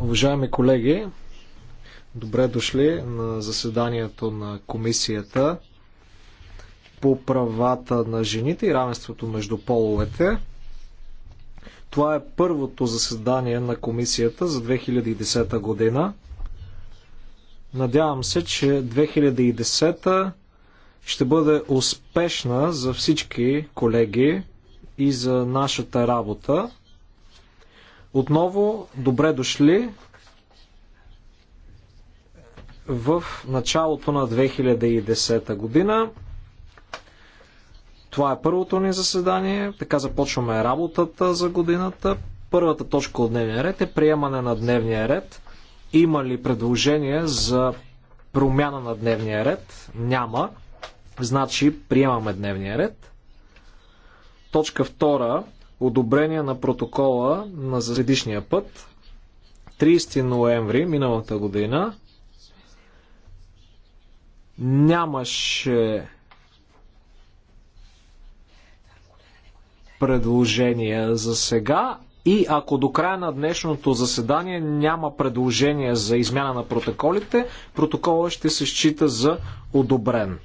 Уважаеми колеги, добре дошли на заседанието на Комисията по правата на жените и равенството между половете. Това е първото заседание на Комисията за 2010 година. Надявам се, че 2010 ще бъде успешна за всички колеги и за нашата работа. Отново, добре дошли в началото на 2010 година. Това е първото ни заседание. Така започваме работата за годината. Първата точка от дневния ред е приемане на дневния ред. Има ли предложение за промяна на дневния ред? Няма. Значи приемаме дневния ред. Точка втора одобрение на протокола на предишния път. 30 ноември миналата година нямаше предложения за сега и ако до края на днешното заседание няма предложение за измяна на протоколите, протокола ще се счита за одобрен.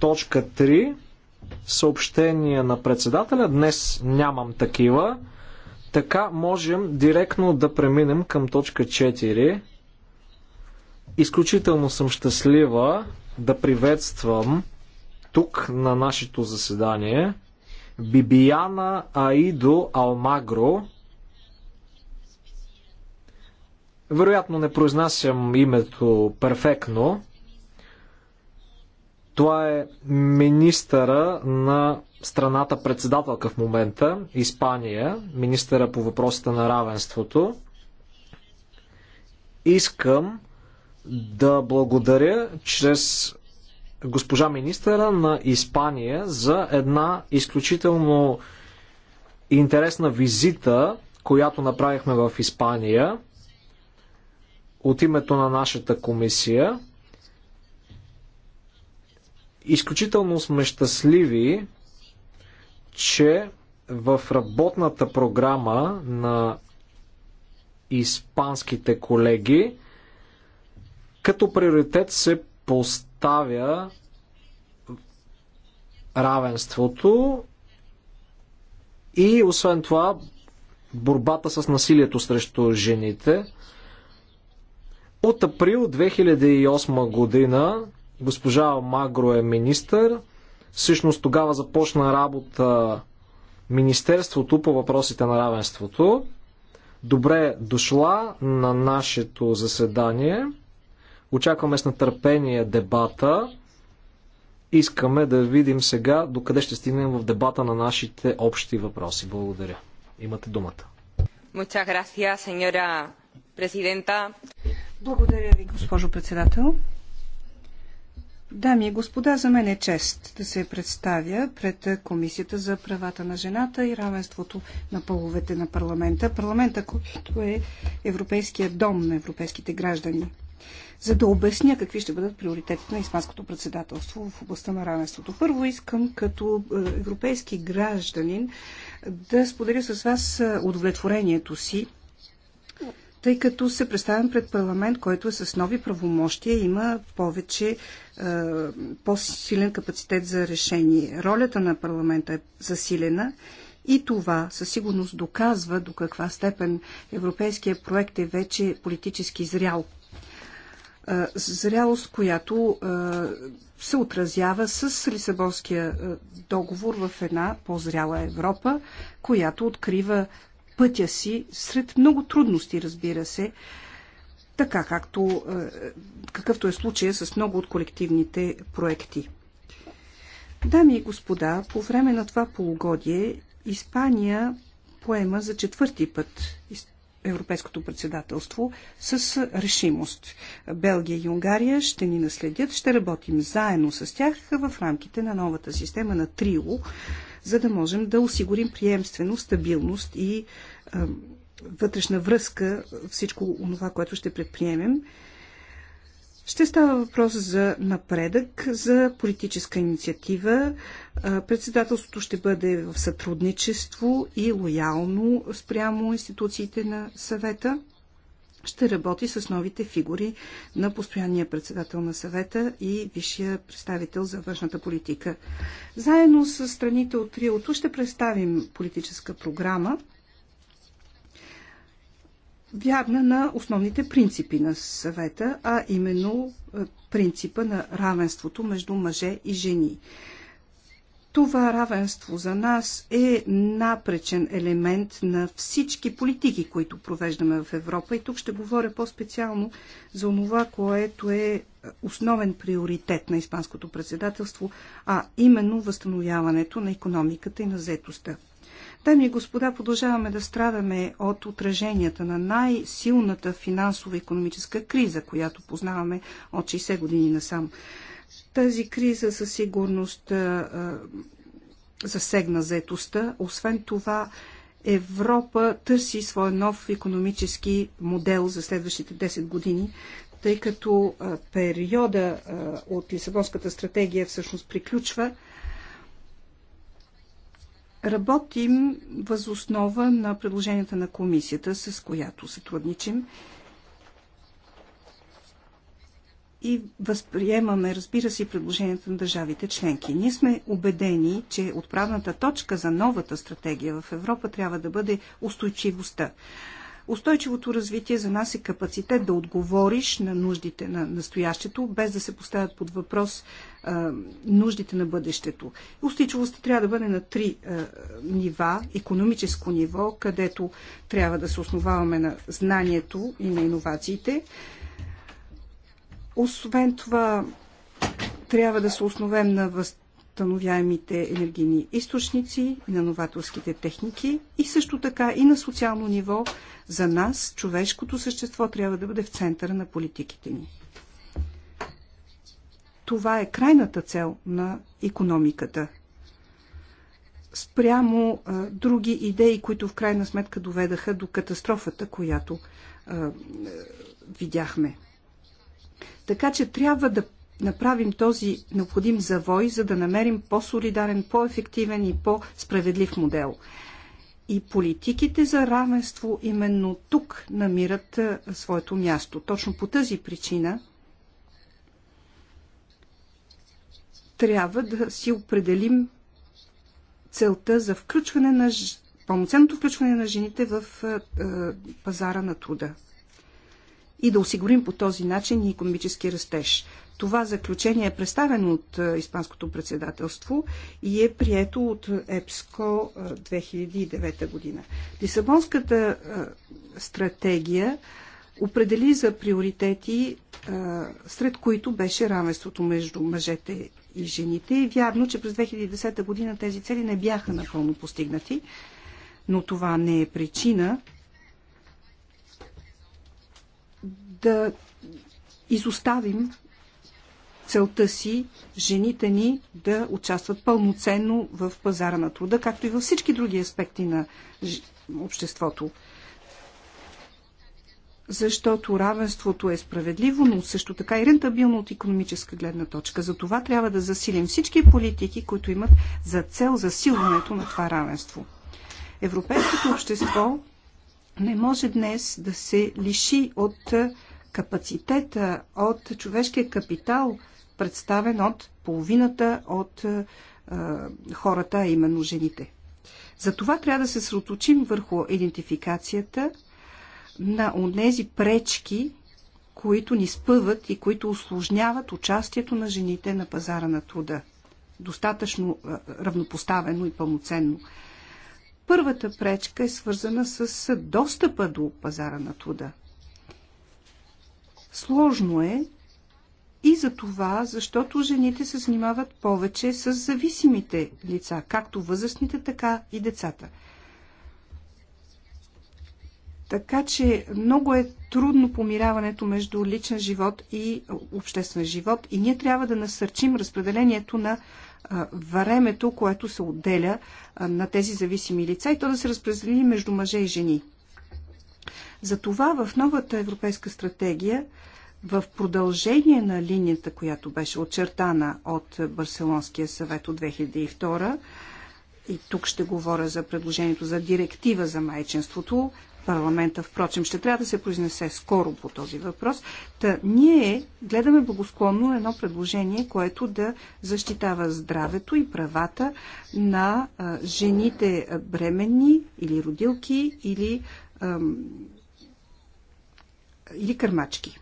Точка 3 съобщения на председателя. Днес нямам такива. Така можем директно да преминем към точка 4. Изключително съм щастлива да приветствам тук на нашето заседание Бибияна Аидо Алмагро. Вероятно не произнасям името перфектно. Това е министъра на страната председателка в момента, Испания, министъра по въпросите на равенството. Искам да благодаря чрез госпожа министъра на Испания за една изключително интересна визита, която направихме в Испания от името на нашата комисия. Изключително сме щастливи, че в работната програма на испанските колеги като приоритет се поставя равенството и освен това борбата с насилието срещу жените. От април 2008 година Госпожа Магро е министър. Всъщност тогава започна работа Министерството по въпросите на равенството. Добре дошла на нашето заседание. Очакваме с натърпение дебата. Искаме да видим сега докъде ще стигнем в дебата на нашите общи въпроси. Благодаря. Имате думата. Благодаря ви, госпожо председател. Дами и господа, за мен е чест да се представя пред Комисията за правата на жената и равенството на половете на парламента. Парламента, който е Европейския дом на европейските граждани. За да обясня какви ще бъдат приоритетите на Испанското председателство в областта на равенството. Първо искам като е, европейски гражданин да споделя с вас е, удовлетворението си тъй като се представям пред парламент, който е с нови правомощия и има повече е, по-силен капацитет за решение. Ролята на парламента е засилена и това със сигурност доказва до каква степен европейския проект е вече политически зрял. Е, зрялост, която е, се отразява с Лисабонския договор в една по-зряла Европа, която открива пътя си, сред много трудности, разбира се, така както, е, какъвто е случая с много от колективните проекти. Дами и господа, по време на това полугодие Испания поема за четвърти път Европейското председателство с решимост. Белгия и Унгария ще ни наследят, ще работим заедно с тях в рамките на новата система на ТРИО, за да можем да осигурим приемствено, стабилност и а, вътрешна връзка всичко това, което ще предприемем. Ще става въпрос за напредък, за политическа инициатива. Председателството ще бъде в сътрудничество и лоялно спрямо институциите на съвета ще работи с новите фигури на постоянния председател на съвета и висшия представител за външната политика. Заедно с страните от Триото ще представим политическа програма, вярна на основните принципи на съвета, а именно е, принципа на равенството между мъже и жени. Това равенство за нас е напречен елемент на всички политики, които провеждаме в Европа. И тук ще говоря по-специално за това, което е основен приоритет на Испанското председателство, а именно възстановяването на економиката и на заетостта. Дами и господа, продължаваме да страдаме от отраженията на най-силната финансово-економическа криза, която познаваме от 60 години насам. Тази криза със сигурност засегна заетостта. Освен това, Европа търси своя нов економически модел за следващите 10 години, тъй като периода от Лисабонската стратегия всъщност приключва. Работим възоснова на предложенията на комисията, с която сътрудничим и възприемаме, разбира се, предложението на държавите членки. Ние сме убедени, че отправната точка за новата стратегия в Европа трябва да бъде устойчивостта. Устойчивото развитие за нас е капацитет да отговориш на нуждите на настоящето, без да се поставят под въпрос а, нуждите на бъдещето. Устойчивостта трябва да бъде на три а, нива. Економическо ниво, където трябва да се основаваме на знанието и на иновациите. Освен това, трябва да се основем на възстановяемите енергийни източници, на новаторските техники и също така и на социално ниво. За нас човешкото същество трябва да бъде в центъра на политиките ни. Това е крайната цел на економиката. Спрямо а, други идеи, които в крайна сметка доведаха до катастрофата, която а, видяхме. Така че трябва да направим този необходим завой, за да намерим по-солидарен, по-ефективен и по-справедлив модел. И политиките за равенство именно тук намират своето място. Точно по тази причина трябва да си определим целта за включване на пълноценното включване на жените в пазара на труда и да осигурим по този начин и економически растеж. Това заключение е представено от е, Испанското председателство и е прието от е, ЕПСКО 2009 е, година. Лисабонската стратегия определи за приоритети, сред които беше равенството между мъжете и жените. И вярно, че през 2010 година тези цели не бяха напълно постигнати, но това не е причина да изоставим целта си жените ни да участват пълноценно в пазара на труда, както и във всички други аспекти на обществото. Защото равенството е справедливо, но също така и рентабилно от економическа гледна точка. За това трябва да засилим всички политики, които имат за цел засилването на това равенство. Европейското общество не може днес да се лиши от капацитета от човешкия капитал, представен от половината от е, е хората, а именно жените. Затова трябва да се сроточим върху идентификацията на онези пречки, които ни спъват и които осложняват участието на жените на пазара на труда. Достатъчно е, е, равнопоставено и пълноценно. Първата пречка е свързана с достъпа до пазара на труда. Сложно е и за това, защото жените се занимават повече с зависимите лица, както възрастните, така и децата. Така че много е трудно помираването между личен живот и обществен живот и ние трябва да насърчим разпределението на времето, което се отделя на тези зависими лица и то да се разпредели между мъже и жени. Затова в новата европейска стратегия, в продължение на линията, която беше очертана от Барселонския съвет от 2002, и тук ще говоря за предложението за директива за майчинството, парламента, впрочем, ще трябва да се произнесе скоро по този въпрос. Та ние гледаме благосклонно едно предложение, което да защитава здравето и правата на а, жените бременни или родилки или или кърмачки.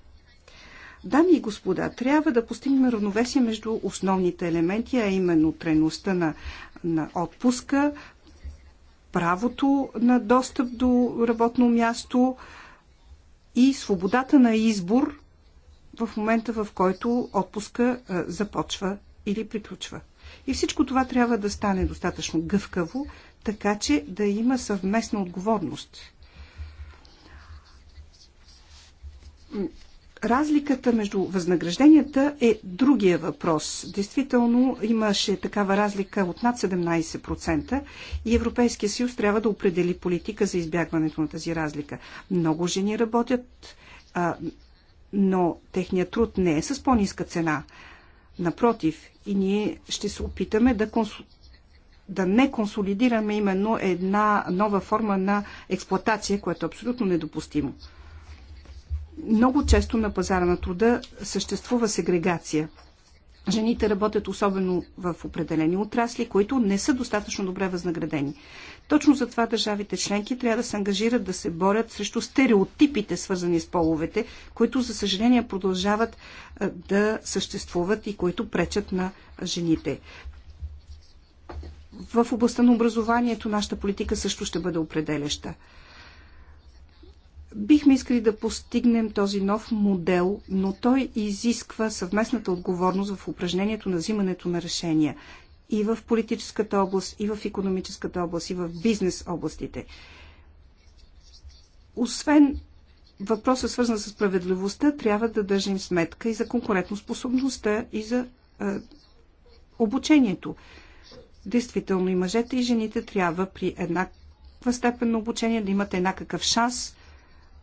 Дами и господа, трябва да постигнем равновесие между основните елементи, а именно трайността на, на отпуска, правото на достъп до работно място и свободата на избор в момента, в който отпуска а, започва или приключва. И всичко това трябва да стане достатъчно гъвкаво, така че да има съвместна отговорност – Разликата между възнагражденията е другия въпрос. Действително имаше такава разлика от над 17% и Европейския съюз трябва да определи политика за избягването на тази разлика. Много жени работят, а, но техният труд не е с по-ниска цена. Напротив, и ние ще се опитаме да, консу... да не консолидираме именно една нова форма на експлоатация, което е абсолютно недопустимо. Много често на пазара на труда съществува сегрегация. Жените работят особено в определени отрасли, които не са достатъчно добре възнаградени. Точно за това държавите членки трябва да се ангажират да се борят срещу стереотипите, свързани с половете, които, за съжаление, продължават да съществуват и които пречат на жените. В областта на образованието нашата политика също ще бъде определяща. Бихме искали да постигнем този нов модел, но той изисква съвместната отговорност в упражнението на взимането на решения и в политическата област, и в економическата област, и в бизнес областите. Освен въпроса свързан с справедливостта, трябва да държим сметка и за конкурентоспособността, и за е, обучението. Действително и мъжете и жените трябва при еднаква степен на обучение да имат еднакъв шанс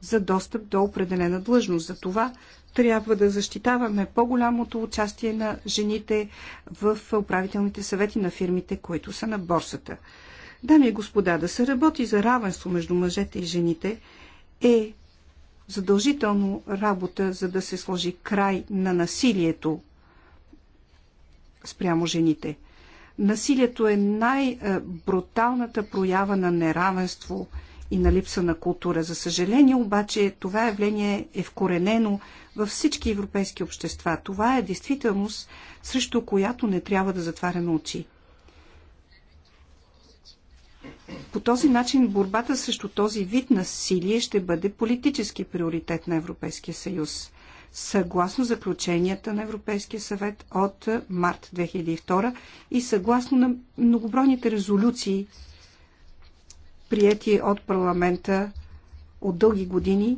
за достъп до определена длъжност. За това трябва да защитаваме по-голямото участие на жените в управителните съвети на фирмите, които са на борсата. Дами и господа, да се работи за равенство между мъжете и жените е задължително работа, за да се сложи край на насилието спрямо жените. Насилието е най-бруталната е, проява на неравенство – и на липса на култура. За съжаление обаче това явление е вкоренено във всички европейски общества. Това е действителност, срещу която не трябва да затваряме очи. По този начин борбата срещу този вид насилие ще бъде политически приоритет на Европейския съюз. Съгласно заключенията на Европейския съвет от март 2002 и съгласно на многобройните резолюции прияти от парламента от дълги години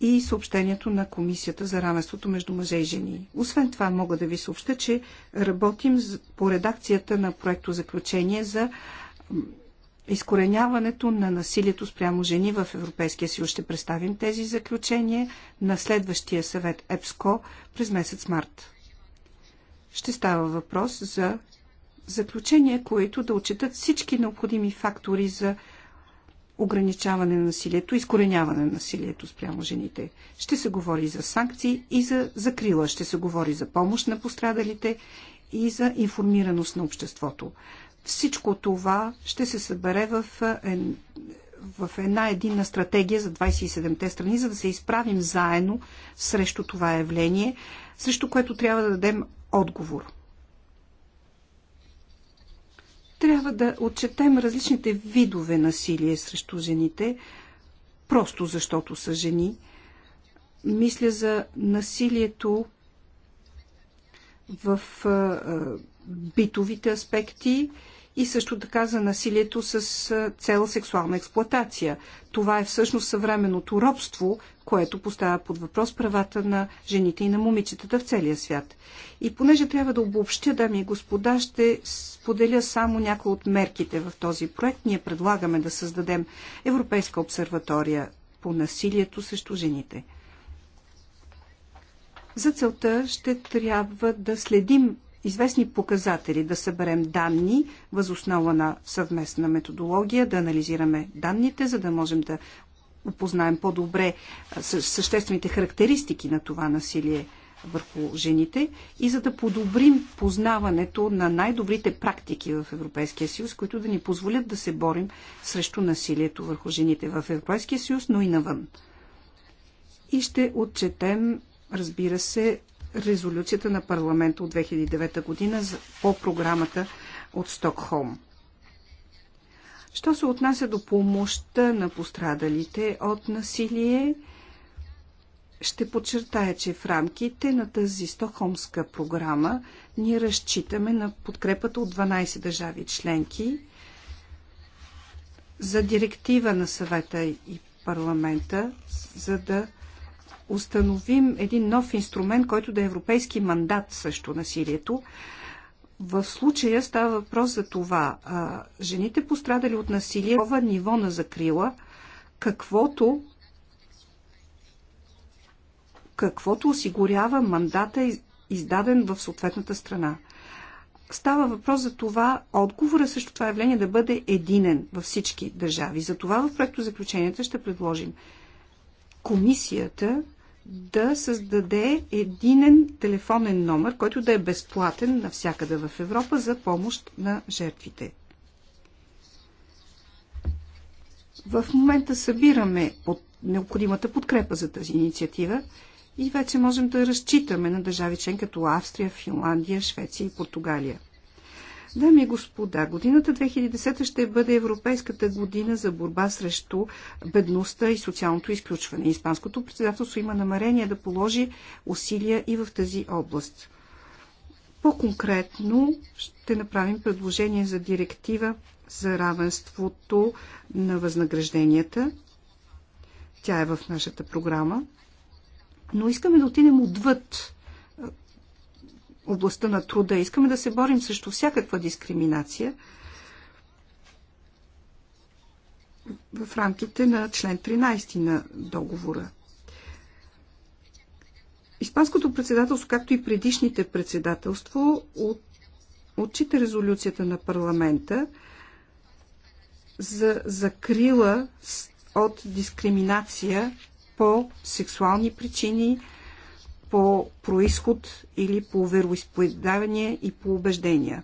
и съобщението на Комисията за равенството между мъже и жени. Освен това, мога да ви съобща, че работим по редакцията на проекто заключение за изкореняването на насилието спрямо жени в Европейския съюз. Ще представим тези заключения на следващия съвет ЕПСКО през месец март. Ще става въпрос за заключения, които да отчитат всички необходими фактори за ограничаване на насилието, изкореняване на насилието спрямо жените. Ще се говори за санкции и за закрила, ще се говори за помощ на пострадалите и за информираност на обществото. Всичко това ще се събере в, е, в една единна стратегия за 27-те страни, за да се изправим заедно срещу това явление, срещу което трябва да дадем отговор. Трябва да отчетем различните видове насилие срещу жените, просто защото са жени. Мисля за насилието в битовите аспекти, и също така за насилието с цел сексуална експлоатация. Това е всъщност съвременното робство, което поставя под въпрос правата на жените и на момичетата в целия свят. И понеже трябва да обобщя, дами и господа, ще споделя само някои от мерките в този проект. Ние предлагаме да създадем Европейска обсерватория по насилието срещу жените. За целта ще трябва да следим известни показатели, да съберем данни възоснова на съвместна методология, да анализираме данните, за да можем да опознаем по-добре съществените характеристики на това насилие върху жените и за да подобрим познаването на най-добрите практики в Европейския съюз, които да ни позволят да се борим срещу насилието върху жените в Европейския съюз, но и навън. И ще отчетем, разбира се, резолюцията на парламента от 2009 година по програмата от Стокхолм. Що се отнася до помощта на пострадалите от насилие, ще подчертая, че в рамките на тази Стокхолмска програма ние разчитаме на подкрепата от 12 държави членки за директива на съвета и парламента, за да установим един нов инструмент, който да е европейски мандат също насилието. В случая става въпрос за това. А, жените пострадали от насилие, това ниво на закрила, каквото каквото осигурява мандата издаден в съответната страна. Става въпрос за това отговора също това явление да бъде единен във всички държави. За това в проекто заключенията ще предложим комисията да създаде единен телефонен номер, който да е безплатен навсякъде в Европа за помощ на жертвите. В момента събираме под необходимата подкрепа за тази инициатива и вече можем да разчитаме на държави член като Австрия, Финландия, Швеция и Португалия – Дами и господа, годината 2010 ще бъде Европейската година за борба срещу бедността и социалното изключване. Испанското председателство има намерение да положи усилия и в тази област. По-конкретно ще направим предложение за директива за равенството на възнагражденията. Тя е в нашата програма. Но искаме да отидем отвъд областта на труда. Искаме да се борим срещу всякаква дискриминация в рамките на член 13 на договора. Испанското председателство, както и предишните председателство, от, отчита резолюцията на парламента за закрила от дискриминация по сексуални причини, по происход или по вероисповедание и по убеждения.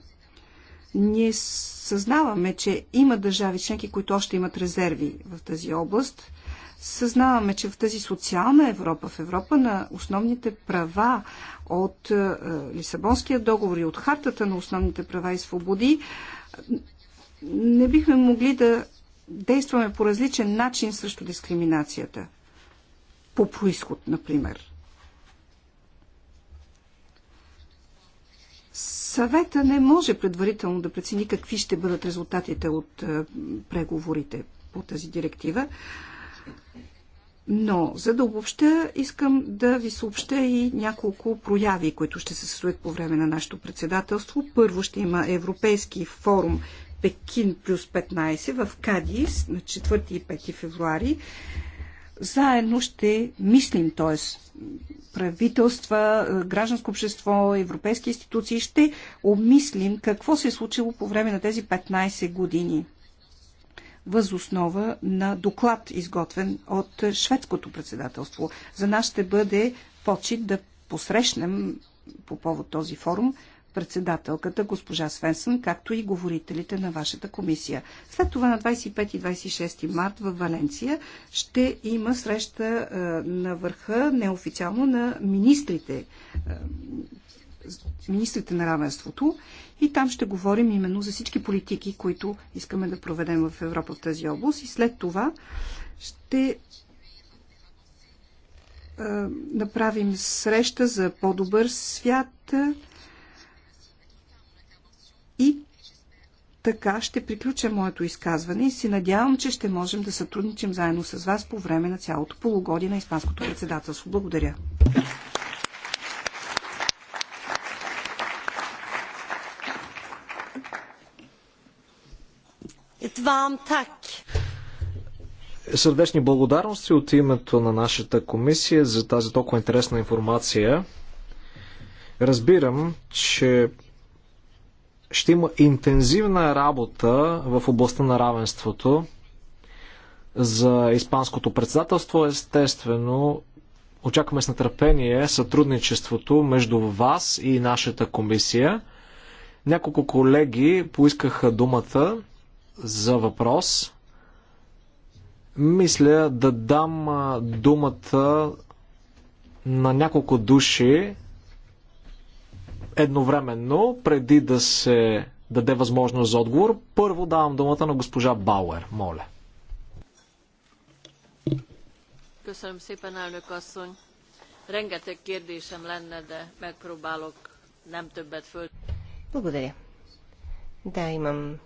Ние съзнаваме, че има държави членки, които още имат резерви в тази област. Съзнаваме, че в тази социална Европа, в Европа на основните права от е, Лисабонския договор и от хартата на основните права и свободи, не бихме могли да действаме по различен начин срещу дискриминацията. По происход, например. Съвета не може предварително да прецени какви ще бъдат резултатите от е, преговорите по тази директива. Но, за да обобща, искам да ви съобща и няколко прояви, които ще се състоят по време на нашето председателство. Първо ще има Европейски форум Пекин плюс 15 в Кадис на 4 и 5 февруари заедно ще мислим, т.е. правителства, е, гражданско общество, европейски институции, ще обмислим какво се е случило по време на тези 15 години възоснова на доклад, изготвен от шведското председателство. За нас ще бъде почет да посрещнем по повод този форум председателката госпожа Свенсън, както и говорителите на вашата комисия. След това на 25 и 26 март в Валенция ще има среща е, на върха неофициално на министрите е, министрите на равенството и там ще говорим именно за всички политики, които искаме да проведем в Европа в тази област и след това ще е, направим среща за по-добър свят и така ще приключа моето изказване и се надявам, че ще можем да сътрудничим заедно с вас по време на цялото полугодие на Испанското председателство. Благодаря. Сърдечни благодарности от името на нашата комисия за тази толкова интересна информация. Разбирам, че ще има интензивна работа в областта на равенството за Испанското председателство. Естествено, очакваме с нетърпение сътрудничеството между вас и нашата комисия. Няколко колеги поискаха думата за въпрос. Мисля да дам думата на няколко души едновременно, преди да се даде възможност за отговор, първо давам думата на госпожа Бауер. Моля. Köszönöm szépen, elnök asszony. Rengeteg kérdésem lenne, de megpróbálok nem többet föl. Благодаря. Да, имам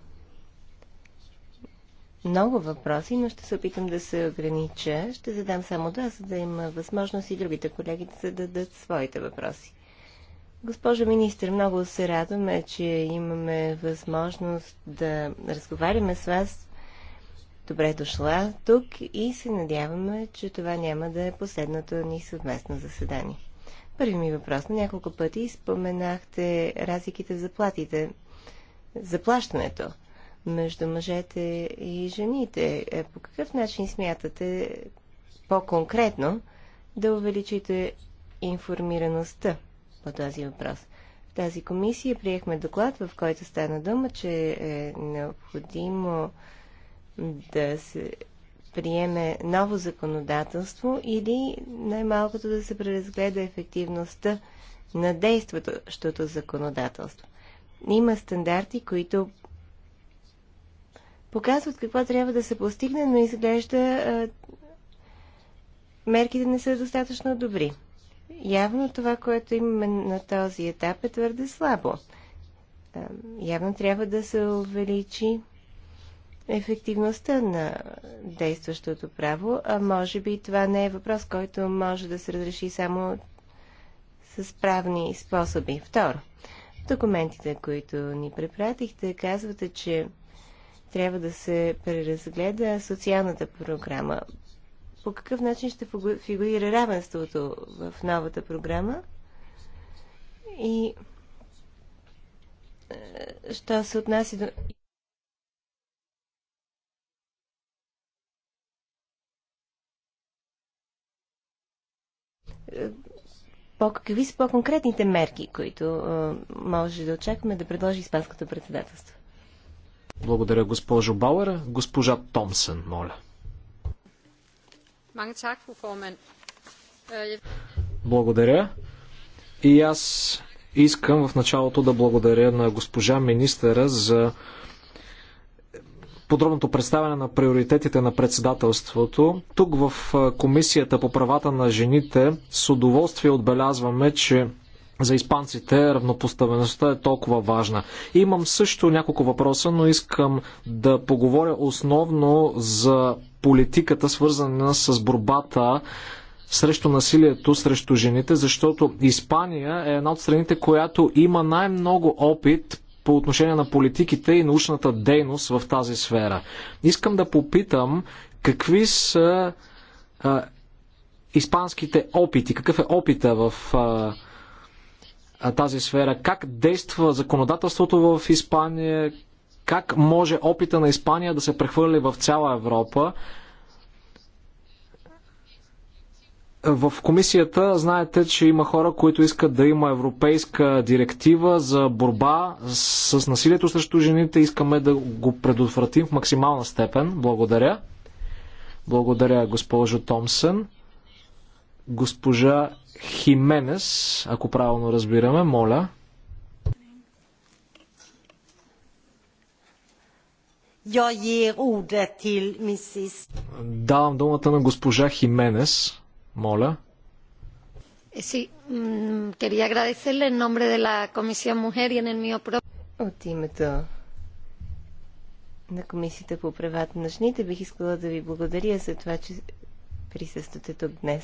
много въпроси, но ще се опитам да се огранича. Ще задам само да, за да има възможност и другите колеги да зададат своите въпроси. Госпожо министр, много се радваме, че имаме възможност да разговаряме с вас. Добре дошла тук и се надяваме, че това няма да е последното ни съвместно заседание. Първи ми въпрос. На няколко пъти споменахте разликите в заплатите, заплащането между мъжете и жените. Е, по какъв начин смятате по-конкретно да увеличите информираността? по този въпрос. В тази комисия приехме доклад, в който стана дума, че е необходимо да се приеме ново законодателство или най-малкото да се преразгледа ефективността на действащото законодателство. Има стандарти, които показват какво трябва да се постигне, но изглежда мерките не са достатъчно добри. Явно това, което имаме на този етап е твърде слабо. Явно трябва да се увеличи ефективността на действащото право, а може би това не е въпрос, който може да се разреши само с правни способи. Второ, документите, които ни препратихте, казвате, че трябва да се преразгледа социалната програма по какъв начин ще фигурира равенството в новата програма и е, що се отнася до е, по какви са по-конкретните мерки, които а, е, може да очакваме да предложи Испанското председателство? Благодаря, госпожо Бауер. Госпожа Томсън, моля. Øh, благодаря. И аз искам в началото да благодаря на госпожа министъра за подробното представяне на приоритетите на председателството. Тук в Комисията по правата на жените с удоволствие отбелязваме, че за испанците равнопоставеността е толкова важна. Имам също няколко въпроса, но искам да поговоря основно за политиката, свързана с борбата срещу насилието срещу жените, защото Испания е една от страните, която има най-много опит по отношение на политиките и научната дейност в тази сфера. Искам да попитам какви са а, испанските опити, какъв е опита в а, тази сфера, как действа законодателството в Испания, как може опита на Испания да се прехвърли в цяла Европа? В комисията знаете, че има хора, които искат да има европейска директива за борба с насилието срещу жените. Искаме да го предотвратим в максимална степен. Благодаря. Благодаря, госпожо Томсън. Госпожа Хименес, ако правилно разбираме, моля. Давам думата на госпожа Хименес. Моля. Sí, mm, quería agradecerle en nombre de la Comisión Mujer y en el mío propio. От името на Комисията по правата на жените бих искала да ви благодаря за това, че присъствате тук днес.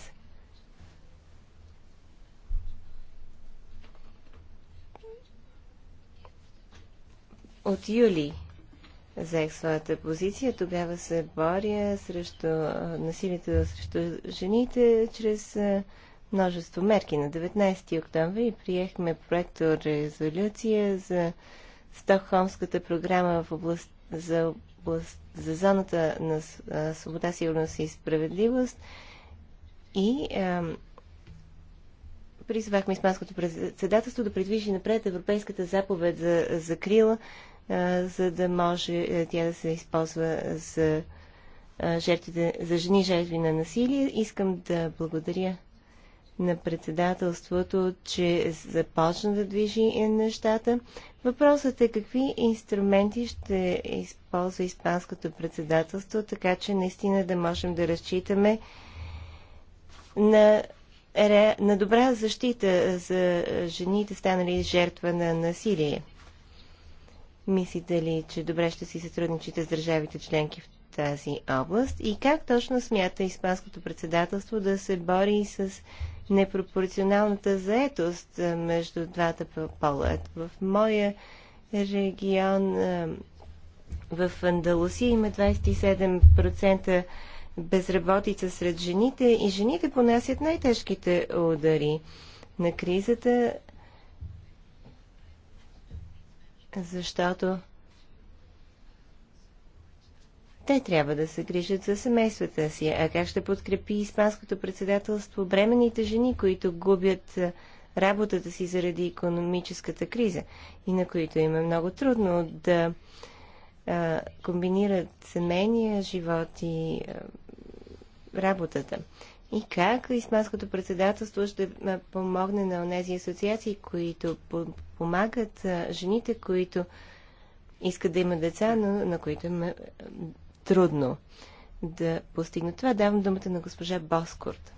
От юли заех своята позиция. Тогава се боря срещу насилието срещу жените чрез множество мерки. На 19 октомври приехме проекто резолюция за Стокхолмската програма в област, за, област, за зоната на свобода, сигурност и справедливост и призвахме Испанското председателство да предвижи напред Европейската заповед за закрила за да може тя да се използва за, жертвите, за жени жертви на насилие. Искам да благодаря на председателството, че започна да движи е, нещата. Въпросът е какви инструменти ще използва Испанското председателство, така че наистина да можем да разчитаме на, на добра защита за жените, станали жертва на насилие. Мислите ли, че добре ще си сътрудничите с държавите членки в тази област и как точно смята Испанското председателство да се бори с непропорционалната заетост между двата пола. В моя регион в Андалусия има 27% безработица сред жените и жените понасят най-тежките удари на кризата защото те трябва да се грижат за семействата си. А как ще подкрепи Испанското председателство бременните жени, които губят работата си заради економическата криза и на които им е много трудно да а, комбинират семейния живот и а, работата и как Исманското председателство ще помогне на тези асоциации, които помагат жените, които искат да имат деца, но на които им е, е трудно да постигнат това. Давам думата на госпожа Боскорт.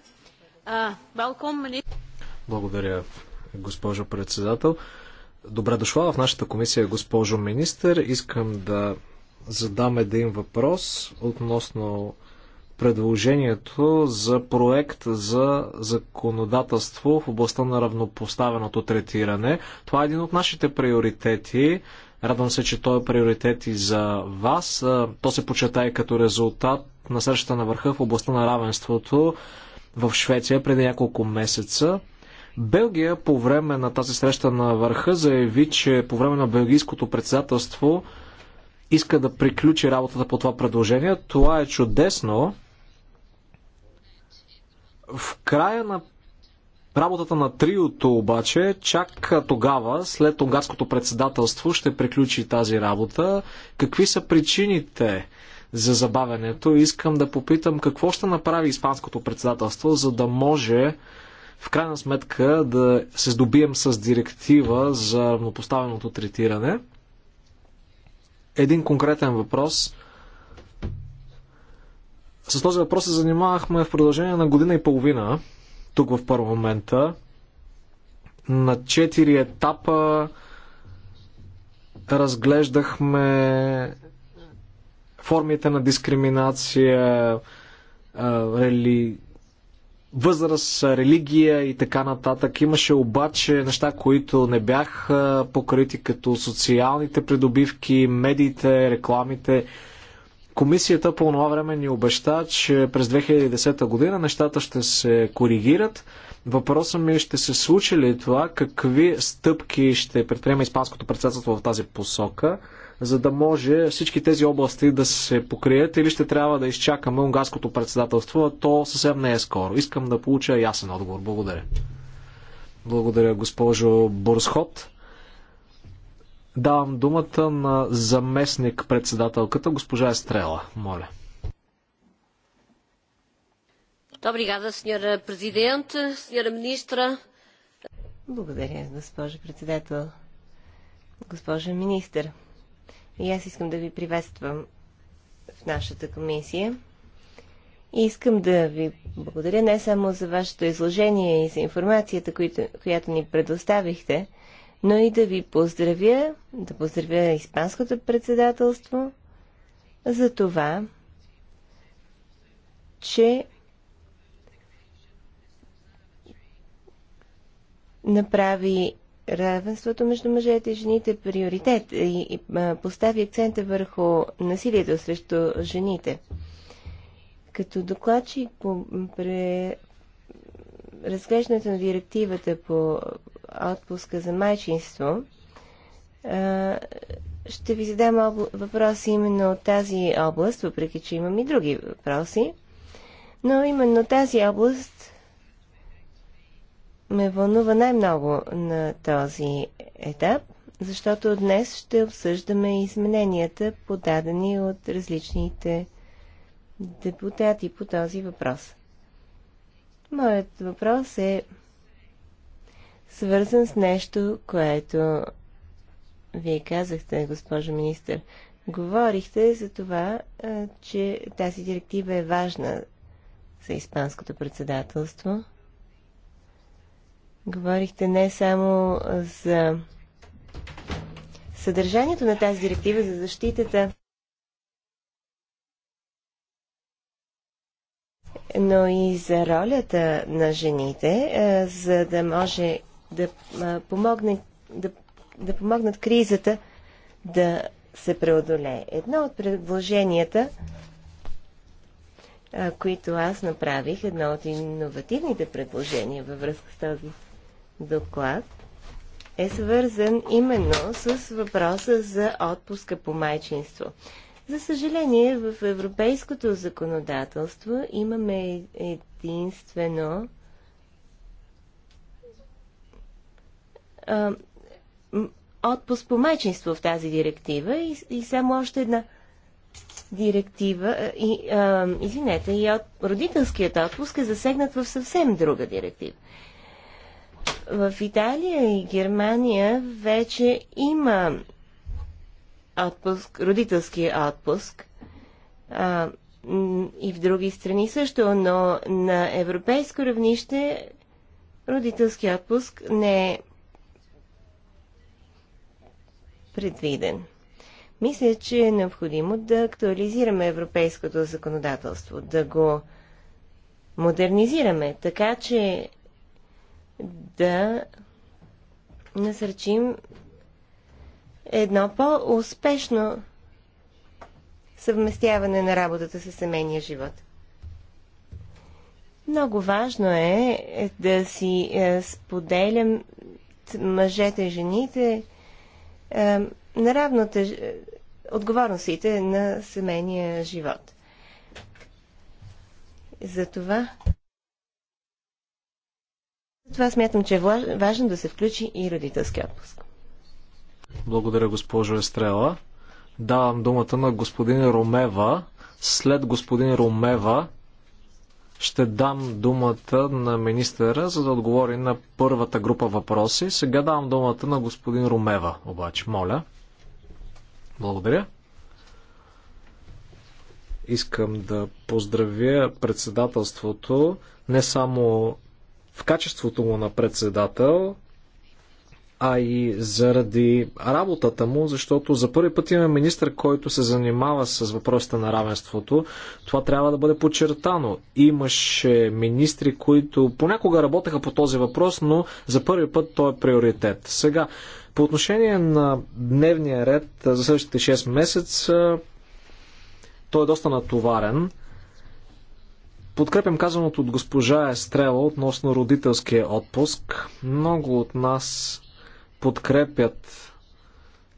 Благодаря, госпожо председател. Добре дошла в нашата комисия, госпожо министър. Искам да задам един въпрос относно предложението за проект за законодателство в областта на равнопоставеното третиране. Това е един от нашите приоритети. Радвам се, че той е приоритет и за вас. То се почета и като резултат на срещата на върха в областта на равенството в Швеция преди няколко месеца. Белгия по време на тази среща на върха заяви, че по време на белгийското председателство иска да приключи работата по това предложение. Това е чудесно. В края на работата на триото обаче, чак тогава, след унгарското председателство, ще приключи тази работа. Какви са причините за забавянето? Искам да попитам какво ще направи Испанското председателство, за да може в крайна сметка да се здобием с директива за равнопоставеното третиране. Един конкретен въпрос – с този въпрос се занимавахме в продължение на година и половина тук в парламента на четири етапа разглеждахме формите на дискриминация, рели... възраст, религия и така нататък. Имаше обаче неща, които не бяха покрити като социалните придобивки, медиите, рекламите. Комисията по това време ни обеща, че през 2010 година нещата ще се коригират. Въпросът ми е, ще се случи ли това? Какви стъпки ще предприеме Испанското председателство в тази посока, за да може всички тези области да се покрият или ще трябва да изчакаме унгарското председателство, а то съвсем не е скоро. Искам да получа ясен отговор. Благодаря. Благодаря, госпожо Борсхот. Давам думата на заместник председателката, госпожа Естрела. Моля. гада, сеньор президент, сеньор министра. Благодаря, госпожо председател. Госпожа министър, и аз искам да ви приветствам в нашата комисия. И искам да ви благодаря не само за вашето изложение и за информацията, която, която ни предоставихте, но и да ви поздравя, да поздравя Испанското председателство за това, че направи равенството между мъжете и жените приоритет и, постави акцента върху насилието срещу жените. Като докладчик по разглеждането на директивата по отпуска за майчинство, ще ви задам обл... въпроси именно от тази област, въпреки че имам и други въпроси. Но именно тази област ме вълнува най-много на този етап, защото днес ще обсъждаме измененията, подадени от различните депутати по този въпрос. Моят въпрос е свързан с нещо, което вие казахте, госпожо министър. Говорихте за това, че тази директива е важна за Испанското председателство. Говорихте не само за съдържанието на тази директива, за защитата, но и за ролята на жените, за да може да, помогне, да, да помогнат кризата да се преодолее. Едно от предложенията, които аз направих, едно от иновативните предложения във връзка с този доклад, е свързан именно с въпроса за отпуска по майчинство. За съжаление, в европейското законодателство имаме единствено отпуск по майчинство в тази директива и, и само още една директива, и, а, извинете, и от, родителският отпуск е засегнат в съвсем друга директива. В Италия и Германия вече има отпуск, родителски отпуск а, и в други страни също, но на европейско равнище родителски отпуск не е предвиден. Мисля, че е необходимо да актуализираме европейското законодателство, да го модернизираме, така че да насърчим едно по-успешно съвместяване на работата с семейния живот. Много важно е, е да си е, споделям мъжете и жените наравната е е, отговорностите на семейния живот. Затова това смятам, че е важно да се включи и родителски отпуск. Благодаря, госпожо Естрела. Давам думата на господин Ромева. След господин Ромева ще дам думата на министъра, за да отговори на първата група въпроси. Сега давам думата на господин Румева, обаче, моля. Благодаря. Искам да поздравя председателството, не само в качеството му на председател, а и заради работата му, защото за първи път има министр, който се занимава с въпросите на равенството. Това трябва да бъде подчертано. Имаше министри, които понякога работеха по този въпрос, но за първи път той е приоритет. Сега, по отношение на дневния ред за следващите 6 месеца, той е доста натоварен. Подкрепям казаното от госпожа Естрела относно родителския отпуск. Много от нас подкрепят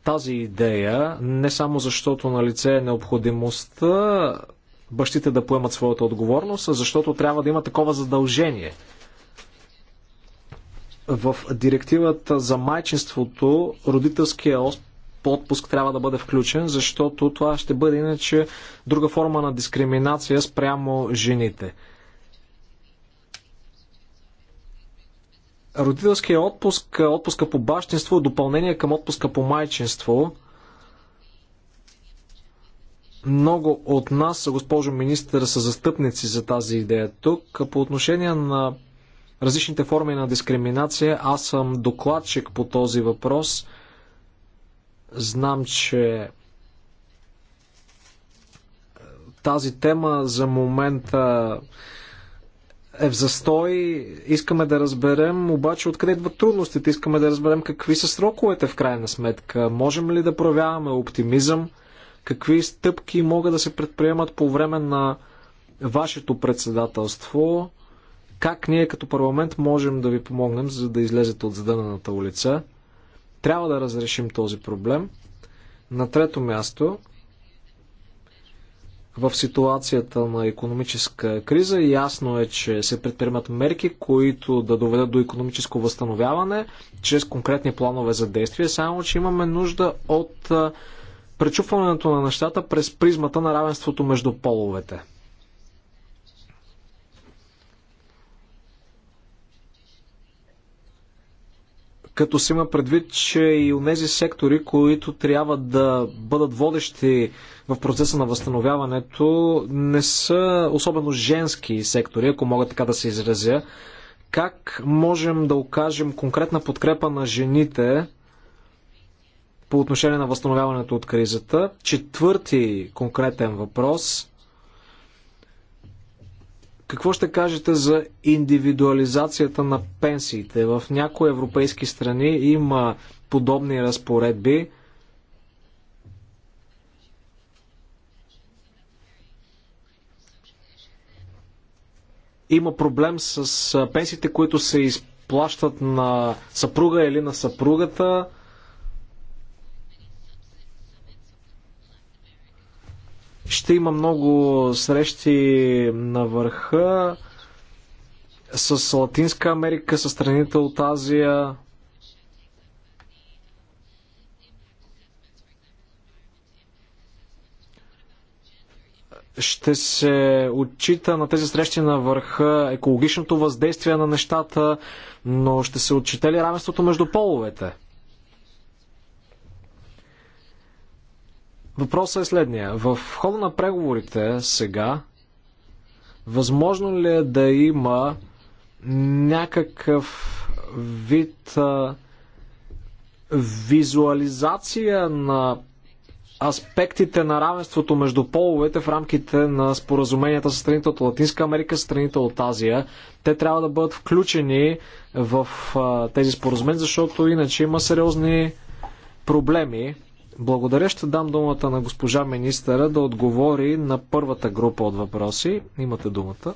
тази идея, не само защото на лице е необходимостта бащите да поемат своята отговорност, а защото трябва да има такова задължение. В директивата за майчинството родителския отпуск трябва да бъде включен, защото това ще бъде иначе друга форма на дискриминация спрямо жените. Родителския отпуск, е отпуска по бащинство, допълнение към отпуска по майчинство. Много от нас, госпожо министър, са застъпници за тази идея тук. По отношение на различните форми на дискриминация, аз съм докладчик по този въпрос. Знам, че тази тема за момента е в застой. Искаме да разберем обаче откъде идват трудностите. Искаме да разберем какви са сроковете в крайна сметка. Можем ли да проявяваме оптимизъм? Какви стъпки могат да се предприемат по време на вашето председателство? Как ние като парламент можем да ви помогнем, за да излезете от задънената улица? Трябва да разрешим този проблем. На трето място, в ситуацията на економическа криза. Ясно е, че се предприемат мерки, които да доведат до економическо възстановяване чрез конкретни планове за действие, само че имаме нужда от пречупването на нещата през призмата на равенството между половете. като се има предвид, че и у нези сектори, които трябва да бъдат водещи в процеса на възстановяването, не са особено женски сектори, ако мога така да се изразя. Как можем да окажем конкретна подкрепа на жените по отношение на възстановяването от кризата? Четвърти конкретен въпрос – какво ще кажете за индивидуализацията на пенсиите? В някои европейски страни има подобни разпоредби. Има проблем с пенсиите, които се изплащат на съпруга или на съпругата. Ще има много срещи на върха с Латинска Америка, с страните от Азия. Ще се отчита на тези срещи на върха екологичното въздействие на нещата, но ще се отчете ли равенството между половете? Въпросът е следния. В хода на преговорите сега, възможно ли е да има някакъв вид а, визуализация на аспектите на равенството между половете в рамките на споразуменията с страните от Латинска Америка, страните от Азия. Те трябва да бъдат включени в а, тези споразумения, защото иначе има сериозни проблеми. Благодаря. Ще дам думата на госпожа министъра да отговори на първата група от въпроси. Имате думата.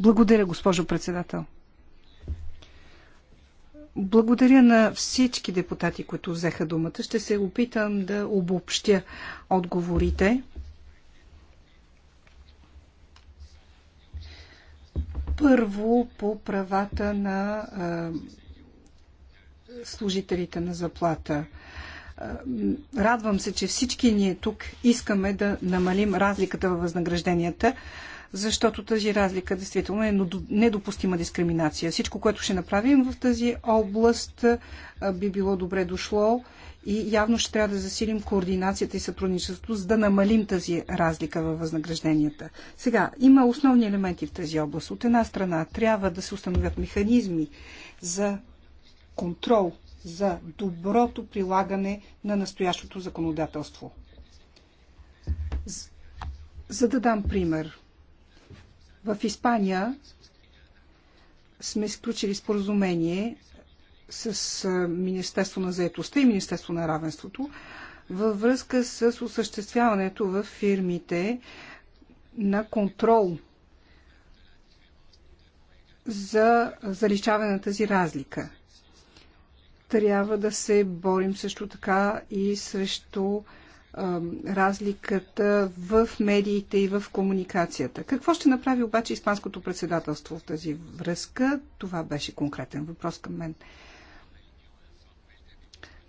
Благодаря, госпожо председател. Благодаря на всички депутати, които взеха думата. Ще се опитам да обобщя отговорите Първо по правата на служителите на заплата. Радвам се, че всички ние тук искаме да намалим разликата във възнагражденията, защото тази разлика действително е недопустима дискриминация. Всичко, което ще направим в тази област, би било добре дошло и явно ще трябва да засилим координацията и сътрудничеството, за да намалим тази разлика във възнагражденията. Сега, има основни елементи в тази област. От една страна, трябва да се установят механизми за контрол, за доброто прилагане на настоящото законодателство. За да дам пример, в Испания сме сключили споразумение с Министерство на заетостта и Министерство на равенството във връзка с осъществяването в фирмите на контрол за заличаване на тази разлика. Трябва да се борим също така и срещу разликата в медиите и в комуникацията. Какво ще направи обаче Испанското председателство в тази връзка? Това беше конкретен въпрос към мен.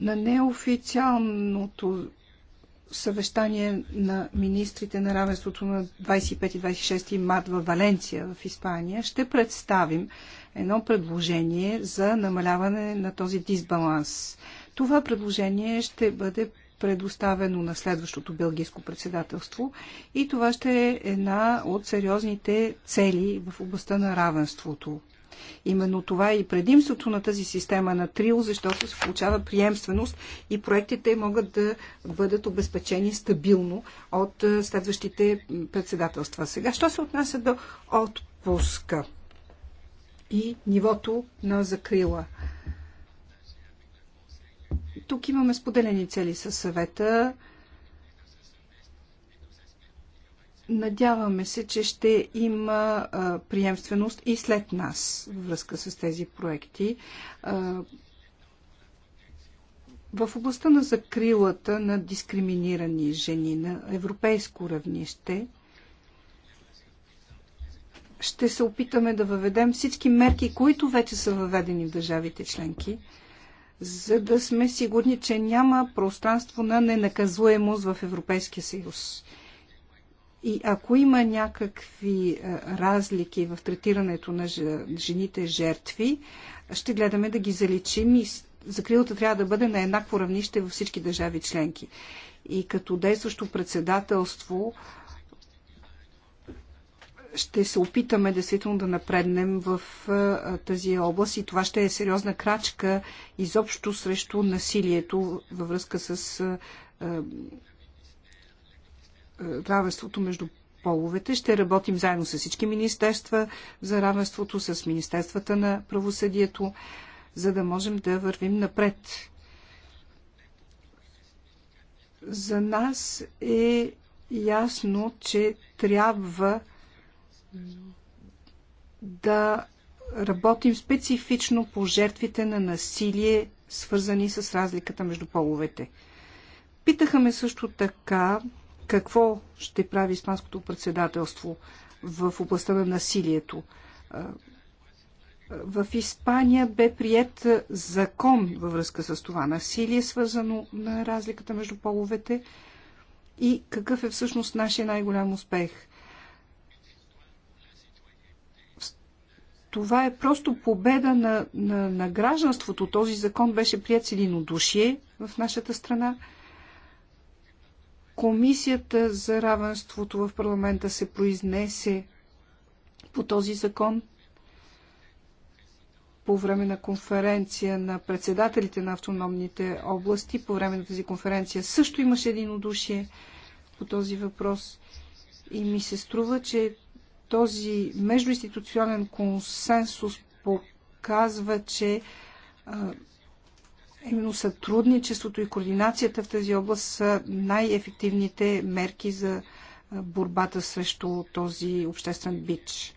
На неофициалното съвещание на министрите на равенството на 25 и 26 март в Валенция в Испания ще представим едно предложение за намаляване на този дисбаланс. Това предложение ще бъде предоставено на следващото белгийско председателство и това ще е една от сериозните цели в областта на равенството Именно това е и предимството на тази система на ТРИО, защото се получава приемственост и проектите могат да бъдат обезпечени стабилно от следващите председателства. Сега, що се отнася до отпуска и нивото на закрила? Тук имаме споделени цели със съвета Надяваме се, че ще има а, приемственост и след нас във връзка с тези проекти. А, в областта на закрилата на дискриминирани жени на европейско равнище ще се опитаме да въведем всички мерки, които вече са въведени в държавите членки, за да сме сигурни, че няма пространство на ненаказуемост в Европейския съюз и ако има някакви разлики в третирането на жените жертви, ще гледаме да ги заличим и закрилата трябва да бъде на еднакво равнище във всички държави членки. И като действащо председателство ще се опитаме действително да напреднем в тази област и това ще е сериозна крачка изобщо срещу насилието във връзка с е, равенството между половете. Ще работим заедно с всички министерства за равенството, с Министерствата на правосъдието, за да можем да вървим напред. За нас е ясно, че трябва да работим специфично по жертвите на насилие, свързани с разликата между половете. Питаха ме също така какво ще прави Испанското председателство в областта на насилието. В Испания бе прият закон във връзка с това насилие, свързано на разликата между половете и какъв е всъщност нашия най-голям успех. Това е просто победа на, на, на гражданството. Този закон беше прият с единодушие в нашата страна. Комисията за равенството в парламента се произнесе по този закон по време на конференция на председателите на автономните области. По време на тази конференция също имаше удушие по този въпрос. И ми се струва, че този междуинституционен консенсус показва, че а, Именно сътрудничеството и координацията в тази област са най-ефективните мерки за борбата срещу този обществен бич.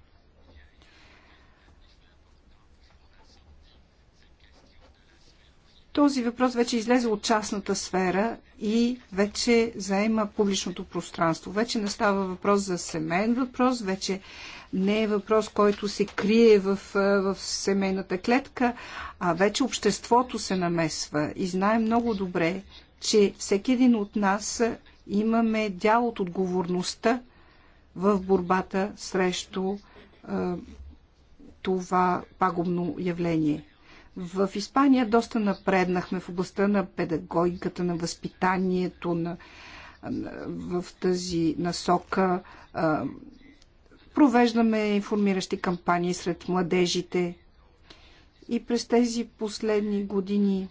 Този въпрос вече излезе от частната сфера и вече заема публичното пространство. Вече не става въпрос за семейен въпрос, вече не е въпрос, който се крие в, в семейната клетка, а вече обществото се намесва и знае много добре, че всеки един от нас имаме дял от отговорността в борбата срещу е, това пагубно явление. В Испания доста напреднахме в областта на педагогиката, на възпитанието, на, в тази насока. Е, Провеждаме информиращи кампании сред младежите. И през тези последни години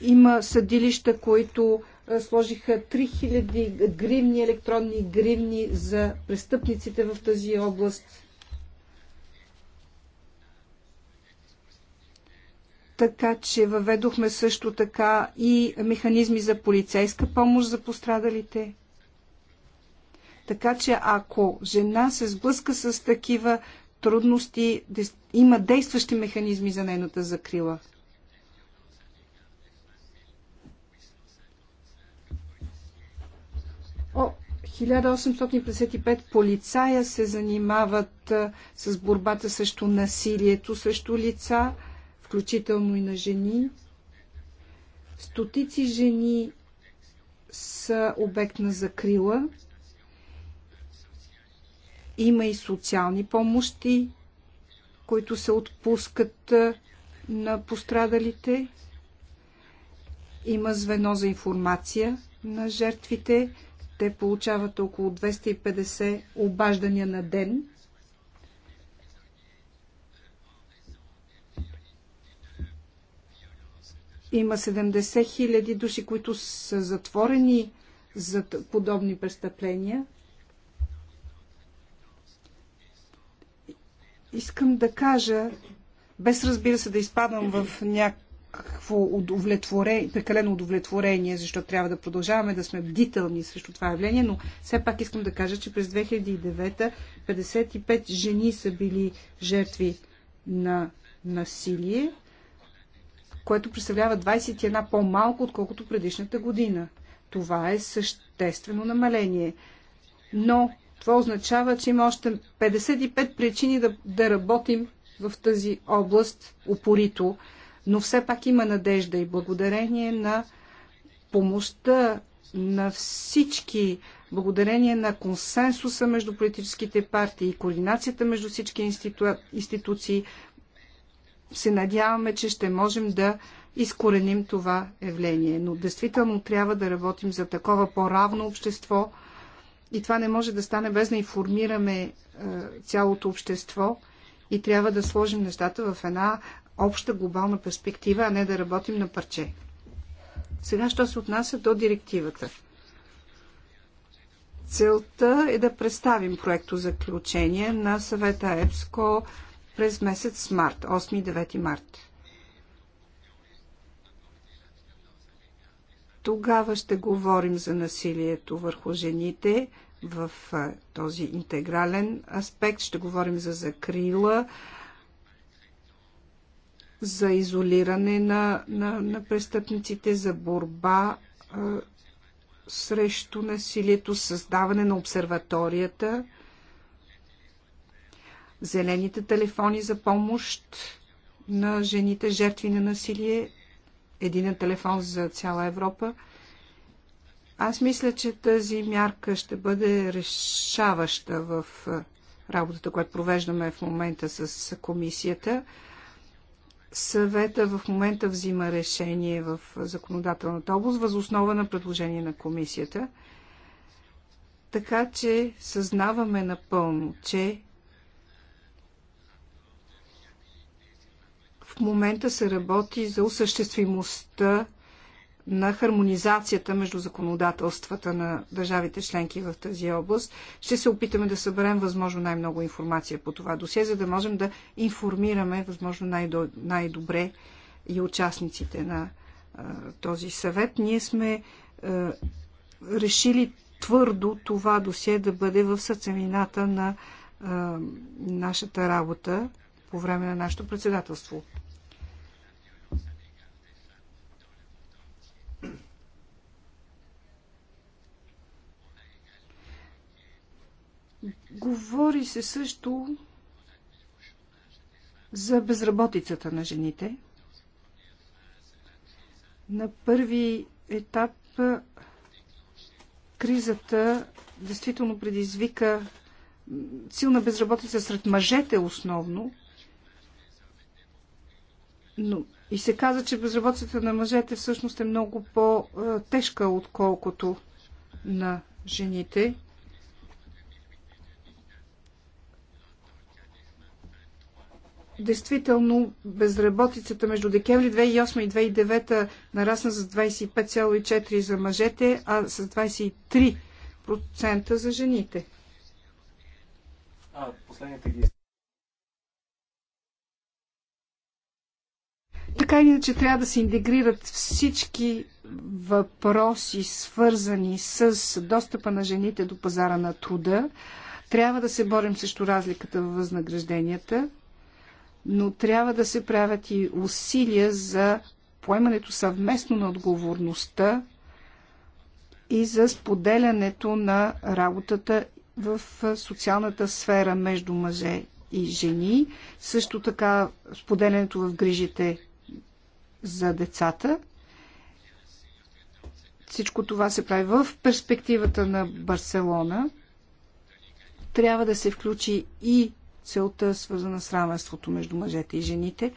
има съдилища, които сложиха 3000 гривни, електронни гривни за престъпниците в тази област. Така че въведохме също така и механизми за полицейска помощ за пострадалите. Така че ако жена се сблъска с такива трудности, има действащи механизми за нейната закрила. О, 1855 полицая се занимават с борбата срещу насилието, срещу лица, включително и на жени. Стотици жени са обект на закрила. Има и социални помощи, които се отпускат на пострадалите. Има звено за информация на жертвите. Те получават около 250 обаждания на ден Има 70 хиляди души, които са затворени за подобни престъпления. Искам да кажа, без разбира се да изпадам в някакво удовлетворение, прекалено удовлетворение, защото трябва да продължаваме да сме бдителни срещу това явление, но все пак искам да кажа, че през 2009 55 жени са били жертви на насилие което представлява 21 по-малко, отколкото предишната година. Това е съществено намаление. Но това означава, че има още 55 причини да, да работим в тази област упорито, но все пак има надежда и благодарение на помощта на всички, благодарение на консенсуса между политическите партии и координацията между всички институ... институции, се надяваме, че ще можем да изкореним това явление. Но действително трябва да работим за такова по-равно общество и това не може да стане без да информираме е, цялото общество и трябва да сложим нещата в една обща глобална перспектива, а не да работим на парче. Сега, що се отнася до директивата? Целта е да представим проекто заключение на съвета ЕПСКО през месец март, 8 и 9 март. Тогава ще говорим за насилието върху жените в този интегрален аспект. Ще говорим за закрила, за изолиране на, на, на престъпниците, за борба срещу насилието, създаване на обсерваторията – Зелените телефони за помощ на жените жертви на насилие. един е телефон за цяла Европа. Аз мисля, че тази мярка ще бъде решаваща в работата, която провеждаме в момента с комисията. Съвета в момента взима решение в законодателната област, възоснова на предложение на комисията. Така че съзнаваме напълно, че момента се работи за осъществимостта на хармонизацията между законодателствата на държавите членки в тази област. Ще се опитаме да съберем възможно най-много информация по това досие, за да можем да информираме възможно най-добре и участниците на а, този съвет. Ние сме а, решили твърдо това досие да бъде в сърцевината на а, нашата работа по време на нашето председателство. Говори се също за безработицата на жените. На първи етап кризата действително предизвика силна безработица сред мъжете основно, но и се каза, че безработицата на мъжете всъщност е много по-тежка, отколкото на жените. действително безработицата между декември 2008 и 2009 нарасна с 25,4% за мъжете, а с 23% за жените. А, последните ги... Така или иначе трябва да се интегрират всички въпроси, свързани с достъпа на жените до пазара на труда. Трябва да се борим срещу разликата във възнагражденията но трябва да се правят и усилия за поемането съвместно на отговорността и за споделянето на работата в социалната сфера между мъже и жени, също така споделянето в грижите за децата. Всичко това се прави в перспективата на Барселона. Трябва да се включи и целта, свързана с равенството между мъжете и жените.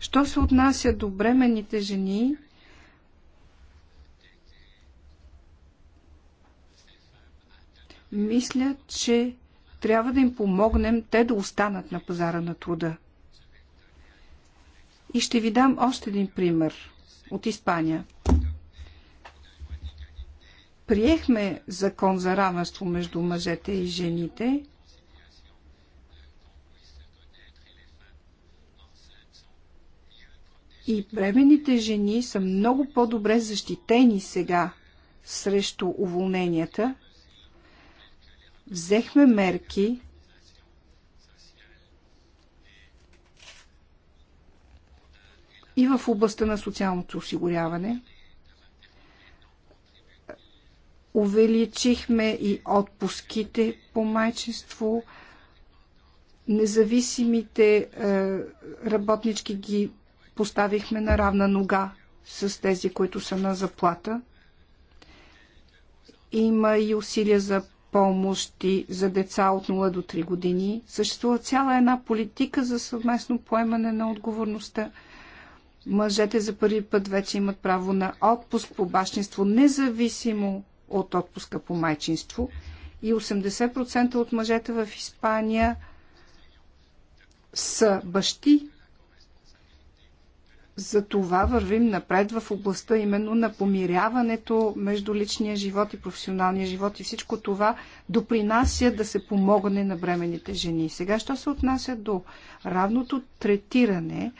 Що се отнася до бременните жени, мисля, че трябва да им помогнем те да останат на пазара на труда. И ще ви дам още един пример от Испания приехме закон за равенство между мъжете и жените, и бременните жени са много по-добре защитени сега срещу уволненията. Взехме мерки, и в областта на социалното осигуряване. Увеличихме и отпуските по майчество. Независимите е, работнички ги поставихме на равна нога с тези, които са на заплата. Има и усилия за помощи за деца от 0 до 3 години. Съществува цяла една политика за съвместно поемане на отговорността. Мъжете за първи път вече имат право на отпуск по бащинство, независимо от отпуска по майчинство и 80% от мъжете в Испания са бащи. За това вървим напред в областта именно на помиряването между личния живот и професионалния живот и всичко това допринася да се помогне на бременните жени. Сега, що се отнася до равното третиране,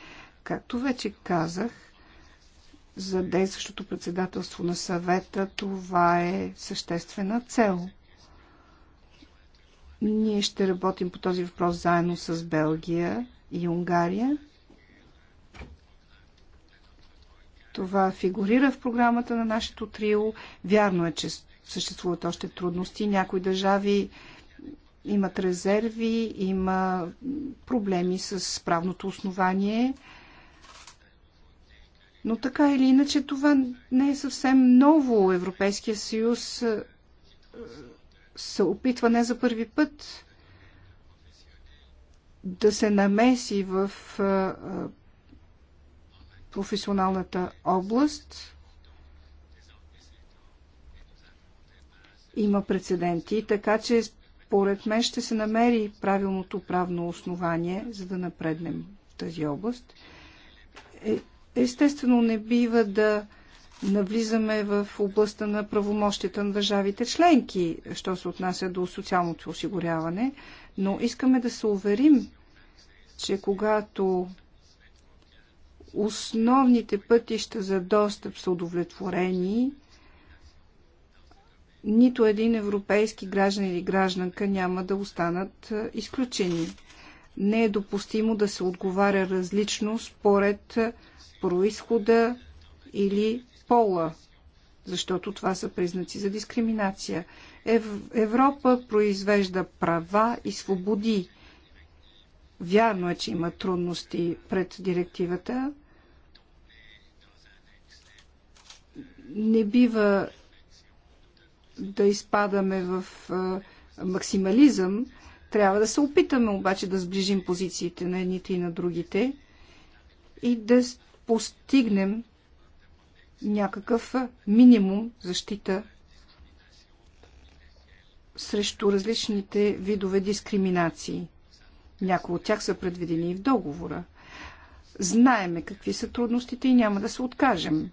както вече казах, за действащото председателство на съвета това е съществена цел. Ние ще работим по този въпрос заедно с Белгия и Унгария. Това фигурира в програмата на нашето трио. Вярно е, че съществуват още трудности. Някои държави имат резерви, има проблеми с правното основание. Но така или иначе това не е съвсем ново. Европейския съюз е, се опитва не за първи път да се намеси в е, е, професионалната област. Има прецеденти, така че според мен ще се намери правилното правно основание, за да напреднем в тази област. Естествено не бива да навлизаме в областта на правомощията на държавите членки, що се отнася до социалното осигуряване, но искаме да се уверим, че когато основните пътища за достъп са удовлетворени, нито един европейски граждан или гражданка няма да останат изключени не е допустимо да се отговаря различно според происхода или пола, защото това са признаци за дискриминация. Ев... Европа произвежда права и свободи. Вярно е, че има трудности пред директивата. Не бива да изпадаме в максимализъм, трябва да се опитаме обаче да сближим позициите на едните и на другите и да постигнем някакъв минимум защита срещу различните видове дискриминации. Някои от тях са предвидени и в договора. Знаеме какви са трудностите и няма да се откажем.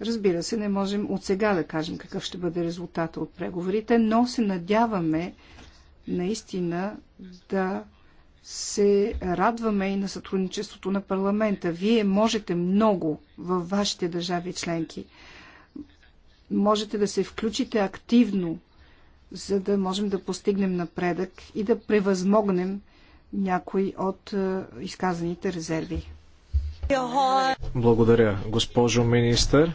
Разбира се, не можем от сега да кажем какъв ще бъде резултата от преговорите, но се надяваме, наистина да се радваме и на сътрудничеството на парламента. Вие можете много във вашите държави членки. Можете да се включите активно, за да можем да постигнем напредък и да превъзмогнем някои от е, изказаните резерви. Благодаря, госпожо министър.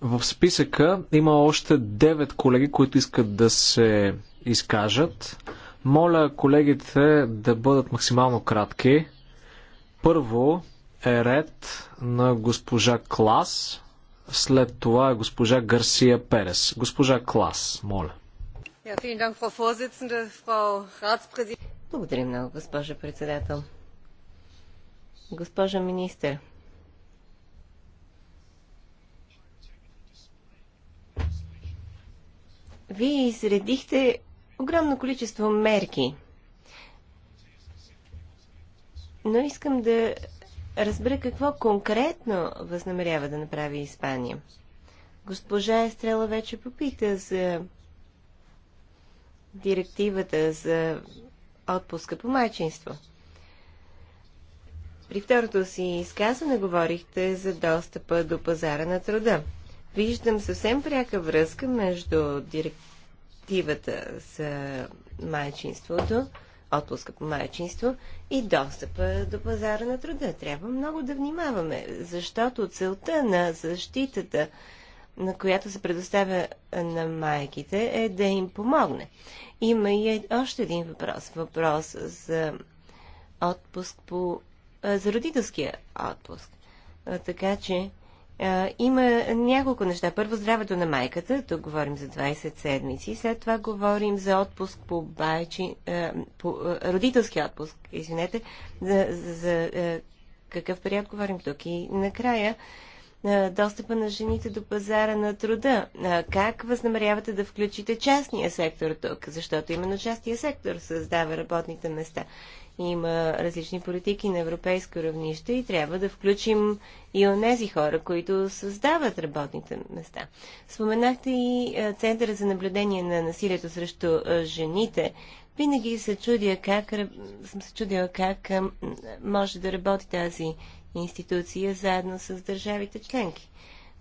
В списъка има още 9 колеги, които искат да се изкажат. Моля колегите да бъдат максимално кратки. Първо е ред на госпожа Клас, след това е госпожа Гарсия Перес. Госпожа Клас, моля. Благодаря много, госпожа председател. Госпожа министър, Вие изредихте огромно количество мерки. Но искам да разбера какво конкретно възнамерява да направи Испания. Госпожа Естрела вече попита за директивата за отпуска по майчинство. При второто си изказване говорихте за достъпа до пазара на труда виждам съвсем пряка връзка между директивата за майчинството, отпуска по майчинство и достъпа до пазара на труда. Трябва много да внимаваме, защото целта на защитата, на която се предоставя на майките, е да им помогне. Има и е- още един въпрос. Въпрос за отпуск по... за родителския отпуск. Така че има няколко неща. Първо, здравето на майката. Тук говорим за 20 седмици. След това говорим за отпуск по, байчи, по родителски отпуск. Извинете, за, за, за какъв период говорим тук. И накрая, достъпа на жените до пазара на труда. Как възнамерявате да включите частния сектор тук? Защото именно частния сектор създава работните места. Има различни политики на европейско равнище и трябва да включим и онези хора, които създават работните места. Споменахте и Центъра за наблюдение на насилието срещу жените. Винаги се чудя как, съм се чудила как може да работи тази институция заедно с държавите членки,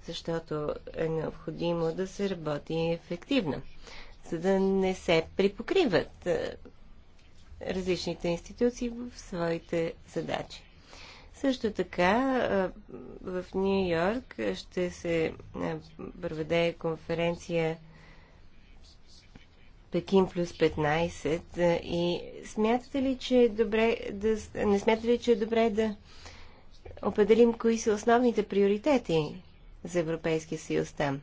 защото е необходимо да се работи ефективно, за да не се припокриват различните институции в своите задачи. Също така в Нью Йорк ще се проведе конференция Пекин плюс 15 и смятате ли, че е добре да, не смятате ли, че е добре да определим кои са основните приоритети за Европейския съюз там?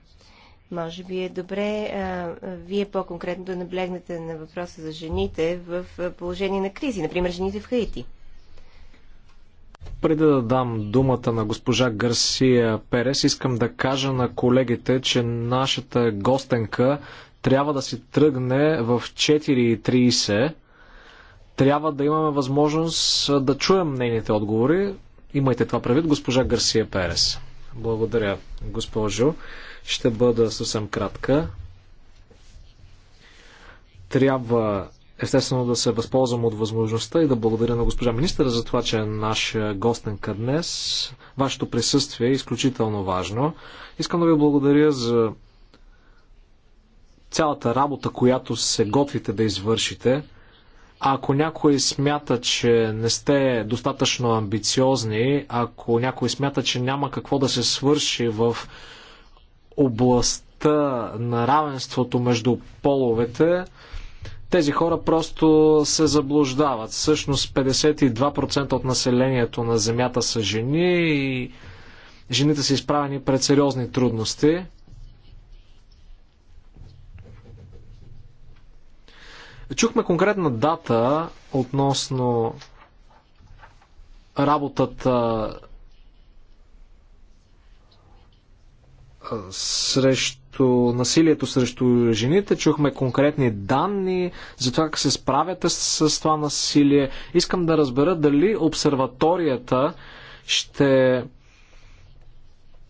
Може би е добре а, вие по-конкретно да наблегнете на въпроса за жените в положение на кризи, например жените в Хаити. Преди да дам думата на госпожа Гарсия Перес, искам да кажа на колегите, че нашата гостенка трябва да си тръгне в 4.30. Трябва да имаме възможност да чуем нейните отговори. Имайте това правит, госпожа Гарсия Перес. Благодаря, госпожо. Ще бъда съвсем кратка. Трябва естествено да се възползвам от възможността и да благодаря на госпожа министра за това, че е наш гостенка днес. Вашето присъствие е изключително важно. Искам да ви благодаря за цялата работа, която се готвите да извършите ако някой смята, че не сте достатъчно амбициозни, ако някой смята, че няма какво да се свърши в областта на равенството между половете, тези хора просто се заблуждават. Всъщност 52% от населението на Земята са жени и жените са изправени пред сериозни трудности. Чухме конкретна дата относно работата срещу насилието срещу жените. Чухме конкретни данни за това как се справяте с, с това насилие. Искам да разбера дали обсерваторията ще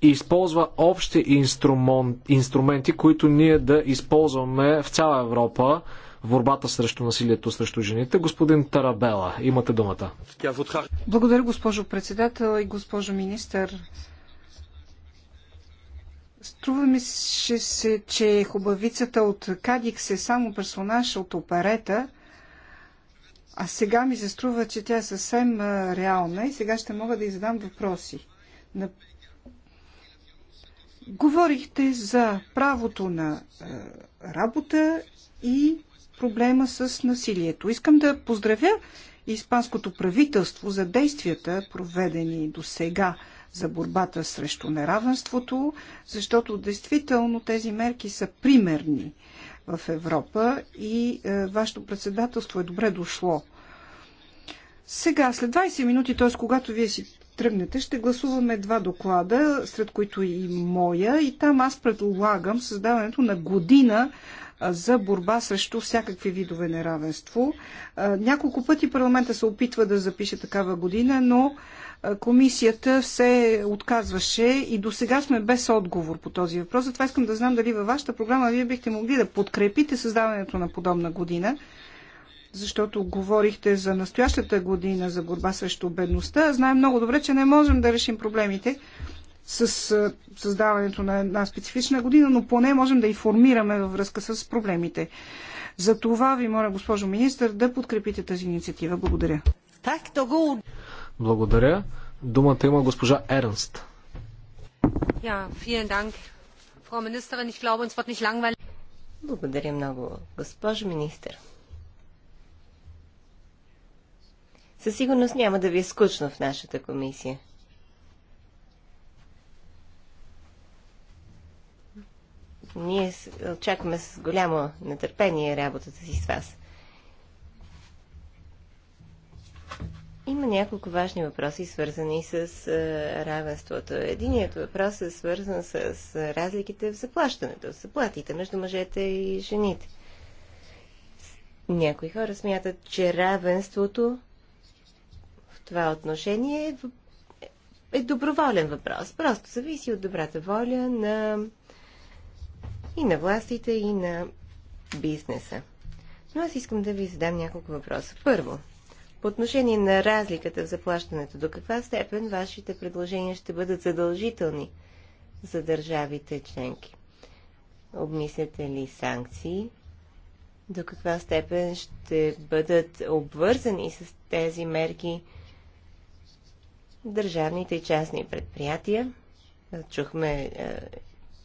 използва общи инструмент, инструменти, които ние да използваме в цяла Европа в борбата срещу насилието срещу жените. Господин Тарабела, имате думата. Благодаря, госпожо председател и госпожо министър. Струва ми се, че хубавицата от Кадикс е само персонаж от оперета, а сега ми се струва, че тя е съвсем реална и сега ще мога да издам въпроси. На... Говорихте за правото на работа и проблема с насилието. Искам да поздравя Испанското правителство за действията, проведени до сега за борбата срещу неравенството, защото действително тези мерки са примерни в Европа и е, вашето председателство е добре дошло. Сега, след 20 минути, т.е. когато вие си тръгнете, ще гласуваме два доклада, сред които и моя, и там аз предлагам създаването на година за борба срещу всякакви видове неравенство. Няколко пъти парламента се опитва да запише такава година, но комисията се отказваше и до сега сме без отговор по този въпрос. Затова искам да знам дали във вашата програма вие бихте могли да подкрепите създаването на подобна година защото говорихте за настоящата година за борба срещу бедността. Знаем много добре, че не можем да решим проблемите с създаването на една специфична година, но поне можем да информираме във връзка с проблемите. За това ви моля, госпожо министр, да подкрепите тази инициатива. Благодаря. Так, Благодаря. Думата има госпожа Ернст. Ja, vielen Dank, Frau Ministerin. Ich glaube, uns wird nicht langweilig. Благодаря много, госпожо министр. Със сигурност няма да ви е скучно в нашата комисия. Ние очакваме с голямо нетърпение работата си с вас. Има няколко важни въпроси, свързани с е, равенството. Единият въпрос е свързан с разликите в заплащането, в заплатите между мъжете и жените. Някои хора смятат, че равенството в това отношение е, е доброволен въпрос. Просто зависи от добрата воля на и на властите, и на бизнеса. Но аз искам да ви задам няколко въпроса. Първо, по отношение на разликата в заплащането, до каква степен вашите предложения ще бъдат задължителни за държавите членки? Обмисляте ли санкции? До каква степен ще бъдат обвързани с тези мерки държавните и частни предприятия? Чухме е,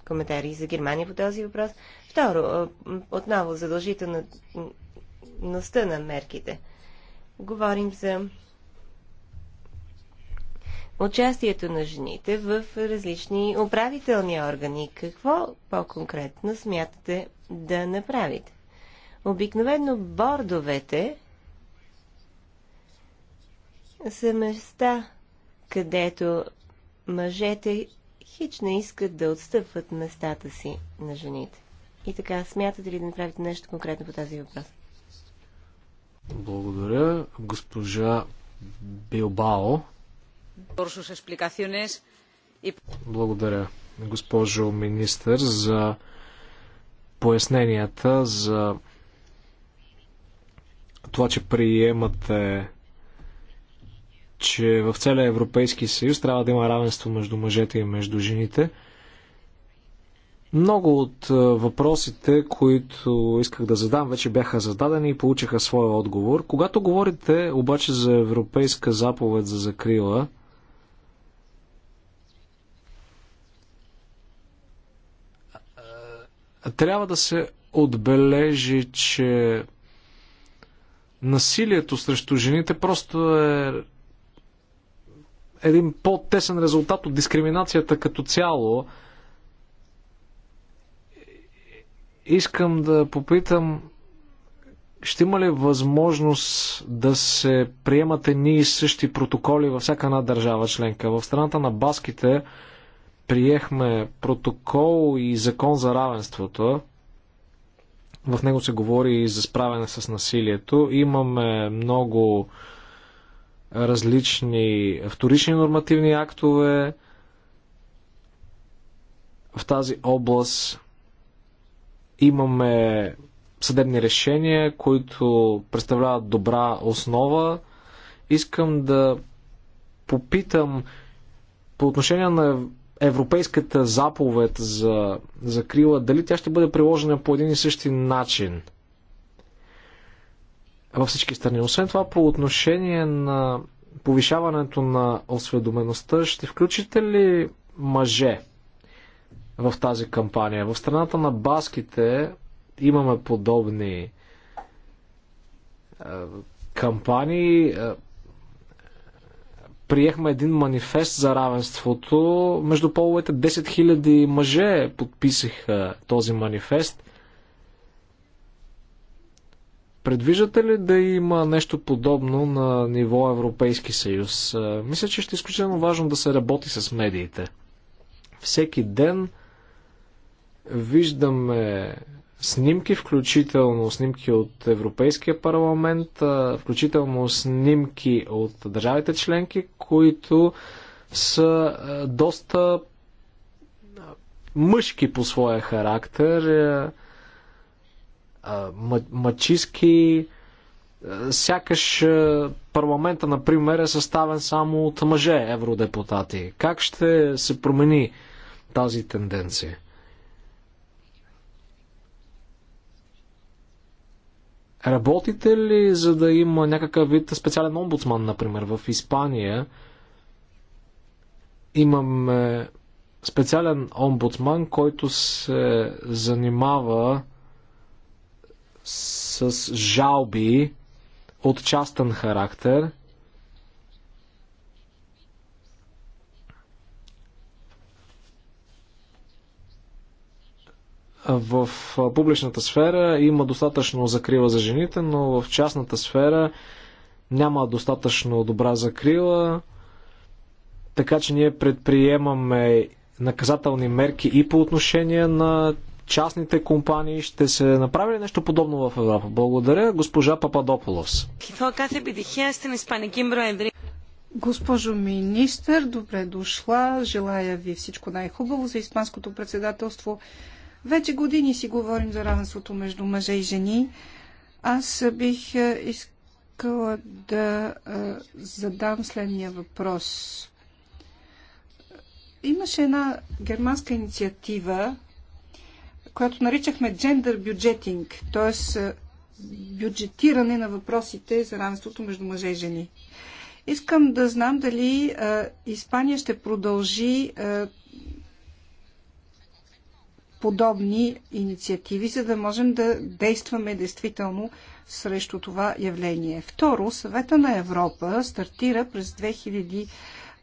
коментари за Германия по този въпрос. Второ, отново задължителността на мерките. Говорим за участието на жените в различни управителни органи. Какво по-конкретно смятате да направите? Обикновено бордовете са места, където мъжете хич не искат да отстъпват местата си на жените. И така, смятате ли да направите нещо конкретно по тази въпрос? Благодаря, госпожа Билбао. Благодаря, госпожо министър, за поясненията, за това, че приемате че в целия Европейски съюз трябва да има равенство между мъжете и между жените. Много от въпросите, които исках да задам, вече бяха зададени и получиха своя отговор. Когато говорите обаче за Европейска заповед за закрила, трябва да се отбележи, че насилието срещу жените просто е един по-тесен резултат от дискриминацията като цяло. Искам да попитам, ще има ли възможност да се приемат едни и същи протоколи във всяка една държава членка? В страната на баските приехме протокол и закон за равенството. В него се говори и за справяне с насилието. Имаме много различни вторични нормативни актове в тази област. Имаме съдебни решения, които представляват добра основа. Искам да попитам по отношение на европейската заповед за закрила, дали тя ще бъде приложена по един и същи начин – във всички страни. Освен това, по отношение на повишаването на осведомеността, ще включите ли мъже в тази кампания? В страната на баските имаме подобни е, кампании. Е, приехме един манифест за равенството. Между половете 10 000 мъже подписаха този манифест. Предвиждате ли да има нещо подобно на ниво Европейски съюз? Мисля, че ще е изключително важно да се работи с медиите. Всеки ден виждаме снимки, включително снимки от Европейския парламент, включително снимки от държавите членки, които са доста мъжки по своя характер мачистки. Сякаш парламента, например, е съставен само от мъже евродепутати. Как ще се промени тази тенденция? Работите ли за да има някакъв вид специален омбудсман, например, в Испания? Имаме специален омбудсман, който се занимава с жалби от частен характер. В публичната сфера има достатъчно закрила за жените, но в частната сфера няма достатъчно добра закрила, така че ние предприемаме наказателни мерки и по отношение на частните компании. Ще се направи ли нещо подобно в Европа? Благодаря, госпожа Пападополос. Госпожо министър, добре дошла. Желая ви всичко най-хубаво за Испанското председателство. Вече години си говорим за равенството между мъже и жени. Аз бих е, искала да е, задам следния въпрос. Имаше една германска инициатива която наричахме gender budgeting, т.е. бюджетиране на въпросите за равенството между мъже и жени. Искам да знам дали а, Испания ще продължи а, подобни инициативи, за да можем да действаме действително срещу това явление. Второ, съвета на Европа стартира през 2000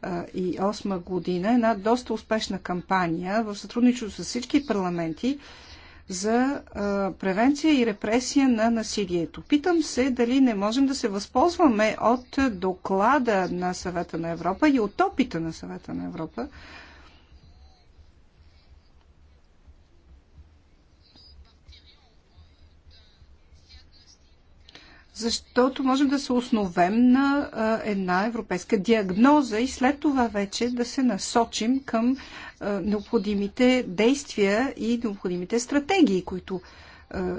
2008 година една доста успешна кампания в сътрудничество с всички парламенти за превенция и репресия на насилието. Питам се дали не можем да се възползваме от доклада на Съвета на Европа и от опита на Съвета на Европа защото можем да се основем на една европейска диагноза и след това вече да се насочим към необходимите действия и необходимите стратегии, които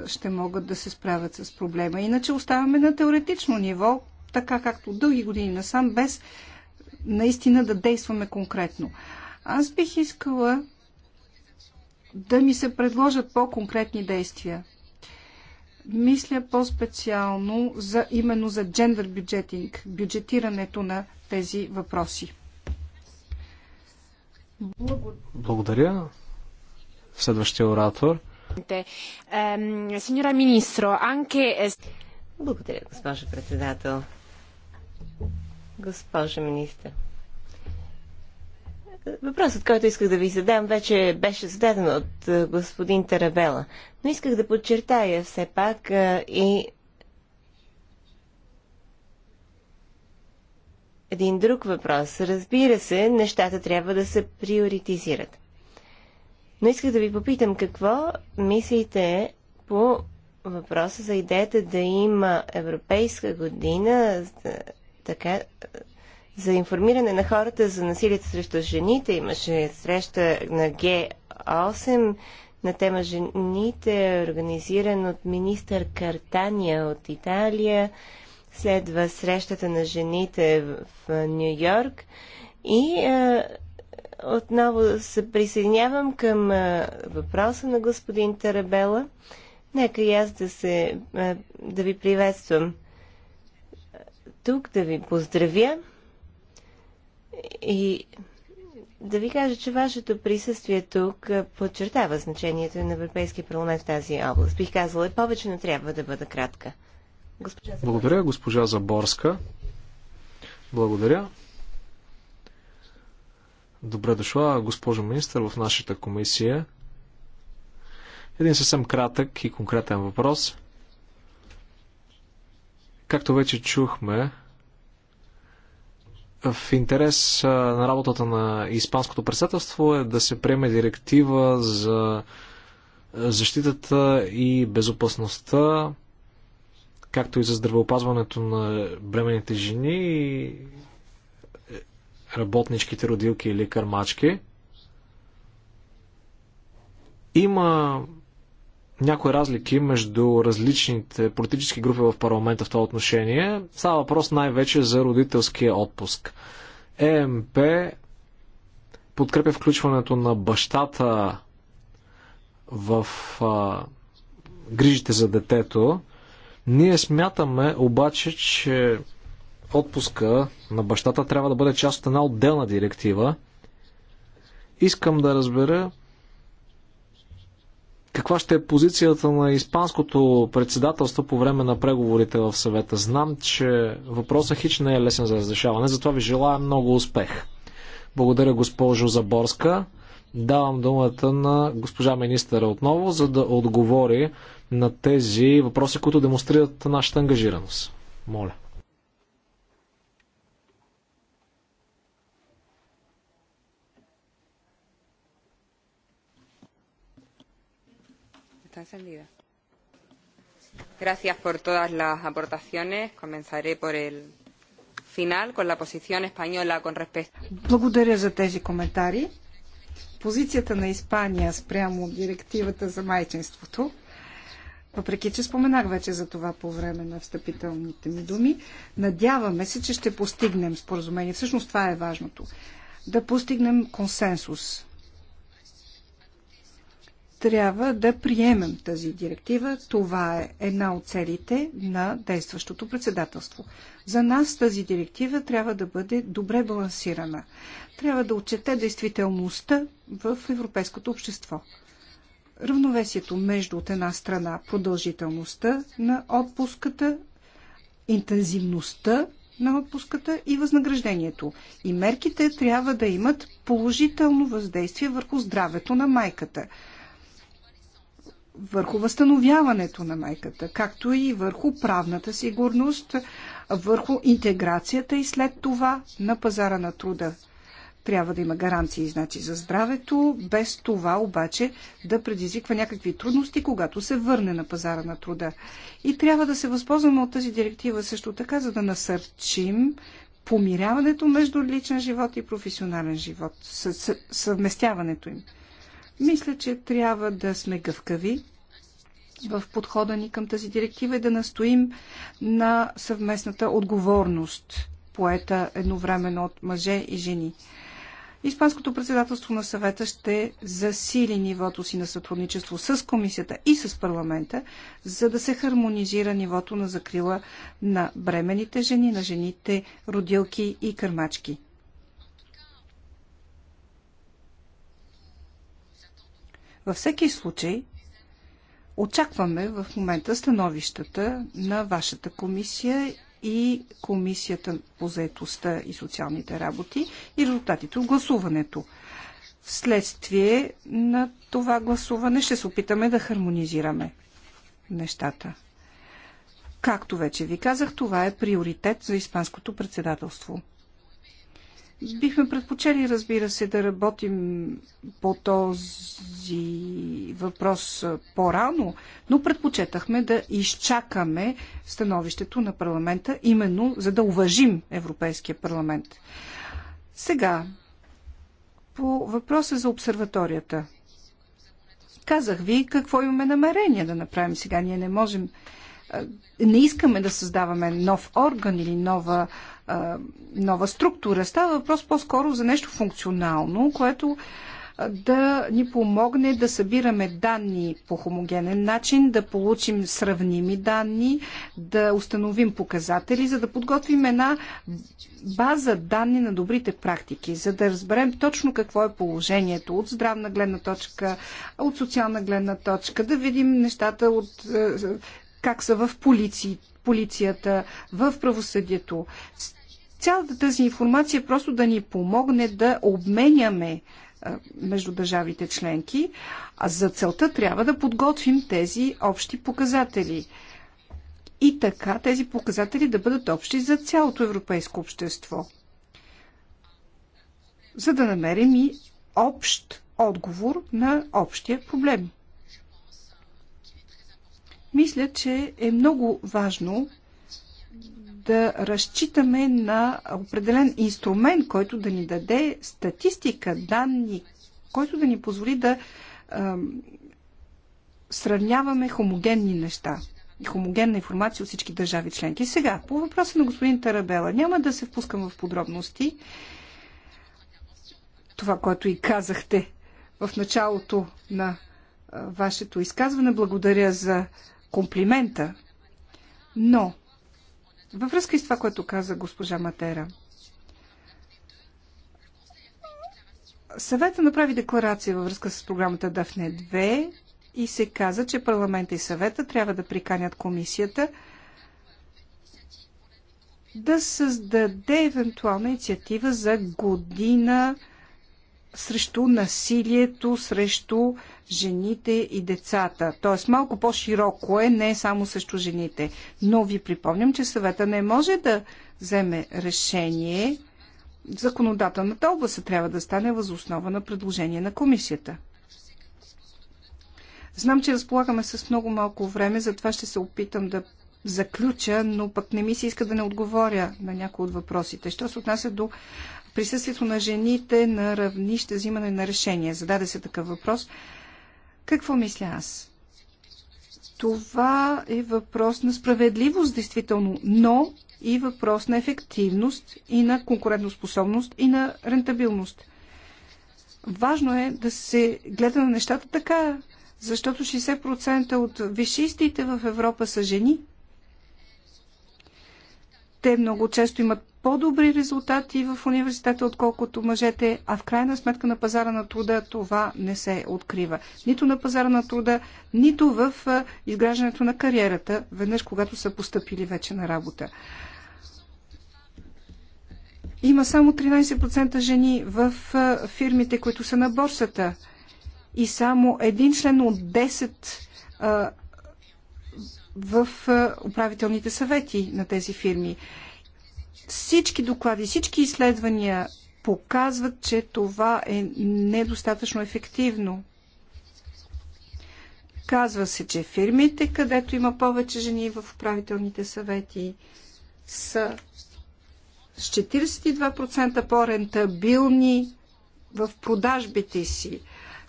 ще могат да се справят с проблема. Иначе оставаме на теоретично ниво, така както дълги години насам, без наистина да действаме конкретно. Аз бих искала да ми се предложат по-конкретни действия. Мисля по-специално за, именно за джендър бюджетинг, бюджетирането на тези въпроси. Благодаря. Следващия оратор. Сеньора министро, анке... Е- Благодаря, госпожа председател. Госпожа министър. Въпросът, който исках да ви задам, вече беше зададен от е, господин Тарабела. Но исках да подчертая все пак е, и един друг въпрос. Разбира се, нещата трябва да се приоритизират. Но исках да ви попитам какво мислите по въпроса за идеята да има Европейска година, е, така, за информиране на хората за насилието срещу жените. Имаше среща на Г8 на тема жените, организиран от министър Картания от Италия. Следва срещата на жените в Нью Йорк. И а, отново се присъединявам към а, въпроса на господин Тарабела. Нека и аз да, се, а, да ви приветствам тук, да ви поздравя. И да ви кажа, че вашето присъствие тук подчертава значението на Европейския парламент в тази област. Бих казала е повече, но трябва да бъда кратка. Госпожа Заборска. Благодаря, госпожа Заборска. Благодаря. Добре дошла, госпожо министър, в нашата комисия. Един съвсем кратък и конкретен въпрос. Както вече чухме, в интерес на работата на Испанското председателство е да се приеме директива за защитата и безопасността, както и за здравеопазването на бременните жени и работничките, родилки или кърмачки. Има някои разлики между различните политически групи в парламента в това отношение. Става въпрос най-вече за родителския отпуск. ЕМП подкрепя включването на бащата в а, грижите за детето. Ние смятаме обаче, че отпуска на бащата трябва да бъде част от една отделна директива. Искам да разбера каква ще е позицията на Испанското председателство по време на преговорите в съвета. Знам, че въпросът хич не е лесен за разрешаване, затова ви желая много успех. Благодаря госпожо Заборска. Давам думата на госпожа министъра отново, за да отговори на тези въпроси, които демонстрират нашата ангажираност. Моля. está encendida. Gracias por todas las aportaciones. Comenzaré por el final, con la posición española con respecto. Благодаря за тези коментари. Позицията на Испания спрямо директивата за майчинството, въпреки че споменах вече за това по време на встъпителните ми думи, надяваме се, че ще постигнем споразумение. Всъщност това е важното. Да постигнем консенсус трябва да приемем тази директива. Това е една от целите на действащото председателство. За нас тази директива трябва да бъде добре балансирана. Трябва да отчете действителността в европейското общество. Равновесието между от една страна продължителността на отпуската, интензивността на отпуската и възнаграждението. И мерките трябва да имат положително въздействие върху здравето на майката върху възстановяването на майката, както и върху правната сигурност, върху интеграцията и след това на пазара на труда. Трябва да има гаранции, значи, за здравето, без това обаче да предизвиква някакви трудности, когато се върне на пазара на труда. И трябва да се възползваме от тази директива също така, за да насърчим помиряването между личен живот и професионален живот, съвместяването им. Мисля, че трябва да сме гъвкави в подхода ни към тази директива и да настоим на съвместната отговорност, поета едновременно от мъже и жени. Испанското председателство на съвета ще засили нивото си на сътрудничество с комисията и с парламента, за да се хармонизира нивото на закрила на бременните жени, на жените, родилки и кърмачки. Във всеки случай, очакваме в момента становищата на вашата комисия и комисията по заетостта и социалните работи и резултатите от гласуването. Вследствие на това гласуване ще се опитаме да хармонизираме нещата. Както вече ви казах, това е приоритет за Испанското председателство. Бихме предпочели, разбира се, да работим по този въпрос по-рано, но предпочетахме да изчакаме становището на парламента, именно за да уважим Европейския парламент. Сега, по въпроса за обсерваторията. Казах ви какво имаме намерение да направим сега. Ние не можем, не искаме да създаваме нов орган или нова нова структура. Става въпрос по-скоро за нещо функционално, което да ни помогне да събираме данни по хомогенен начин, да получим сравними данни, да установим показатели, за да подготвим една база данни на добрите практики, за да разберем точно какво е положението от здравна гледна точка, от социална гледна точка, да видим нещата от е, е, как са в полиции, полицията, в правосъдието цялата тази информация просто да ни помогне да обменяме между държавите членки, а за целта трябва да подготвим тези общи показатели. И така тези показатели да бъдат общи за цялото европейско общество. За да намерим и общ отговор на общия проблем. Мисля, че е много важно да разчитаме на определен инструмент, който да ни даде статистика, данни, който да ни позволи да а, сравняваме хомогенни неща и хомогенна информация от всички държави членки. Сега, по въпроса на господин Тарабела, няма да се впускам в подробности. Това, което и казахте в началото на вашето изказване, благодаря за комплимента. Но във връзка и с това, което каза госпожа Матера, съвета направи декларация във връзка с програмата Дафне 2 и се каза, че парламента и съвета трябва да приканят комисията да създаде евентуална инициатива за година срещу насилието, срещу жените и децата. Тоест малко по-широко е, не е само също жените. Но ви припомням, че съвета не може да вземе решение. Законодателната област трябва да стане възоснова на предложение на комисията. Знам, че разполагаме с много малко време, затова ще се опитам да заключа, но пък не ми се иска да не отговоря на някои от въпросите. Що се отнася до присъствието на жените на равнище взимане на решение? Зададе се такъв въпрос. Какво мисля аз? Това е въпрос на справедливост, действително, но и въпрос на ефективност и на конкурентоспособност и на рентабилност. Важно е да се гледа на нещата така, защото 60% от вишистите в Европа са жени. Те много често имат по-добри резултати в университета, отколкото мъжете, а в крайна сметка на пазара на труда това не се открива. Нито на пазара на труда, нито в изграждането на кариерата, веднъж когато са поступили вече на работа. Има само 13% жени в фирмите, които са на борсата и само един член от 10 в управителните съвети на тези фирми. Всички доклади, всички изследвания показват, че това е недостатъчно ефективно. Казва се, че фирмите, където има повече жени в управителните съвети, са с 42% по-рентабилни в продажбите си,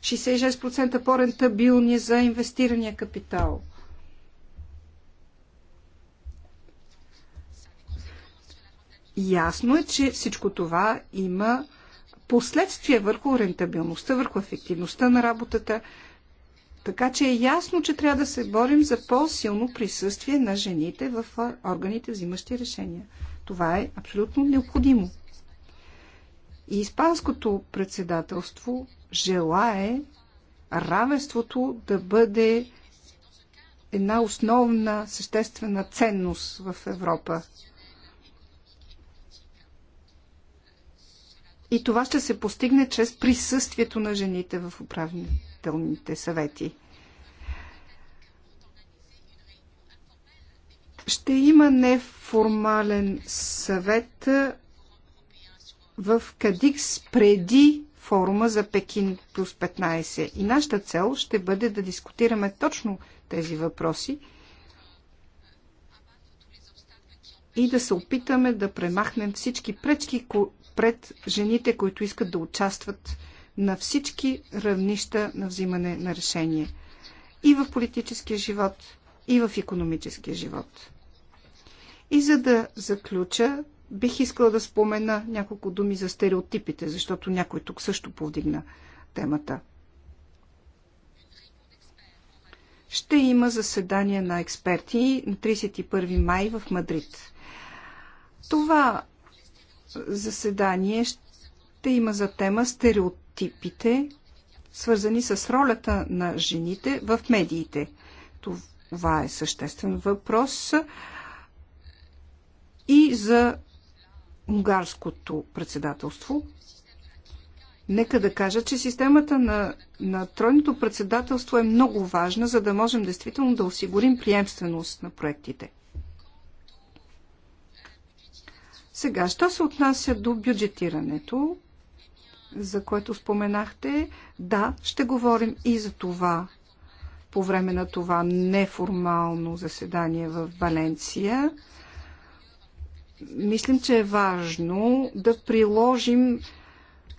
66% по-рентабилни за инвестирания капитал – Ясно е, че всичко това има последствия върху рентабилността, върху ефективността на работата. Така че е ясно, че трябва да се борим за по-силно присъствие на жените в органите, взимащи решения. Това е абсолютно необходимо. И Испанското председателство желае равенството да бъде една основна съществена ценност в Европа. И това ще се постигне чрез присъствието на жените в управителните съвети. Ще има неформален съвет в Кадикс преди форума за Пекин плюс 15. И нашата цел ще бъде да дискутираме точно тези въпроси и да се опитаме да премахнем всички пречки, пред жените, които искат да участват на всички равнища на взимане на решение. И в политическия живот, и в економическия живот. И за да заключа, бих искала да спомена няколко думи за стереотипите, защото някой тук също повдигна темата. Ще има заседание на експерти на 31 май в Мадрид. Това заседание ще има за тема стереотипите, свързани с ролята на жените в медиите. Това е съществен въпрос и за унгарското председателство. Нека да кажа, че системата на, на тройното председателство е много важна, за да можем действително да осигурим приемственост на проектите. Сега, що се отнася до бюджетирането, за което споменахте, да, ще говорим и за това по време на това неформално заседание в Валенция. Мислим, че е важно да приложим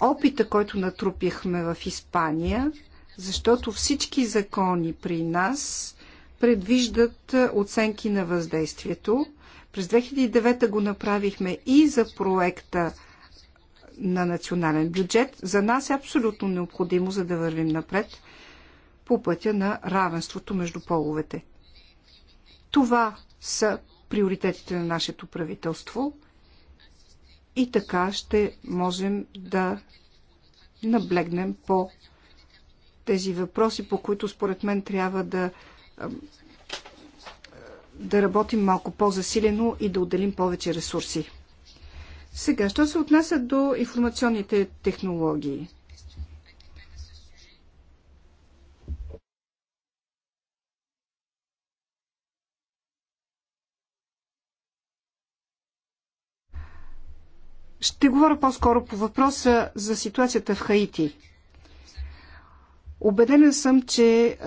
опита, който натрупихме в Испания, защото всички закони при нас предвиждат оценки на въздействието през 2009 го направихме и за проекта на национален бюджет. За нас е абсолютно необходимо, за да вървим напред по пътя на равенството между половете. Това са приоритетите на нашето правителство и така ще можем да наблегнем по тези въпроси, по които според мен трябва да да работим малко по-засилено и да отделим повече ресурси. Сега, що се отнася до информационните технологии? Ще говоря по-скоро по въпроса за ситуацията в Хаити. Обедена съм, че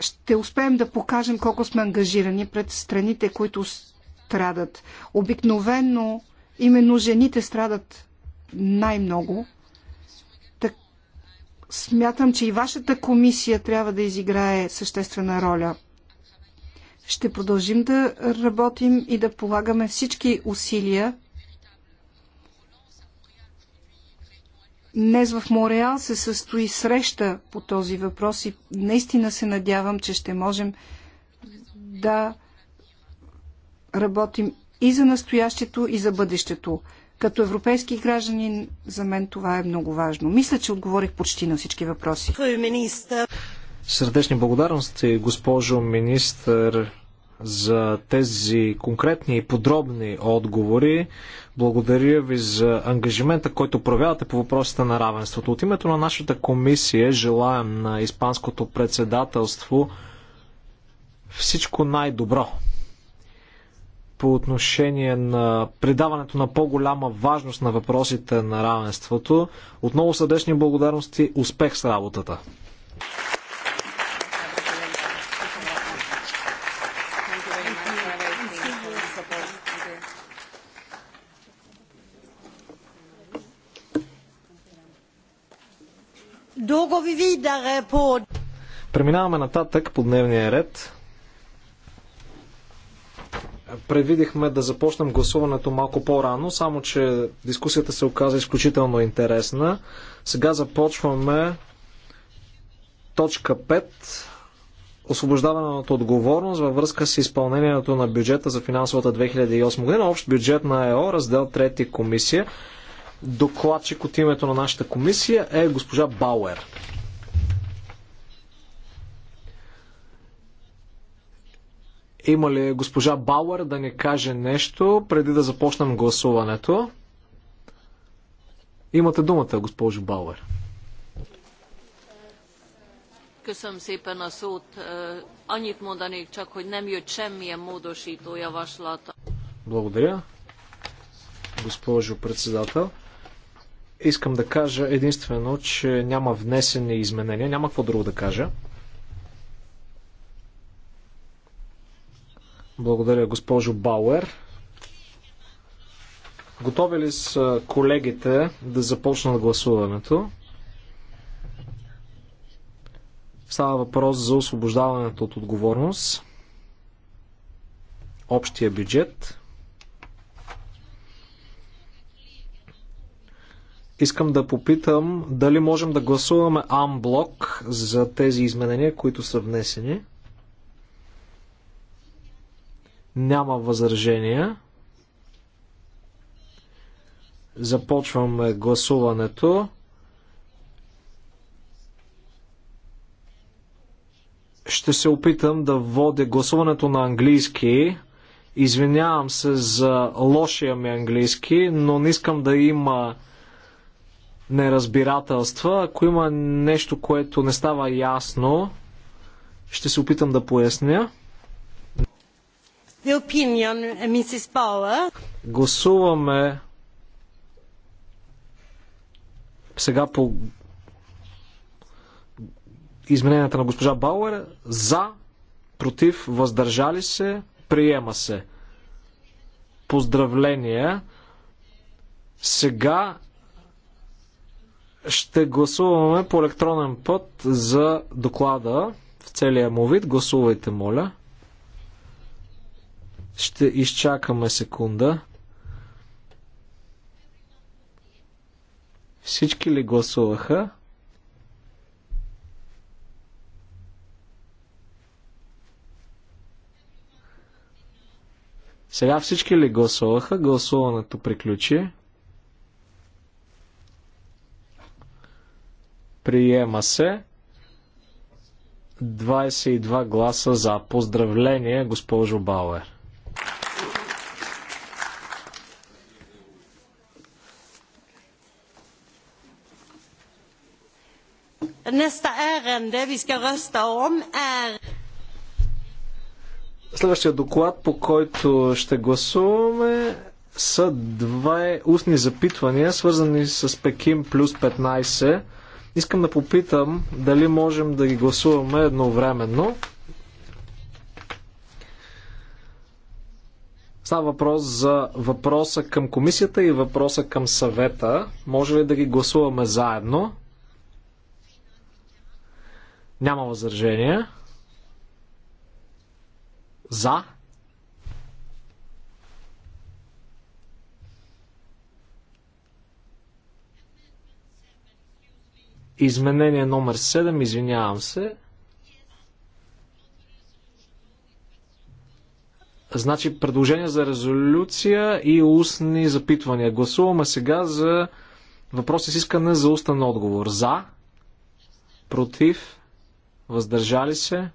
ще успеем да покажем колко сме ангажирани пред страните, които страдат. Обикновено именно жените страдат най-много. Так, смятам, че и вашата комисия трябва да изиграе съществена роля. Ще продължим да работим и да полагаме всички усилия Днес в Мореал се състои среща по този въпрос и наистина се надявам, че ще можем да работим и за настоящето, и за бъдещето. Като европейски граждани, за мен това е много важно. Мисля, че отговорих почти на всички въпроси. Сърдечни благодарности, госпожо министър за тези конкретни и подробни отговори. Благодаря ви за ангажимента, който проявявате по въпросите на равенството. От името на нашата комисия желаем на Испанското председателство всичко най-добро по отношение на придаването на по-голяма важност на въпросите на равенството. Отново сърдечни благодарности, успех с работата! Преминаваме нататък по дневния ред. Предвидихме да започнем гласуването малко по-рано, само че дискусията се оказа изключително интересна. Сега започваме точка 5 освобождаване от отговорност във връзка с изпълнението на бюджета за финансовата 2008 година, общ бюджет на ЕО, раздел 3 комисия. Докладчик от името на нашата комисия е госпожа Бауер. Има ли госпожа Бауер да ни каже нещо преди да започнем гласуването? Имате думата, госпожо Бауер. Köszönöm szépen a szót. Е, Annyit mondanék csak, hogy nem jött semmilyen módosító javaslat. Благодаря, госпожо председател. Искам да кажа единствено, че няма внесени изменения. Няма какво друго да кажа. Благодаря, госпожо Бауер. Готови ли са колегите да започнат гласуването? Става въпрос за освобождаването от отговорност, общия бюджет, Искам да попитам дали можем да гласуваме амблок за тези изменения, които са внесени. Няма възражения. Започваме гласуването. Ще се опитам да водя гласуването на английски. Извинявам се за лошия ми английски, но не искам да има неразбирателства. Ако има нещо, което не става ясно, ще се опитам да поясня. Opinion, uh, Гласуваме сега по измененията на госпожа Бауер за, против, въздържали се, приема се. Поздравления! Сега ще гласуваме по електронен път за доклада в целия му вид. Гласувайте, моля. Ще изчакаме секунда. Всички ли гласуваха? Сега всички ли гласуваха? Гласуването приключи. Приема се. 22 гласа за. Поздравление, госпожо Бауер. Следващия доклад, по който ще гласуваме, са две устни запитвания, свързани с Пекин плюс 15. Искам да попитам дали можем да ги гласуваме едновременно. Става въпрос за въпроса към комисията и въпроса към съвета. Може ли да ги гласуваме заедно? Няма възражения. За? Изменение номер 7, извинявам се. Значи предложение за резолюция и устни запитвания. Гласуваме сега за въпроси с искане за устен отговор. За, против, въздържали се,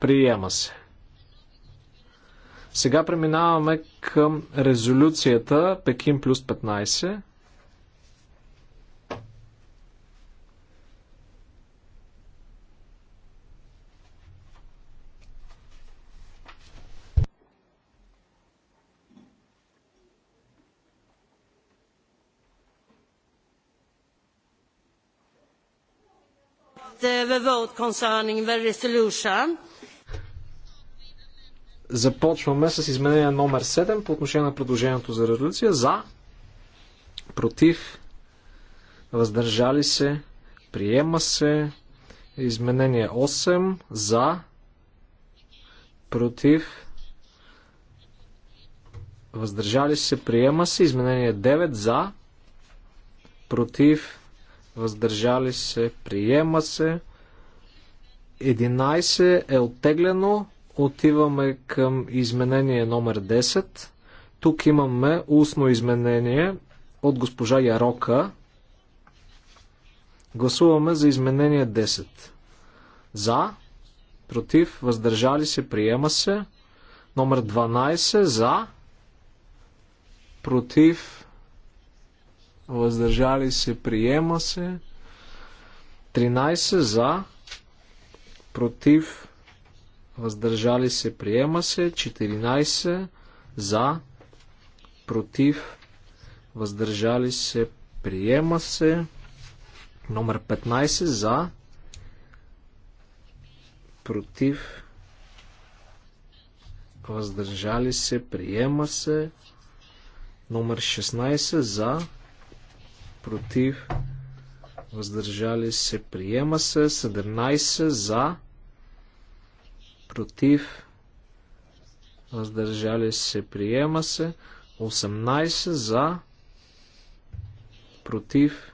приема се. Сега преминаваме към резолюцията Пекин плюс 15. the vote concerning the resolution. Започваме с изменение номер 7 по отношение на предложението за резолюция. За, против, въздържали се, приема се. Изменение 8 за, против, въздържали се, приема се. Изменение 9 за, против, въздържали се, приема се. 11 е оттеглено. Отиваме към изменение номер 10. Тук имаме устно изменение от госпожа Ярока. Гласуваме за изменение 10. За, против, въздържали се, приема се. Номер 12 за, против, въздържали се, приема се. 13 за, против, въздържали се, приема се. 14 за, против, въздържали се, приема се. Номер 15 за, против, въздържали се, приема се. Номер 16 за, против, въздържали се, приема се, 17 за, против, въздържали се, приема се, 18 за, против,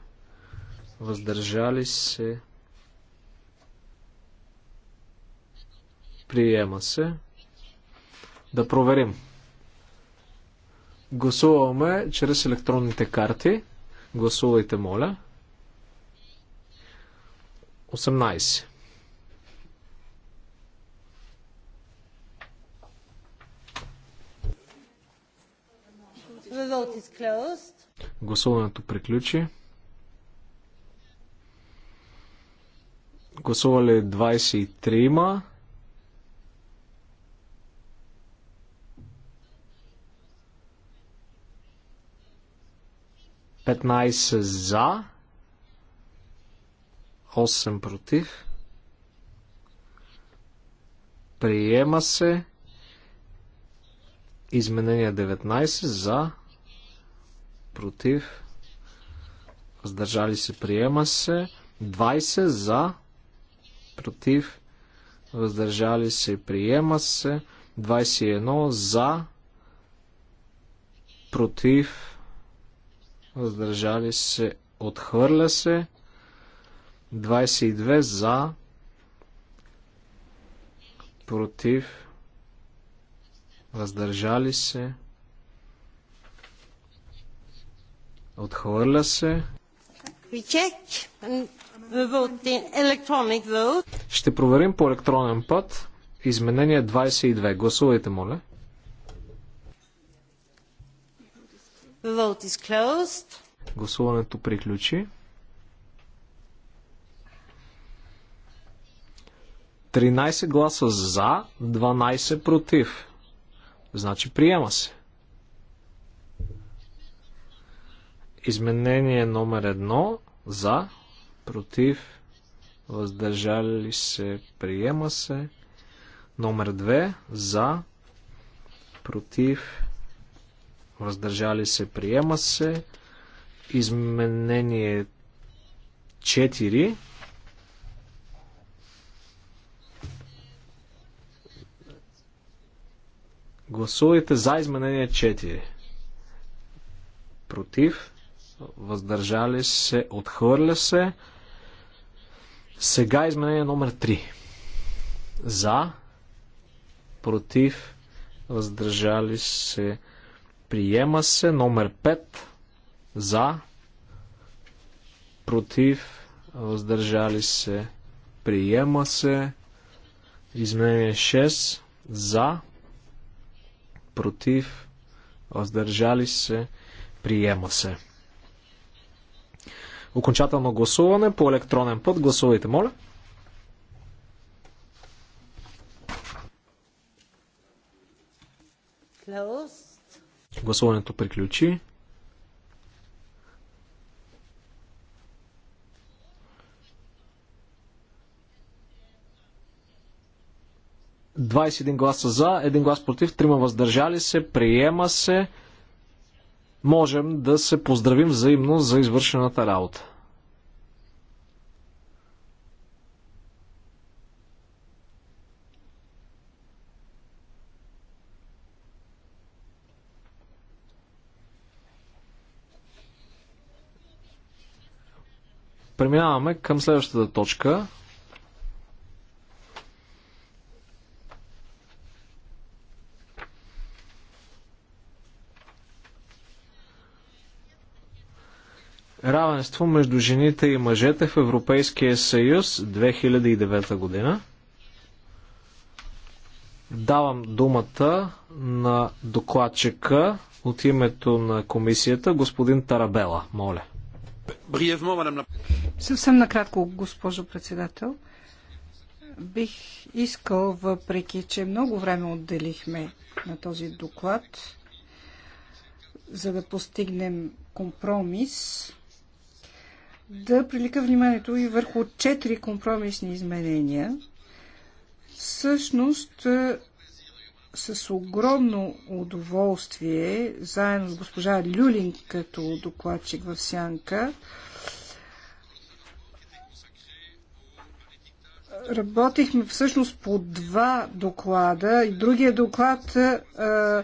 въздържали се, приема се. Да проверим. Гласуваме чрез електронните карти. Гласувайте, моля. 18. Гласуването приключи. Гласували 23-ма. 15 за, 8 против. Приема се. Изменение 19 за, против. Въздържали се. Приема се. 20 за, против. Въздържали се. Приема се. 21 за, против въздържали се, отхвърля се. 22 за, против, въздържали се, отхвърля се. Ще проверим по електронен път. Изменение 22. Гласувайте, моля. Vote is closed. Гласуването приключи. 13 гласа за, 12 против. Значи приема се. Изменение номер 1 за, против, въздържали се, приема се. Номер 2 за, против, въздържали се, приема се. Изменение 4. Гласувайте за изменение 4. Против. Въздържали се. Отхвърля се. Сега изменение номер 3. За. Против. Въздържали се. Приема се номер 5 за, против, въздържали се. Приема се. Изменение 6 за, против, въздържали се. Приема се. Окончателно гласуване по електронен път. Гласувайте, моля. Close. Гласуването приключи. Двадесет един гласа за, един глас против, трима въздържали се, приема се. Можем да се поздравим взаимно за извършената работа. Преминаваме към следващата точка. Равенство между жените и мъжете в Европейския съюз 2009 година. Давам думата на докладчика от името на комисията, господин Тарабела. Моля. Съвсем накратко, госпожо председател. Бих искал, въпреки че много време отделихме на този доклад, за да постигнем компромис, да прилика вниманието и върху четири компромисни изменения. Всъщност, с огромно удоволствие, заедно с госпожа Люлин като докладчик в Сянка, работихме всъщност по два доклада и другия доклад а,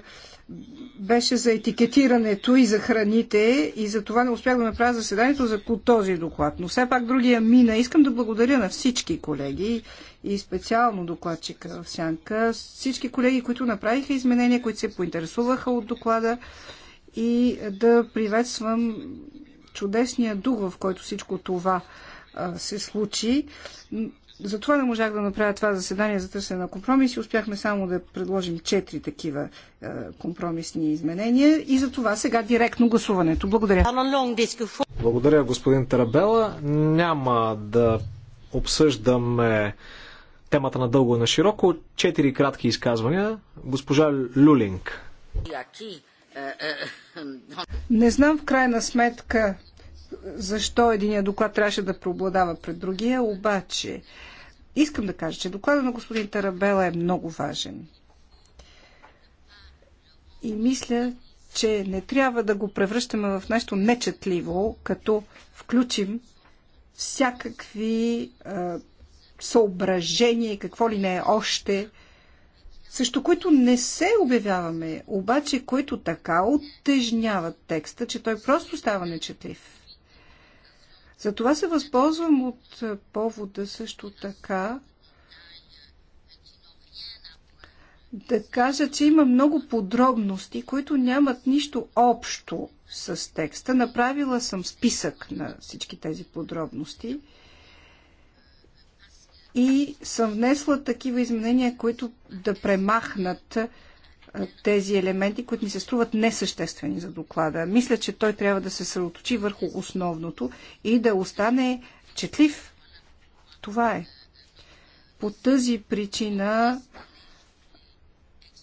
беше за етикетирането и за храните и за това не успях да направя заседанието за този доклад. Но все пак другия мина. Искам да благодаря на всички колеги и специално докладчика в Сянка. Всички колеги, които направиха изменения, които се поинтересуваха от доклада и да приветствам чудесния дух, в който всичко това се случи. Затова не можах да направя това заседание за търсене на компромиси. Успяхме само да предложим четири такива е, компромисни изменения и за това сега директно гласуването. Благодаря. Благодаря, господин Тарабела. Няма да обсъждаме темата на дълго и на широко. Четири кратки изказвания. Госпожа Люлинг. Не знам в крайна сметка защо единия доклад трябваше да преобладава пред другия, обаче искам да кажа, че доклада на господин Тарабела е много важен. И мисля, че не трябва да го превръщаме в нещо нечетливо, като включим всякакви е, съображения и какво ли не е още, също които не се обявяваме, обаче които така оттежняват текста, че той просто става нечетлив. Затова се възползвам от е, повода също така да кажа, че има много подробности, които нямат нищо общо с текста. Направила съм списък на всички тези подробности и съм внесла такива изменения, които да премахнат тези елементи, които ни се струват несъществени за доклада. Мисля, че той трябва да се съсредоточи върху основното и да остане четлив. Това е. По тази причина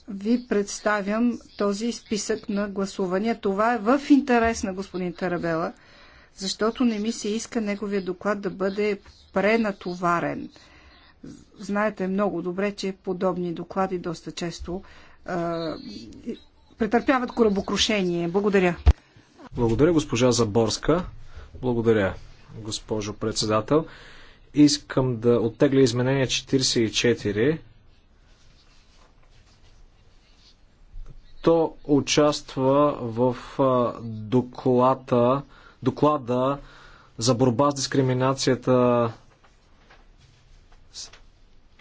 ви представям този списък на гласувания. Това е в интерес на господин Тарабела, защото не ми се иска неговия доклад да бъде пренатоварен. Знаете много добре, че подобни доклади доста често претърпяват корабокрушение. Благодаря. Благодаря, госпожа Заборска. Благодаря, госпожо председател. Искам да оттегля изменение 44. То участва в доклада, доклада за борба с дискриминацията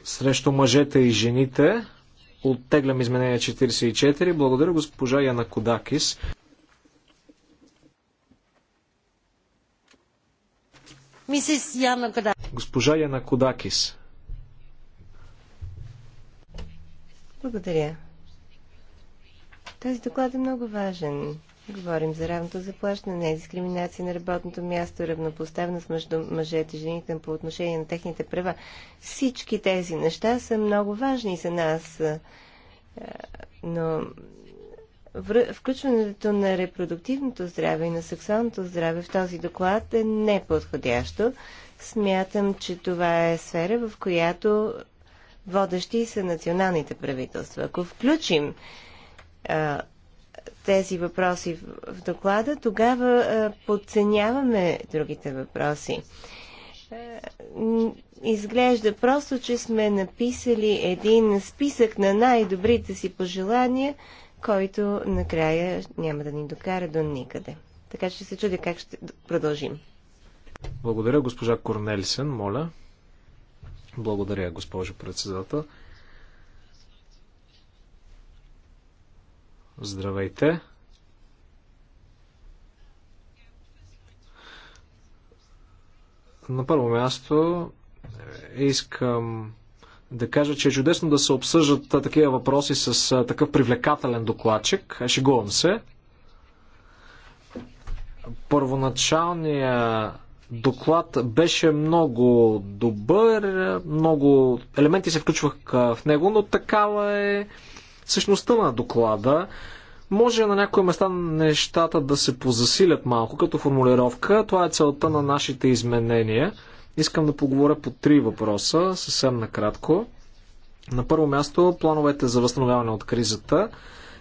срещу мъжете и жените. Оттеглям изменение 44. Благодаря госпожа Яна Кодакис. Мисис Яна Кодакис. Госпожа Яна Кодакис. Благодаря. Този доклад е много важен. Говорим за равното заплащане, не дискриминация на работното място, равнопоставеност между мъжете и жените по отношение на техните права. Всички тези неща са много важни за нас, но включването на репродуктивното здраве и на сексуалното здраве в този доклад е неподходящо. Смятам, че това е сфера, в която водещи са националните правителства. Ако включим тези въпроси в доклада, тогава подценяваме другите въпроси. Изглежда просто, че сме написали един списък на най-добрите си пожелания, който накрая няма да ни докара до никъде. Така че се чудя как ще продължим. Благодаря, госпожа Корнелисен, моля. Благодаря, госпожо председател. Здравейте! На първо място е, искам да кажа, че е чудесно да се обсъждат такива въпроси с такъв привлекателен докладчик. Шегувам се. Първоначалният доклад беше много добър, много елементи се включвах в него, но такава е същността на доклада. Може на някои места нещата да се позасилят малко като формулировка. Това е целта на нашите изменения. Искам да поговоря по три въпроса, съвсем накратко. На първо място, плановете за възстановяване от кризата.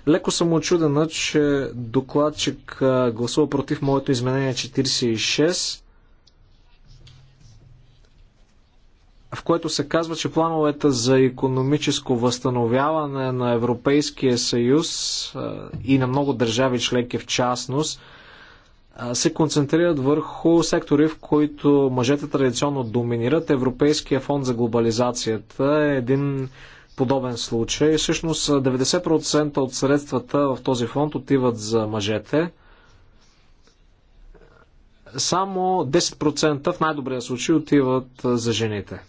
Леко съм очудена, че докладчик гласува против моето изменение 46. в което се казва, че плановете за економическо възстановяване на Европейския съюз и на много държави членки в частност се концентрират върху сектори, в които мъжете традиционно доминират. Европейския фонд за глобализацията е един подобен случай. Всъщност 90% от средствата в този фонд отиват за мъжете. Само 10% в най-добрия случай отиват за жените.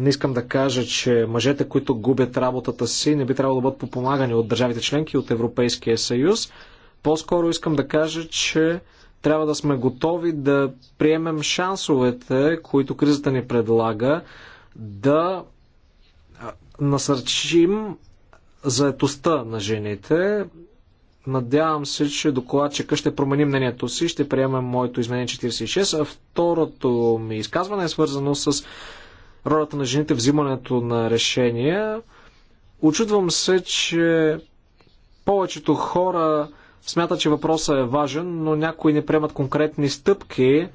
Не искам да кажа, че мъжете, които губят работата си, не би трябвало да бъдат подпомагани от държавите членки, от Европейския съюз. По-скоро искам да кажа, че трябва да сме готови да приемем шансовете, които кризата ни предлага, да насърчим заетостта на жените. Надявам се, че докладчика ще промени мнението си, ще приемем моето изменение 46, а второто ми изказване е свързано с ролята на жените в взимането на решения. Очудвам се, че повечето хора смятат, че въпросът е важен, но някои не приемат конкретни стъпки.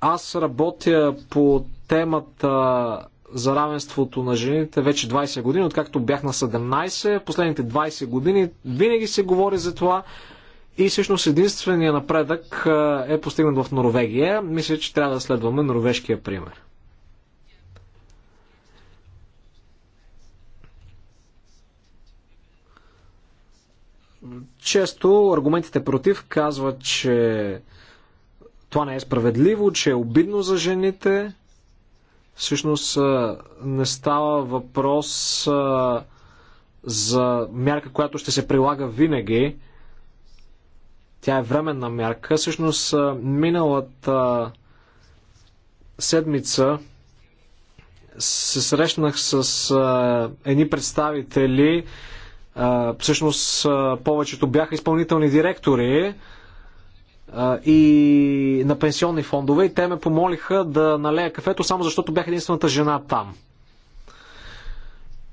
Аз работя по темата за равенството на жените вече 20 години, откакто бях на 17. Последните 20 години винаги се говори за това. И всъщност единствения напредък е постигнат в Норвегия. Мисля, че трябва да следваме норвежкия пример. Често аргументите против казват, че това не е справедливо, че е обидно за жените. Всъщност не става въпрос за мярка, която ще се прилага винаги. Тя е временна мярка. Всъщност миналата седмица се срещнах с едни представители Всъщност повечето бяха изпълнителни директори и на пенсионни фондове и те ме помолиха да налея кафето само защото бях единствената жена там.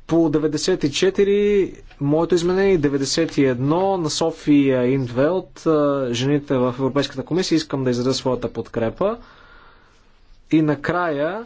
По 94, моето изменение 91 на София Индвелт, жените в Европейската комисия, искам да изразя своята подкрепа. И накрая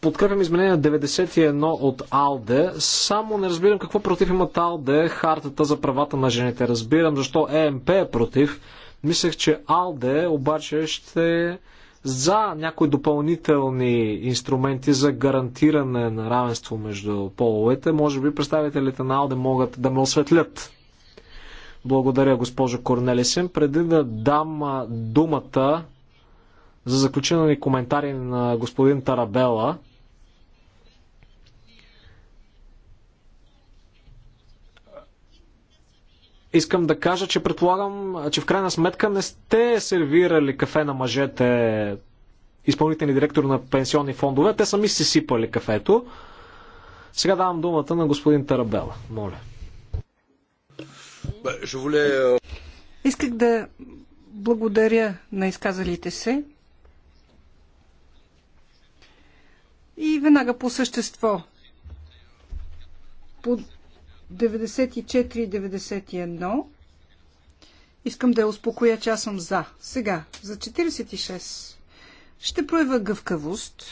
Подкрепям изменение 91 от АЛДЕ. Само не разбирам какво против имат АЛДЕ, хартата за правата на жените. Разбирам защо ЕМП е против. Мислех, че АЛДЕ обаче ще за някои допълнителни инструменти за гарантиране на равенство между половете. Може би представителите на АЛДЕ могат да ме осветлят. Благодаря, госпожо Корнелисен. Преди да дам думата за заключителни коментари на господин Тарабела. Искам да кажа, че предполагам, че в крайна сметка не сте сервирали кафе на мъжете изпълнителни директор на пенсионни фондове. Те сами си сипали кафето. Сега давам думата на господин Тарабела. Моля. Е, е, Исках да благодаря на изказалите се. И веднага по същество. По 94 и 91 искам да я успокоя, че аз съм за. Сега, за 46 ще проява гъвкавост,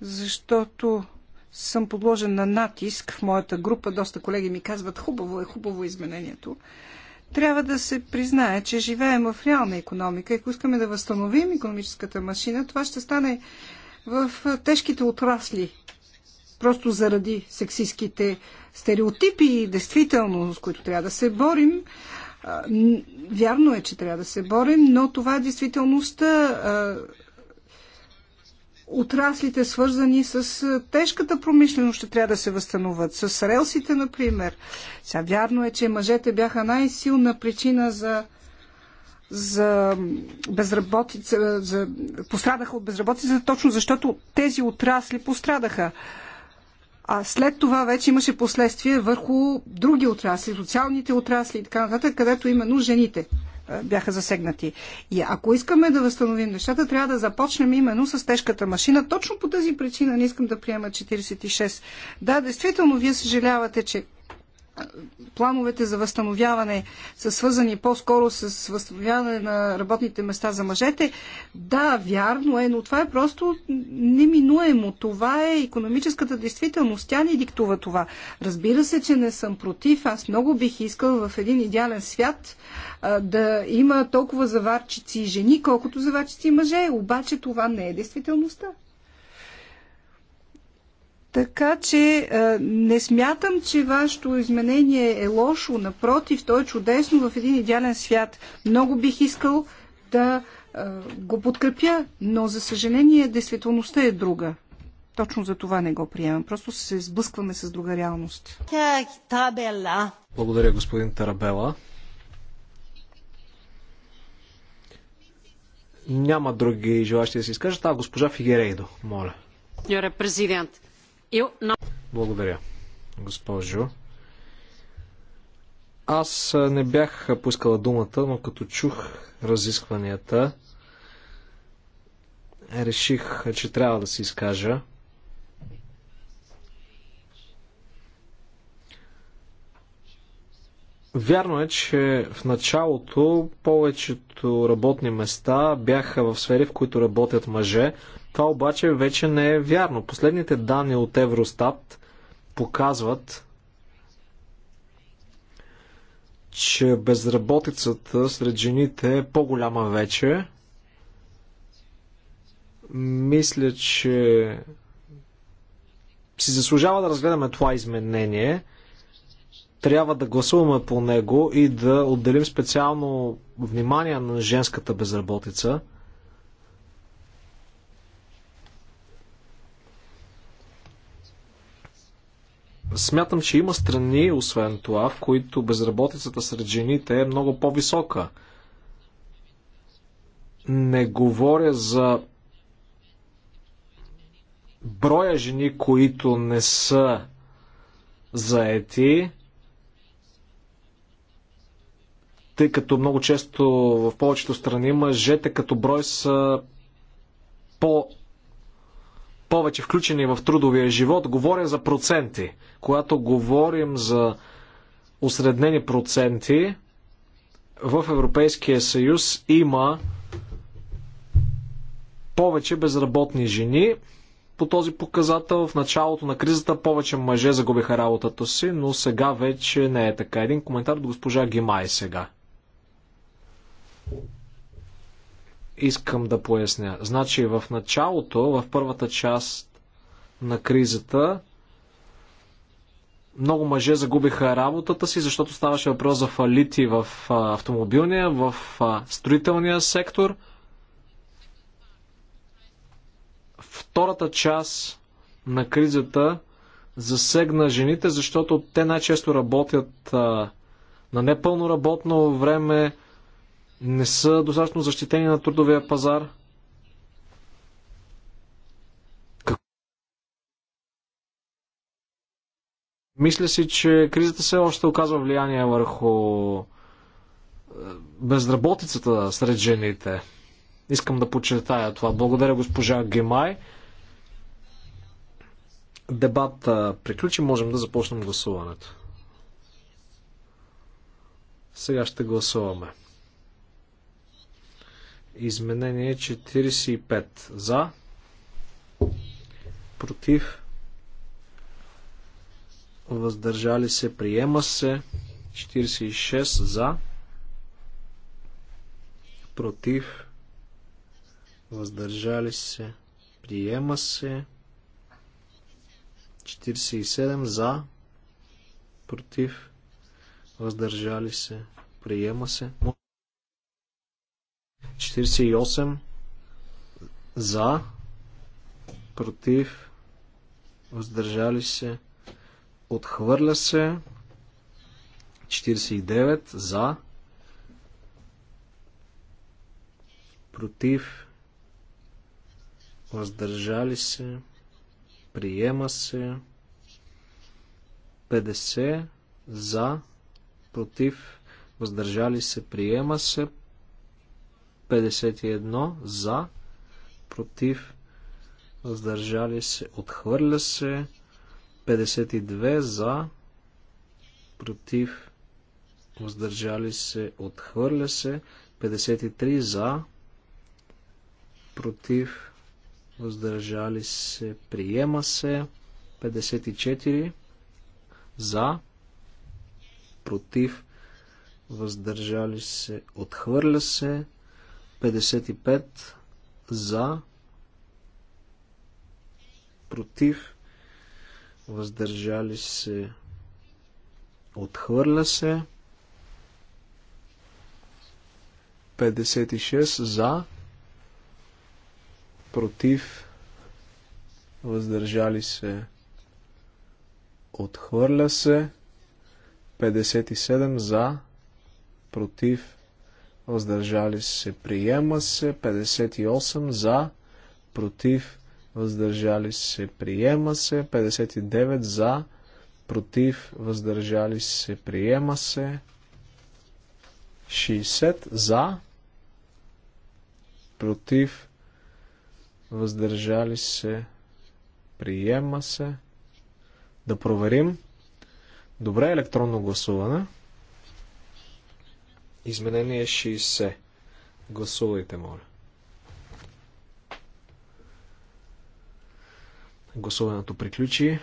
защото съм подложен на натиск в моята група. Доста колеги ми казват, хубаво е, хубаво е изменението. Трябва да се признае, че живеем в реална економика. И Ако искаме да възстановим економическата машина, това ще стане в тежките отрасли, просто заради сексистските стереотипи и действително, с които трябва да се борим. Вярно е, че трябва да се борим, но това е действителността. Отраслите, свързани с тежката промишленост, ще трябва да се възстановят. С релсите, например. Сега вярно е, че мъжете бяха най-силна причина за за безработица, за, пострадаха от безработица, точно защото тези отрасли пострадаха. А след това вече имаше последствия върху други отрасли, социалните отрасли и така нататък, където именно жените бяха засегнати. И ако искаме да възстановим нещата, трябва да започнем именно с тежката машина. Точно по тази причина не искам да приема 46. Да, действително, вие съжалявате, че плановете за възстановяване са свързани по-скоро с възстановяване на работните места за мъжете. Да, вярно е, но това е просто неминуемо. Това е економическата действителност. Тя ни диктува това. Разбира се, че не съм против. Аз много бих искал в един идеален свят а, да има толкова заварчици и жени, колкото заварчици мъже. Обаче това не е действителността. Така че е, не смятам, че вашето изменение е лошо. Напротив, то е чудесно в един идеален свят. Много бих искал да е, го подкрепя, но за съжаление действителността е друга. Точно за това не го приемам. Просто се сблъскваме с друга реалност. Благодаря, господин Тарабела. Няма други желащи да се изкажат. А, госпожа Фигерейдо, моля. Президент. Благодаря, госпожо. Аз не бях поискала думата, но като чух разискванията, реших, че трябва да се изкажа. Вярно е, че в началото повечето работни места бяха в сфери, в които работят мъже, това обаче вече не е вярно. Последните данни от Евростат показват, че безработицата сред жените е по-голяма вече. Мисля, че си заслужава да разгледаме това изменение. Трябва да гласуваме по него и да отделим специално внимание на женската безработица – Смятам, че има страни, освен това, в които безработицата сред жените е много по-висока. Не говоря за броя жени, които не са заети, тъй като много често в повечето страни мъжете като брой са по повече включени в трудовия живот. Говоря за проценти. Когато говорим за осреднени проценти, в Европейския съюз има повече безработни жени. По този показател в началото на кризата повече мъже загубиха работата си, но сега вече не е така. Един коментар от госпожа Гимай сега. искам да поясня. Значи в началото, в първата част на кризата, много мъже загубиха работата си, защото ставаше въпрос за фалити в автомобилния, в строителния сектор. Втората част на кризата засегна жените, защото те най-често работят на непълно работно време, не са достатъчно защитени на трудовия пазар. Мисля си, че кризата все още оказва влияние върху е, безработицата сред жените. Искам да подчертая това. Благодаря госпожа Гемай. Дебат приключи, можем да започнем гласуването. Сега ще гласуваме. Изменение 45. За. Против. Въздържали се. Приема се. 46. За. Против. Въздържали се. Приема се. 47. За. Против. Въздържали се. Приема се. 48 за, против, въздържали се, отхвърля се. 49 за, против, въздържали се, приема се. 50 за, против, въздържали се, приема се. 51 за, против, въздържали се, отхвърля се. 52 за, против, въздържали се, отхвърля се. 53 за, против, въздържали се, приема се. 54 за, против, въздържали се, отхвърля се. 55 за, против, въздържали се, отхвърля се. 56 за, против, въздържали се, отхвърля се. 57 за, против, въздържали се, приема се, 58 за, против, въздържали се, приема се, 59 за, против, въздържали се, приема се, 60 за, против, въздържали се, приема се. Да проверим. Добре, електронно гласуване. Изменение 60. Гласувайте, моля. Гласуването приключи.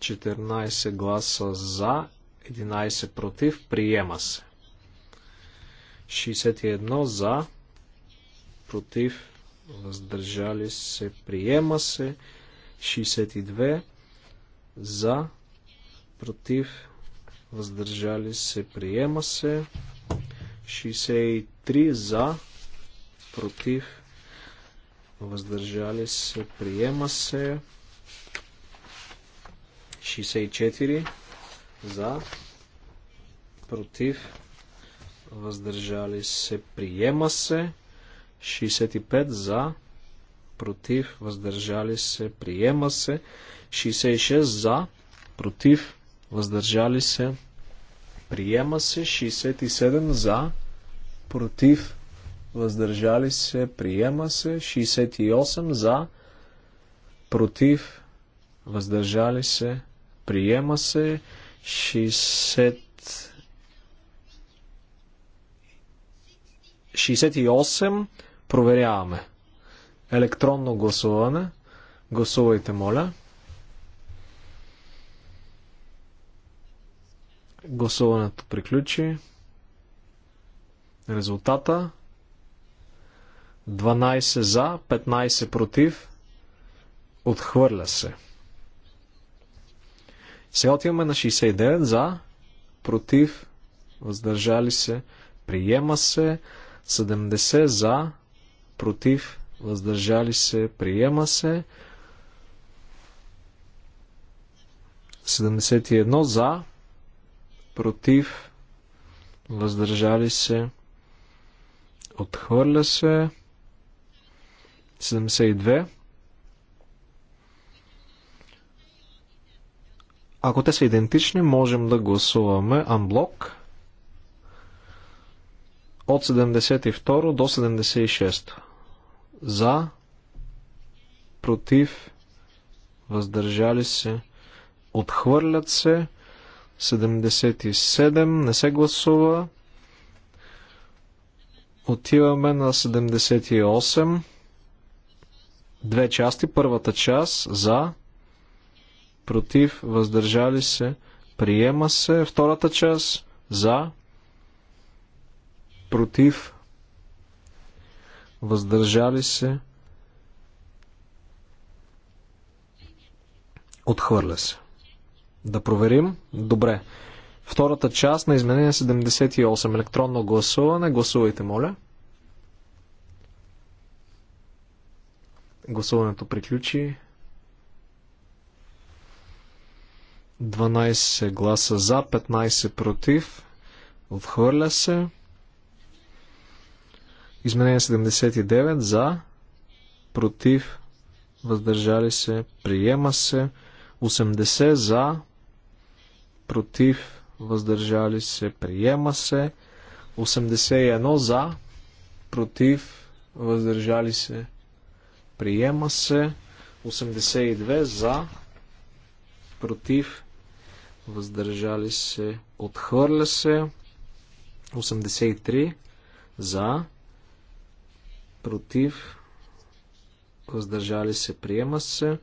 Четирнайсет гласа за, 11 против, приема се. 61 за, против, въздържали се, приема се. 62 за, против, въздържали се, приема се. 63 за, против, въздържали се, приема се. 64 за, против, въздържали се, приема се. 65 за, против, против, въздържали се, приема се. 66 за, против, въздържали се, приема се. 67 за, против, въздържали се, приема се. 68 за, против, въздържали се, приема се. 60 68 проверяваме електронно гласуване. Гласувайте, моля. Гласуването приключи. Резултата 12 за, 15 против. Отхвърля се. Сега отиваме на 69 за, против, въздържали се, приема се, 70 за, против, въздържали се, приема се. 71 за, против, въздържали се, отхвърля се. 72. Ако те са идентични, можем да гласуваме анблок от 72 до 76. За. Против. Въздържали се. Отхвърлят се. 77. Не се гласува. Отиваме на 78. Две части. Първата част. За. Против. Въздържали се. Приема се. Втората част. За. Против въздържали се, отхвърля се. Да проверим? Добре. Втората част на изменение 78. Електронно гласуване. Гласувайте, моля. Гласуването приключи. 12 гласа за, 15 против. Отхвърля се. Изменение 79 за, против, въздържали се, приема се. 80 за, против, въздържали се, приема се. 81 за, против, въздържали се, приема се. 82 за, против, въздържали се, отхвърля се. 83 за, против, въздържали се, приема се.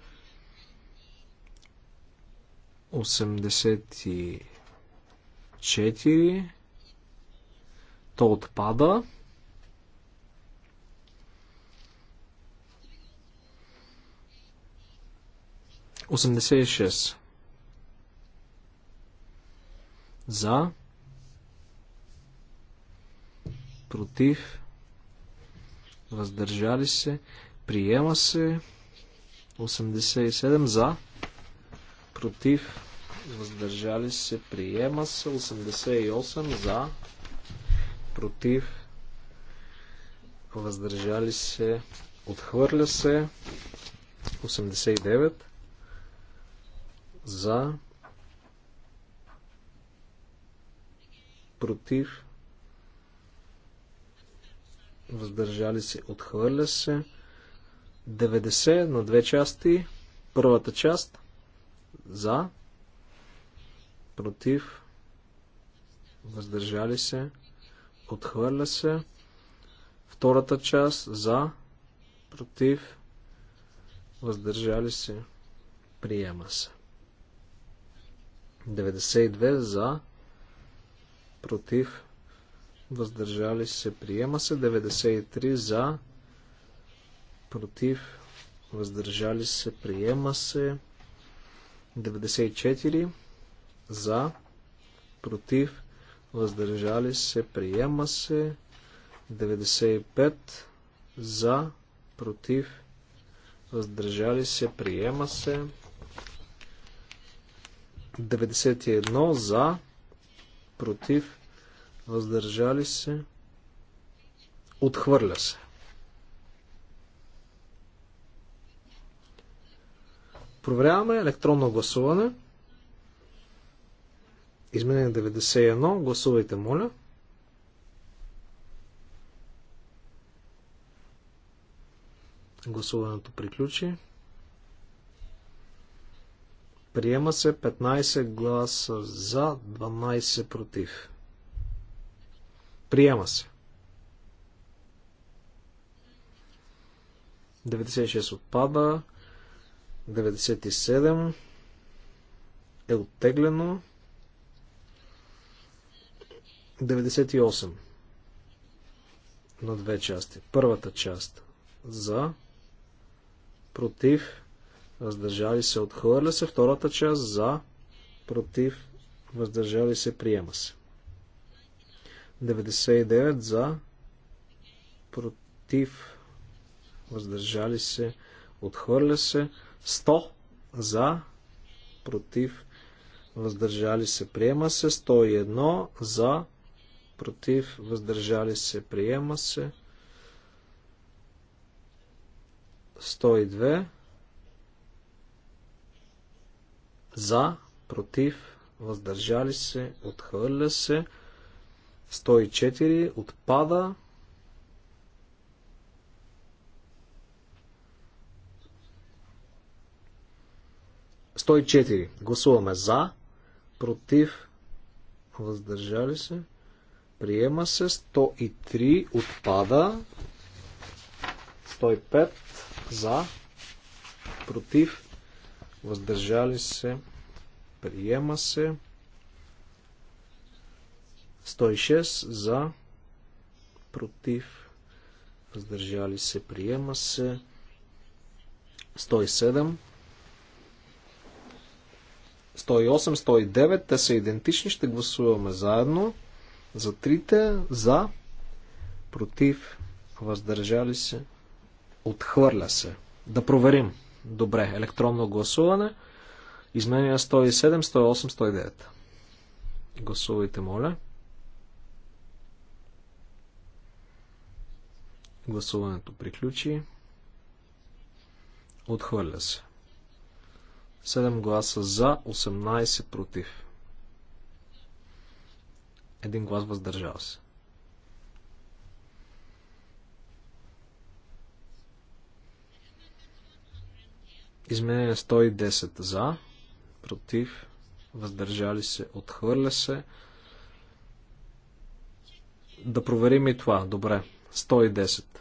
84. То отпада. Осемдесет и шест. За. Против въздържали се, приема се 87 за, против, въздържали се, приема се 88 за, против, въздържали се, отхвърля се 89 за, против, въздържали се, отхвърля се. 90 на две части. Първата част за, против, въздържали се, отхвърля се. Втората част за, против, въздържали се, приема се. 92 за, против, въздържали се, приема се. 93 за, против, въздържали се, приема се. 94 за, против, въздържали се, приема се. 95 за, против, въздържали се, приема се. 91 за, против, въздържали се, отхвърля се. Проверяваме електронно гласуване. Изменение 91. Гласувайте, моля. Гласуването приключи. Приема се 15 гласа за, 12 против. Приема се. 96 отпада. 97 е оттеглено. 98 на две части. Първата част за, против, въздържали се, отхвърля се. Втората част за, против, въздържали се, приема се. 99 за, против, въздържали се, отхвърля се. 100 за, против, въздържали се, приема се. 101 за, против, въздържали се, приема се. 102 за, против, въздържали се, отхвърля се. 104 отпада. Сто четири. Гласуваме за, против, въздържали се. Приема се 103, отпада. 105 за, против, въздържали се. Приема се. 106 за, против, въздържали се, приема се. 107. 108, 109, те са идентични, ще гласуваме заедно. За трите, за, против, въздържали се, отхвърля се. Да проверим. Добре, електронно гласуване. Изменя 107, 108, 109. Гласувайте, моля. Гласуването приключи. Отхвърля се. 7 гласа за, 18 против. Един глас въздържал се. Изменение 110 за, против, въздържали се, отхвърля се. Да проверим и това. Добре. 110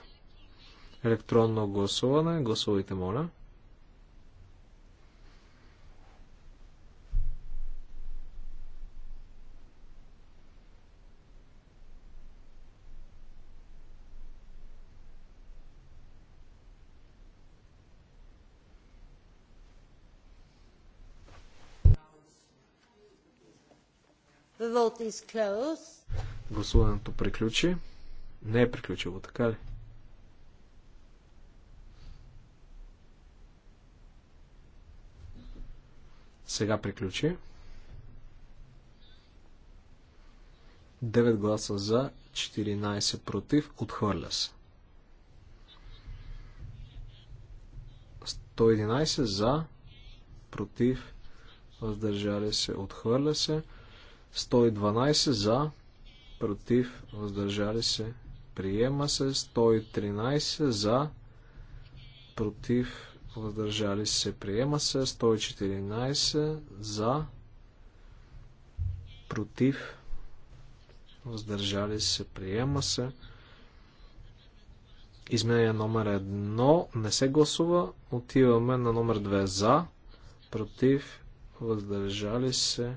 електронно гласуване. Гласувайте, моля. Гласуването приключи. Не е приключило, така ли? сега приключи. 9 гласа за, 14 против, отхвърля се. 111 за, против, въздържали се, отхвърля се. 112 за, против, въздържали се, приема се. 113 за, против, въздържали се, приема се. 114 за, против, въздържали се, приема се. Изменение номер 1 не се гласува. Отиваме на номер 2 за, против, въздържали се,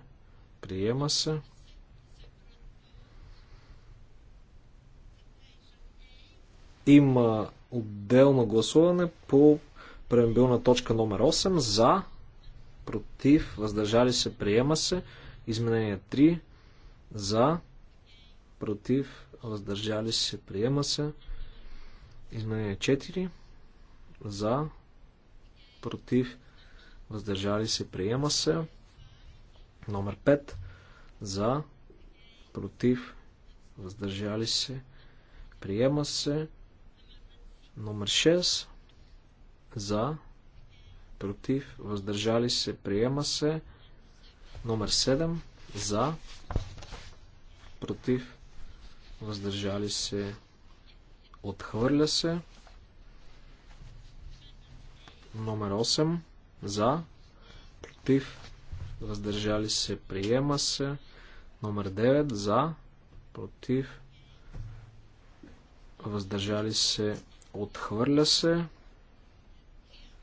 приема се. Има отделно гласуване по Преамбилна точка номер 8. За, против, въздържали се, приема се. Изменение 3. За, против, въздържали се, приема се. Изменение 4. За, против, въздържали се, приема се. Номер 5. За, против, въздържали се, приема се. Номер 6 за, против, въздържали се, приема се. Номер 7 за, против, въздържали се, отхвърля се. Номер 8 за, против, въздържали се, приема се. Номер 9 за, против, въздържали се, отхвърля се.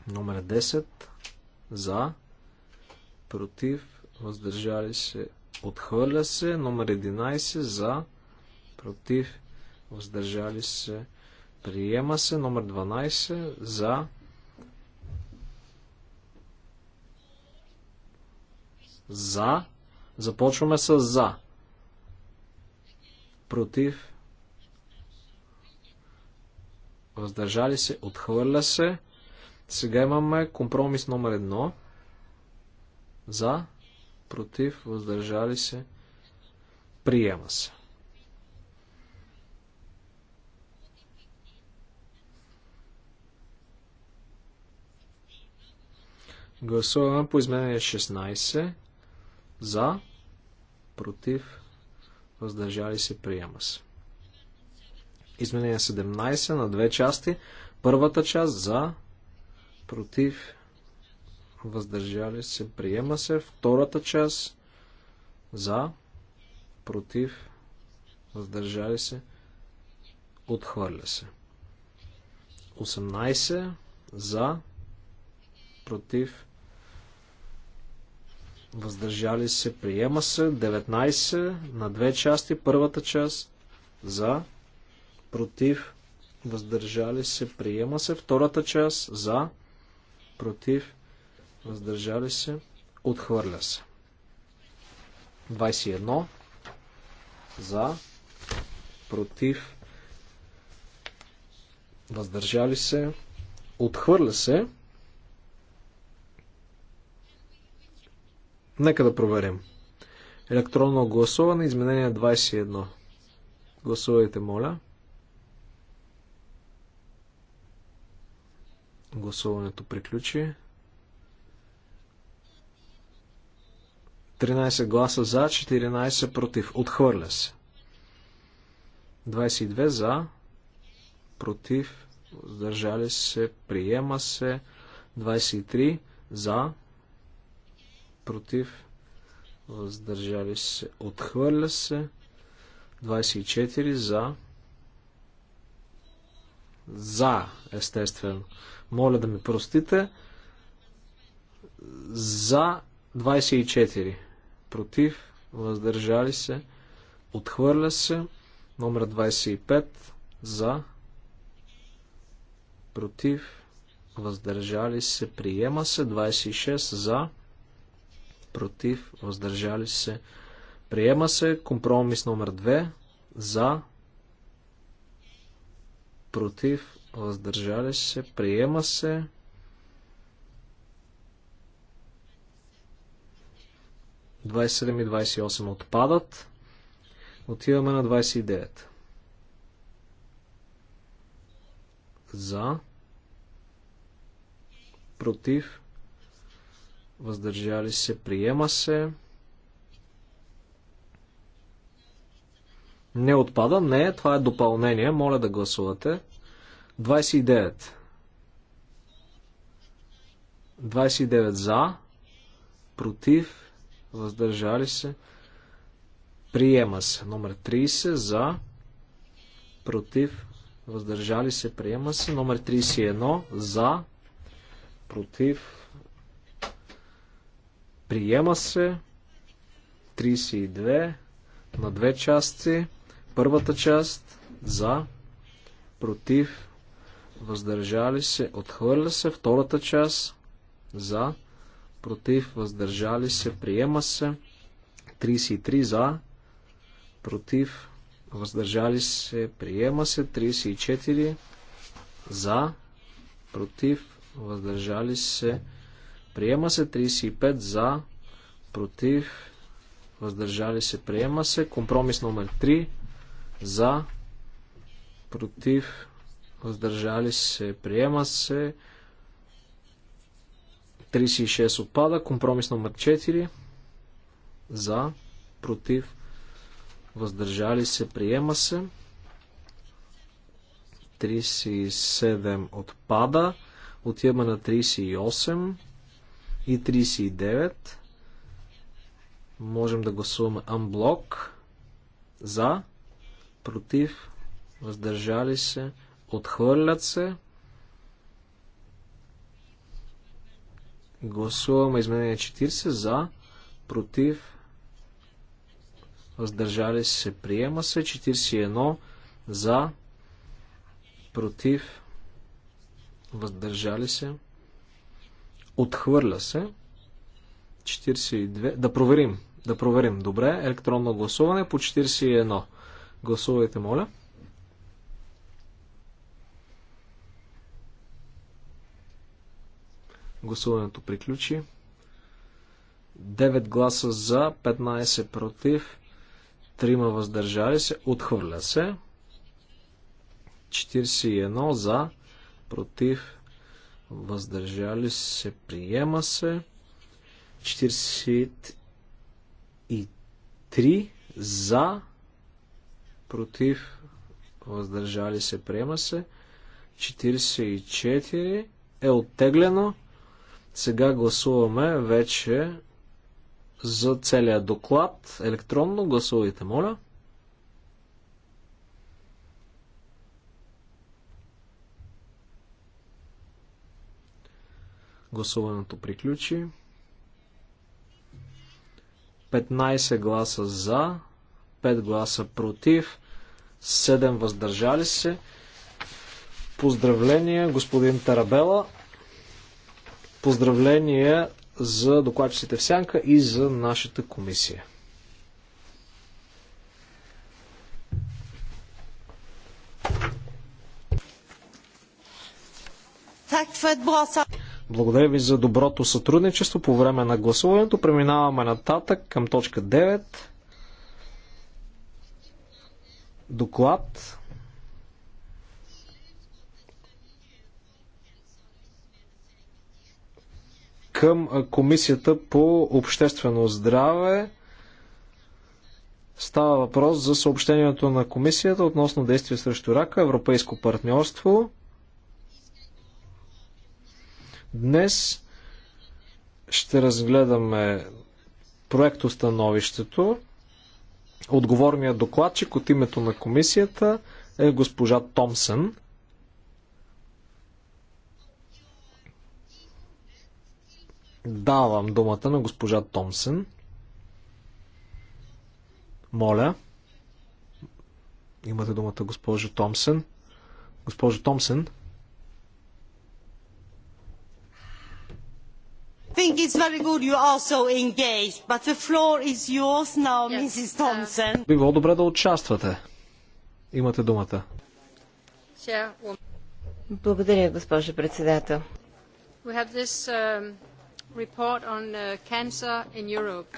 Номер 10. За. Против. Въздържали се. Отхвърля се. Номер 11. За. Против. Въздържали се. Приема се. Номер 12. За. За. Започваме с за. Против. Въздържали се. Отхвърля се. Сега имаме компромис номер едно. За, против, въздържали се, приема се. Гласуваме по изменение 16. За, против, въздържали се, приема се. Изменение 17 на две части. Първата част за, против, въздържали се, приема се. Втората част за, против, въздържали се, отхвърля се. 18 за, против, въздържали се, приема се. 19 на две части, първата част за, против, въздържали се, приема се. Втората част за, против, против, въздържали се, отхвърля се. 21 за, против, въздържали се, отхвърля се. Нека да проверим. Електронно гласуване, изменение 21. Гласувайте, моля. Гласуването приключи. 13 гласа за, 14 против. Отхвърля се. 22 за, против, въздържали се, приема се. 23 за, против, въздържали се, отхвърля се. 24 за, за, естествено, моля да ми простите. За 24. Против. Въздържали се. Отхвърля се. Номер 25. За. Против. Въздържали се. Приема се. 26. За. Против. Въздържали се. Приема се. Компромис номер 2. За. Против въздържали се, приема се. Двадесет и двадесет отпадат. Отиваме на 29. За. Против. Въздържали се. Приема се. Не отпада. Не. Това е допълнение. Моля да гласувате. 29. 29 за, против, въздържали се, приема се. Номер 30 за, против, въздържали се, приема се. Номер 31 за, против, приема се. 32 на две части. Първата част за, против, въздържали се, отхвърля се. Втората част за, против, въздържали се, приема се. 33 за, против, въздържали се, приема се. 34 за, против, въздържали се, приема се. 35 за, против, въздържали се, приема се. Компромис номер 3 за, против, въздържали се, приема се. 36 отпада, компромис номер 4, за, против, въздържали се, приема се. 37 отпада, отиваме на 38 и 39. Можем да гласуваме unblock, за, против, въздържали се, се Отхвърлят се. Гласуваме изменение 40 за, против, въздържали се, приема се. 41 за, против, въздържали се, отхвърля се. 42. Да проверим. Да проверим. Добре. Електронно гласуване по 41. Гласувайте, моля. Гласуването приключи. 9 гласа за, 15 против, 3 въздържали се, отхвърля се. 41 за, против, въздържали се, приема се. 43 за, против, въздържали се, приема се. 44 е оттеглено. Сега гласуваме вече за целия доклад. Електронно гласувайте, моля. Гласуването приключи. 15 гласа за, 5 гласа против, 7 въздържали се. Поздравления, господин Тарабела. Поздравления за докладчиците в Сянка и за нашата комисия. Благодаря ви за доброто сътрудничество по време на гласуването. Преминаваме нататък към точка 9. Доклад към Комисията по обществено здраве. Става въпрос за съобщението на Комисията относно действие срещу рака, европейско партньорство. Днес ще разгледаме проектостановището. Отговорният докладчик от името на комисията е госпожа Томсън. Давам думата на госпожа Томсен. Моля. Имате думата, госпожо Томсен. Госпожо Томсен. think it's very good you also engaged, but the floor is yours now, yes. Mrs. Uh, Thompson. Би било добре да участвате. Имате думата. Um, Благодаря, госпожо председател. We have this, um report on uh, cancer in Europe.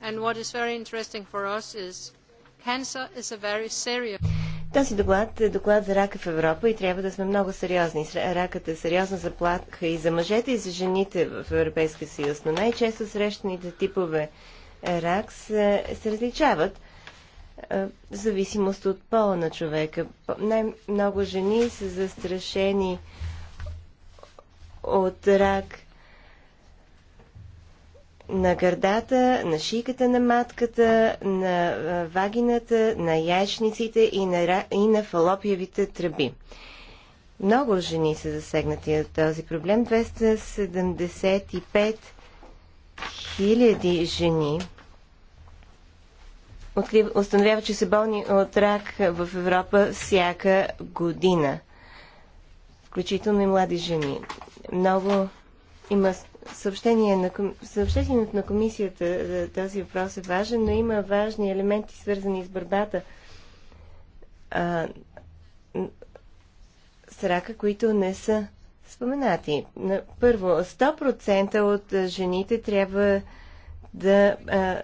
And what is very interesting for us is cancer is a very serious... Този доклад е доклад за рака в Европа и трябва да сме много сериозни. Ракът е сериозна заплаха и за мъжете, и за жените в Европейския съюз, но най-често срещаните типове рак се, се различават в зависимост от пола на човека. Най-много жени са застрашени от рак – на гърдата, на шийката на матката, на вагината, на яичниците и на, и на фалопиевите тръби. Много жени са засегнати от този проблем. 275 хиляди жени установяват, че са болни от рак в Европа всяка година. Включително и млади жени. Много има съобщение на, съобщението на комисията за този въпрос е важен, но има важни елементи, свързани с борбата а, с рака, които не са споменати. Първо, 100% от жените трябва да а,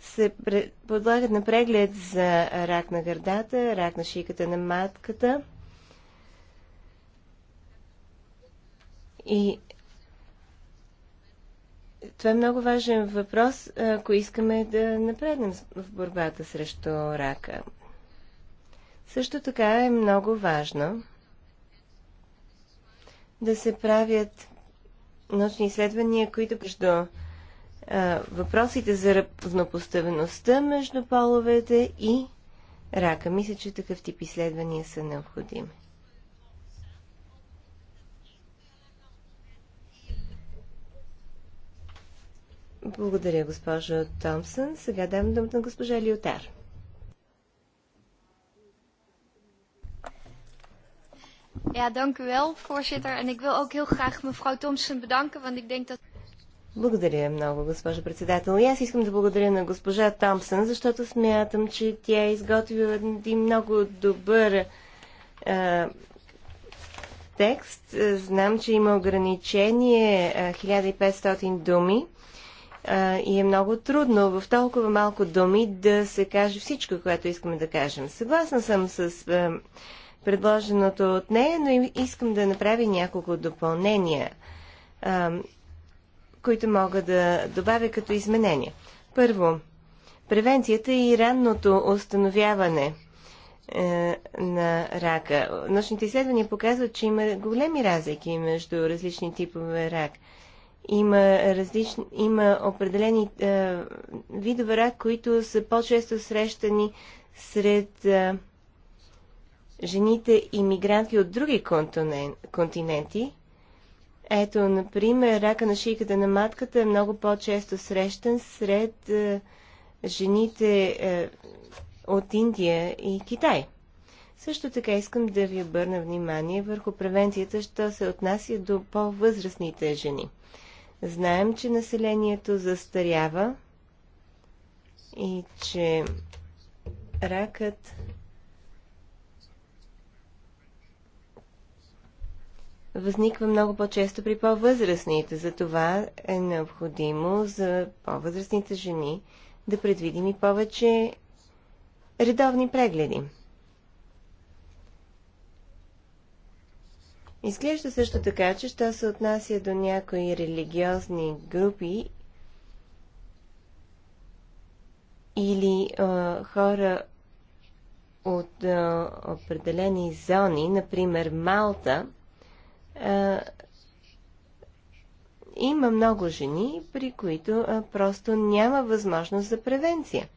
се подлагат на преглед за рак на гърдата, рак на шийката на матката. И това е много важен въпрос, ако искаме да напреднем в борбата срещу рака. Също така е много важно да се правят научни изследвания, които между въпросите за равнопоставеността между половете и рака. Мисля, че такъв тип изследвания са необходими. Благодаря, госпожа Томсън. Сега дам думата на госпожа Лиотар. Ja, dank u wel, voorzitter. En ik wil ook heel graag mevrouw Thompson bedanken, want ik denk dat... Благодаря много, госпожа председател. И аз искам да благодаря на госпожа Томпсън, защото смятам, че тя е изготвила един много добър а, е, текст. Знам, че има ограничение 1500 е, думи а, и е много трудно в толкова малко думи да се каже всичко, което искаме да кажем. Съгласна съм с а, предложеното от нея, но искам да направя няколко допълнения, а, които мога да добавя като изменения. Първо, превенцията и ранното установяване е, на рака. Научните изследвания показват, че има големи разлики между различни типове рак. Има, различни, има определени а, е, видове рак, които са по-често срещани сред а, е, жените иммигранти от други континенти. Ето, например, рака на шийката на матката е много по-често срещан сред а, е, жените а, от Индия и Китай. Също така искам да ви обърна внимание върху превенцията, що се отнася до по-възрастните жени. Знаем, че населението застарява и че ракът възниква много по-често при по-възрастните. Затова е необходимо за по-възрастните жени да предвидим и повече редовни прегледи. Изглежда също така, че що се отнася до някои религиозни групи или а, хора от а, определени зони, например Малта, а, има много жени, при които а, просто няма възможност за превенция.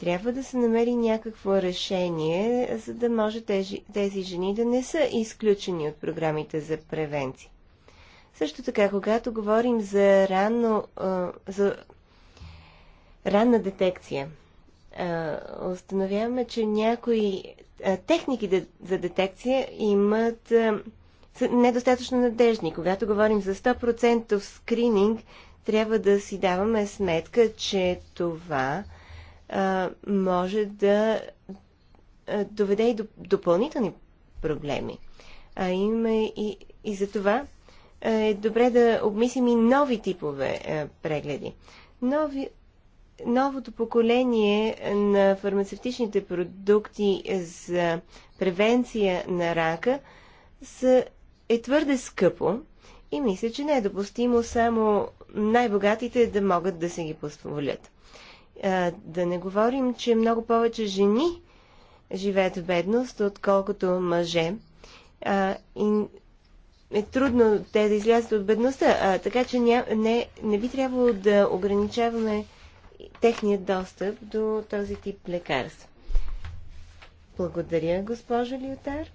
Трябва да се намери някакво решение, за да може тези, тези жени да не са изключени от програмите за превенция. Също така, когато говорим за, ранно, за ранна детекция, установяваме, че някои техники за детекция имат са недостатъчно надежни. Когато говорим за 100% скрининг, трябва да си даваме сметка, че това а, може да а, доведе и до допълнителни проблеми. А има и, и за това е добре да обмислим и нови типове а, прегледи. Нови, новото поколение на фармацевтичните продукти за превенция на рака са, е твърде скъпо и мисля, че не е допустимо само най-богатите да могат да се ги позволят. А, да не говорим, че много повече жени живеят в бедност, отколкото мъже. А, и е трудно те да излязат от бедността, а, така че ня, не, не би трябвало да ограничаваме техният достъп до този тип лекарства. Благодаря, госпожа Лиотар.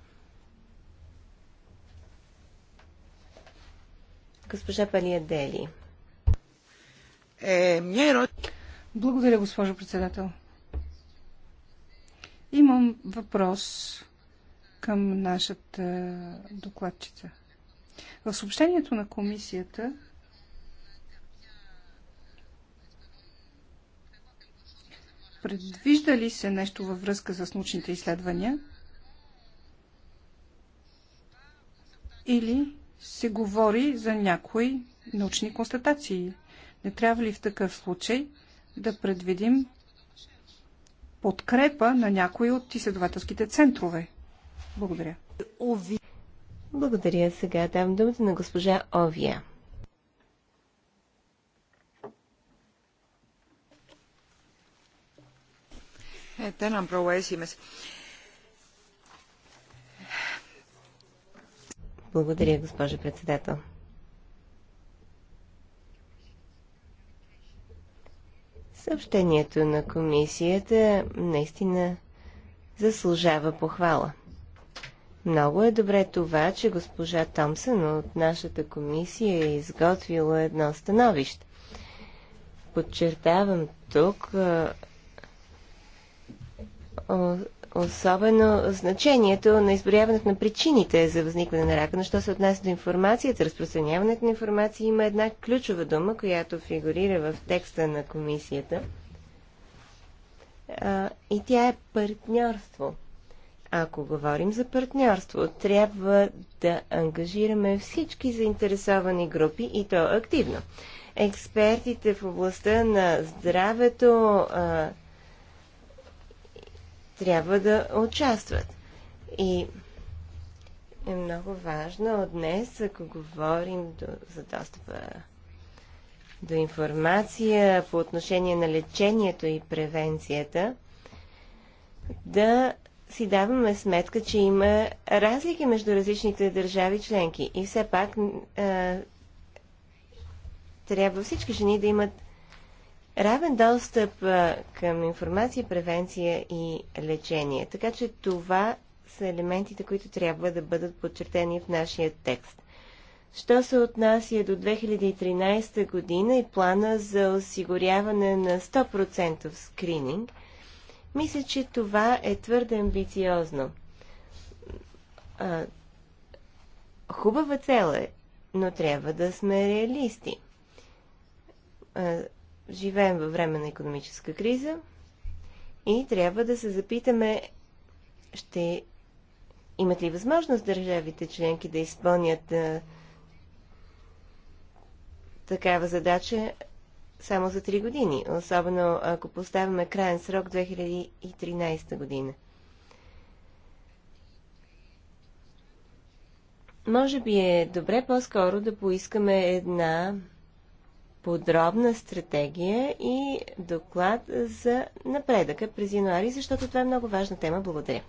Госпожа Палия Дели. Е, е благодаря, госпожо председател. Имам въпрос към нашата докладчица. В съобщението на комисията предвижда ли се нещо във връзка с научните изследвания? Или се говори за някои научни констатации? Не трябва ли в такъв случай да предвидим подкрепа на някои от изследователските центрове. Благодаря. Благодаря. Сега давам думата на госпожа Овия. Tänan, proua esimees. Благодаря, госпожа председател. Съобщението на комисията наистина заслужава похвала. Много е добре това, че госпожа Томсън от нашата комисия е изготвила едно становище. Подчертавам тук особено значението на изборяването на причините за възникване на рака. Но що се отнася до информацията, разпространяването на информация има една ключова дума, която фигурира в текста на комисията. А, и тя е партньорство. Ако говорим за партньорство, трябва да ангажираме всички заинтересовани групи и то активно. Експертите в областта на здравето, а, трябва да участват. И е много важно днес, ако говорим до, за достъпа до информация по отношение на лечението и превенцията, да си даваме сметка, че има разлики между различните държави членки. И все пак а, трябва всички жени да имат равен достъп към информация, превенция и лечение. Така че това са елементите, които трябва да бъдат подчертени в нашия текст. Що се отнася до 2013 година и плана за осигуряване на 100% скрининг, мисля, че това е твърде амбициозно. А, хубава цел е, но трябва да сме реалисти. А, живеем във време на економическа криза и трябва да се запитаме, ще имат ли възможност държавите членки да изпълнят а, такава задача само за 3 години, особено ако поставяме крайен срок 2013 година. Може би е добре по-скоро да поискаме една подробна стратегия и доклад за напредъка през януари, защото това е много важна тема. Благодаря.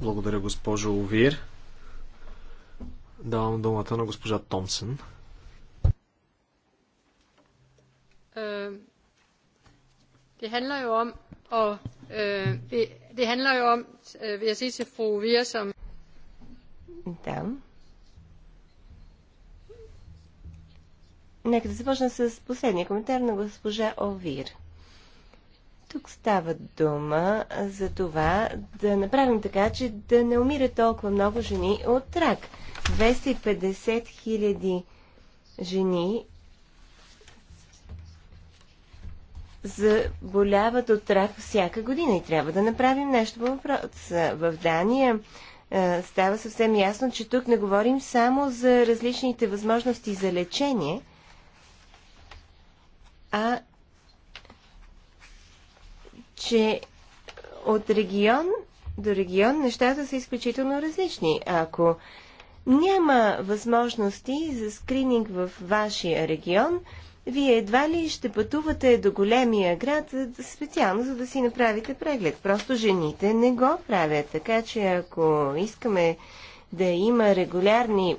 Благодаря, госпожо Овир. Давам думата на госпожа Томсън. Е, det handler jo om, og øh, det, handler jo om, øh, vil jeg sige til fru som... Да. Нека да започна с последния коментар на госпожа Овир. Тук става дума за това да направим така, че да не умират толкова много жени от рак. 250 хиляди жени заболяват от рак всяка година и трябва да направим нещо по въпроса. В Дания е, става съвсем ясно, че тук не говорим само за различните възможности за лечение – а че от регион до регион нещата са изключително различни. Ако няма възможности за скрининг в вашия регион, вие едва ли ще пътувате до големия град специално, за да си направите преглед. Просто жените не го правят. Така че ако искаме да има регулярни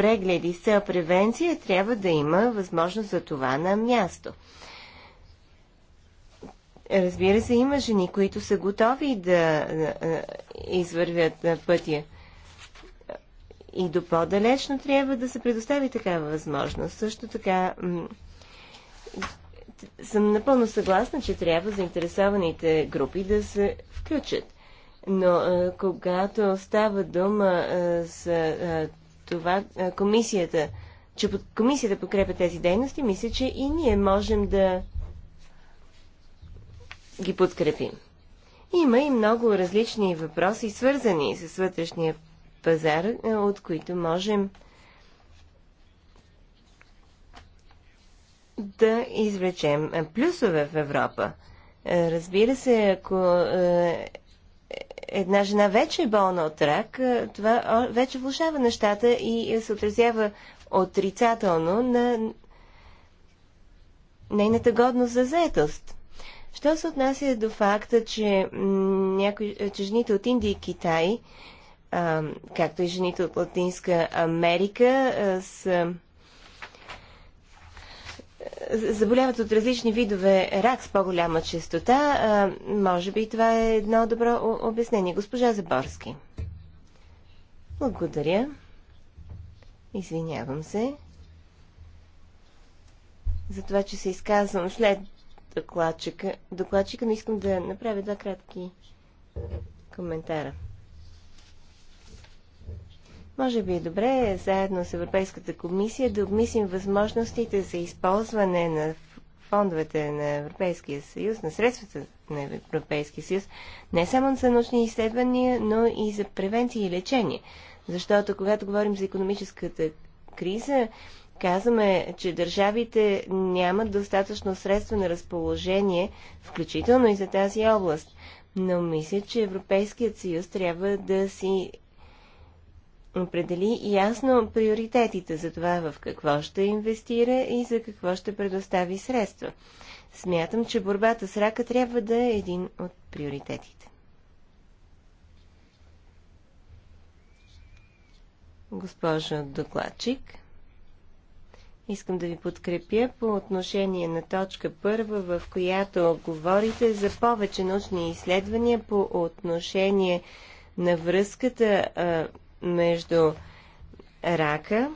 прегледи с цел превенция, трябва да има възможност за това на място. Разбира се, има жени, които са готови да извървят на пътя. И до по-далечно трябва да се предостави такава възможност. Също така съм напълно съгласна, че трябва заинтересованите групи да се включат. Но когато става дума за това комисията, че комисията подкрепя тези дейности, мисля, че и ние можем да ги подкрепим. Има и много различни въпроси, свързани с вътрешния пазар, от които можем да извлечем плюсове в Европа. Разбира се, ако една жена вече е болна от рак, това вече влушава нещата и е, се отразява отрицателно на нейната годност за заетост. Що се отнася до факта, че, някои, е, че жените от Индия и Китай, а, както и жените от Латинска Америка, а, са заболяват от различни видове рак с по-голяма частота, може би това е едно добро обяснение. Госпожа Заборски. Благодаря. Извинявам се за това, че се изказвам след докладчика, докладчика но искам да направя два кратки коментара. Може би е добре заедно с Европейската комисия да обмислим възможностите за използване на фондовете на Европейския съюз, на средствата на Европейския съюз, не само за научни изследвания, но и за превенция и лечение. Защото когато говорим за економическата криза, казваме, че държавите нямат достатъчно средства на разположение, включително и за тази област. Но мисля, че Европейският съюз трябва да си определи ясно приоритетите за това в какво ще инвестира и за какво ще предостави средства. Смятам, че борбата с рака трябва да е един от приоритетите. Госпожо докладчик, искам да ви подкрепя по отношение на точка първа, в която говорите за повече научни изследвания по отношение на връзката между рака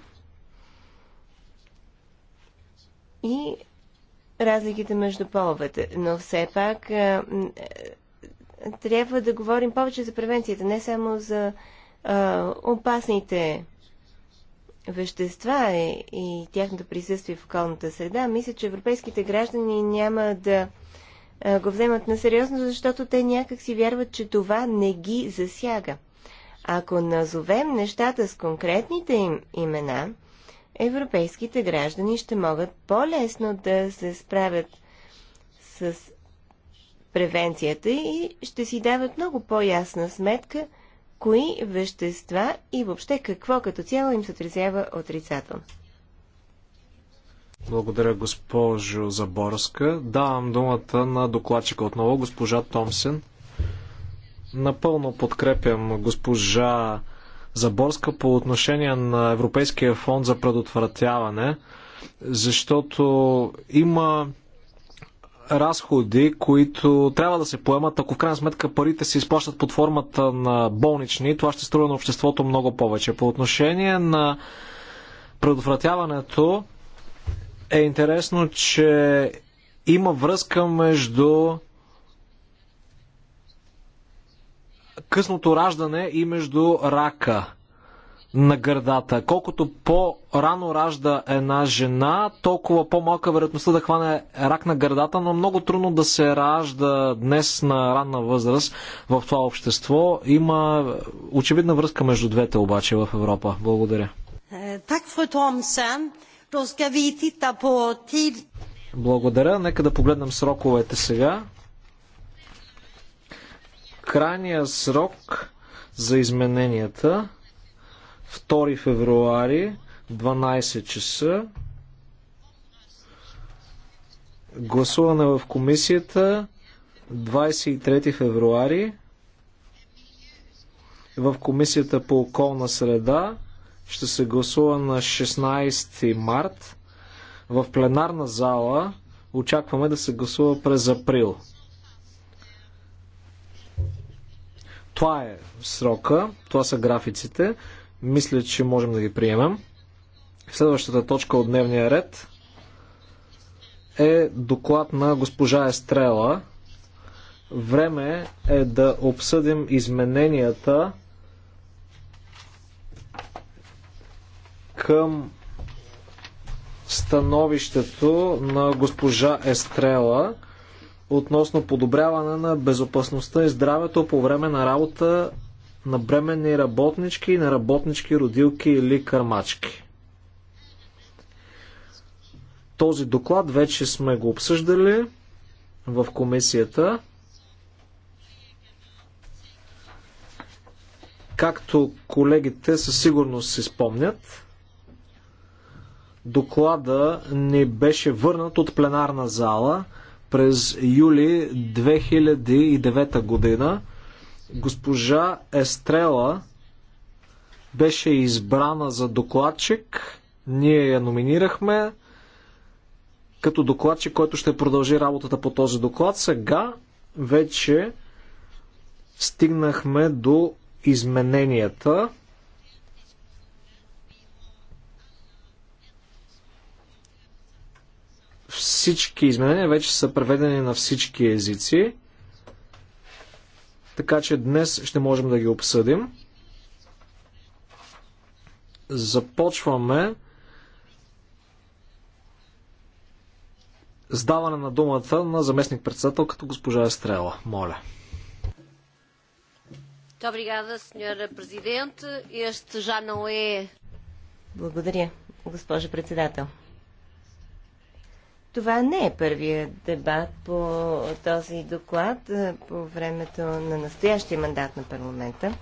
и разликите между половете. Но все пак е, трябва да говорим повече за превенцията, не само за а, опасните вещества и, и тяхното присъствие в околната среда. Мисля, че европейските граждани няма да а, го вземат на сериозно, защото те някак си вярват, че това не ги засяга. Ако назовем нещата с конкретните им имена, европейските граждани ще могат по-лесно да се справят с превенцията и ще си дават много по-ясна сметка кои вещества и въобще какво като цяло им се отразява отрицателно. Благодаря, госпожо Заборска. Давам думата на докладчика отново, госпожа Томсен. Напълно подкрепям госпожа Заборска по отношение на Европейския фонд за предотвратяване, защото има разходи, които трябва да се поемат, ако в крайна сметка парите се изплащат под формата на болнични, това ще струва на обществото много повече. По отношение на предотвратяването е интересно, че има връзка между късното раждане и между рака на гърдата. Колкото по-рано ражда една жена, толкова по-малка вероятността да хване рак на гърдата, но много трудно да се ражда днес на ранна възраст в това общество. Има е, очевидна връзка между двете обаче в Европа. Благодаря. Е, Благодаря. Нека да погледнем сроковете сега. Крайния срок за измененията 2 февруари 12 часа гласуване в комисията 23 февруари в комисията по околна среда ще се гласува на 16 март в пленарна зала очакваме да се гласува през април. Това е срока, това са графиците. Мисля, че можем да ги приемем. Следващата точка от дневния ред е доклад на госпожа Естрела. Време е да обсъдим измененията към становището на госпожа Естрела относно подобряване на безопасността и здравето по време на работа на бременни работнички и на работнички родилки или кърмачки. Този доклад вече сме го обсъждали в комисията. Както колегите със сигурност си спомнят, доклада ни беше върнат от пленарна зала – през юли 2009 година госпожа Естрела беше избрана за докладчик. Ние я номинирахме като докладчик, който ще продължи работата по този доклад. Сега вече стигнахме до измененията. Всички изменения вече са преведени на всички езици, така че днес ще можем да ги обсъдим. Започваме с даване на думата на заместник-председател като госпожа Естрела. Моля. Благодаря, госпожо председател. Това не е първия дебат по този доклад по времето на настоящия мандат на парламента.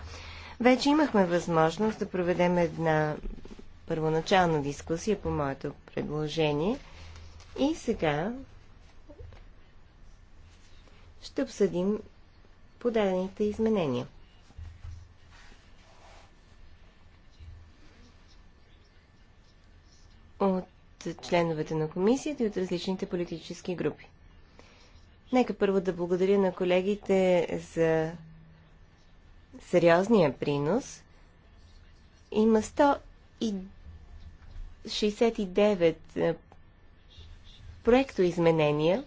Вече имахме възможност да проведем една първоначална дискусия по моето предложение и сега ще обсъдим подадените изменения. От членовете на комисията и от различните политически групи. Нека първо да благодаря на колегите за сериозния принос. Има 169 е, проектоизменения,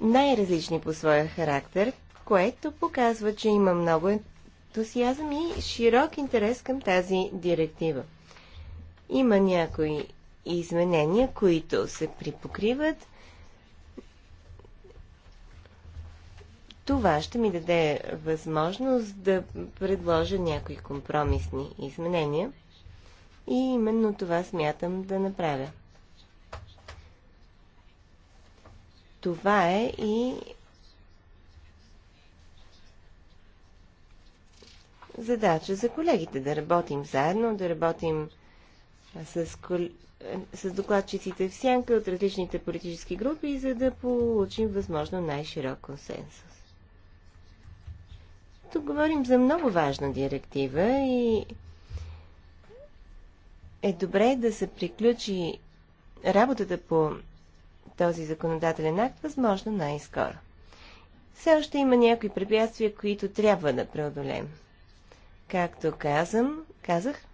най-различни по своя характер, което показва, че има много ентусиазъм и широк интерес към тази директива. Има някои изменения, които се припокриват. Това ще ми даде възможност да предложа някои компромисни изменения и именно това смятам да направя. Това е и задача за колегите да работим заедно, да работим с с докладчиците в сянка от различните политически групи, за да получим възможно най-широк консенсус. Тук говорим за много важна директива и е добре да се приключи работата по този законодателен акт възможно най-скоро. Все още има някои препятствия, които трябва да преодолем. Както казам, казах,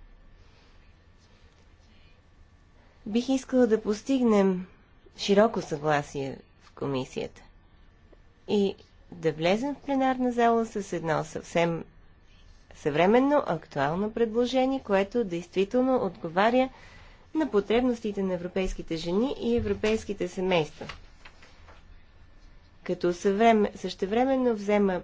Бих искала да постигнем широко съгласие в комисията и да влезем в пленарна зала с едно съвсем съвременно, актуално предложение, което действително отговаря на потребностите на европейските жени и европейските семейства. Като същевременно взема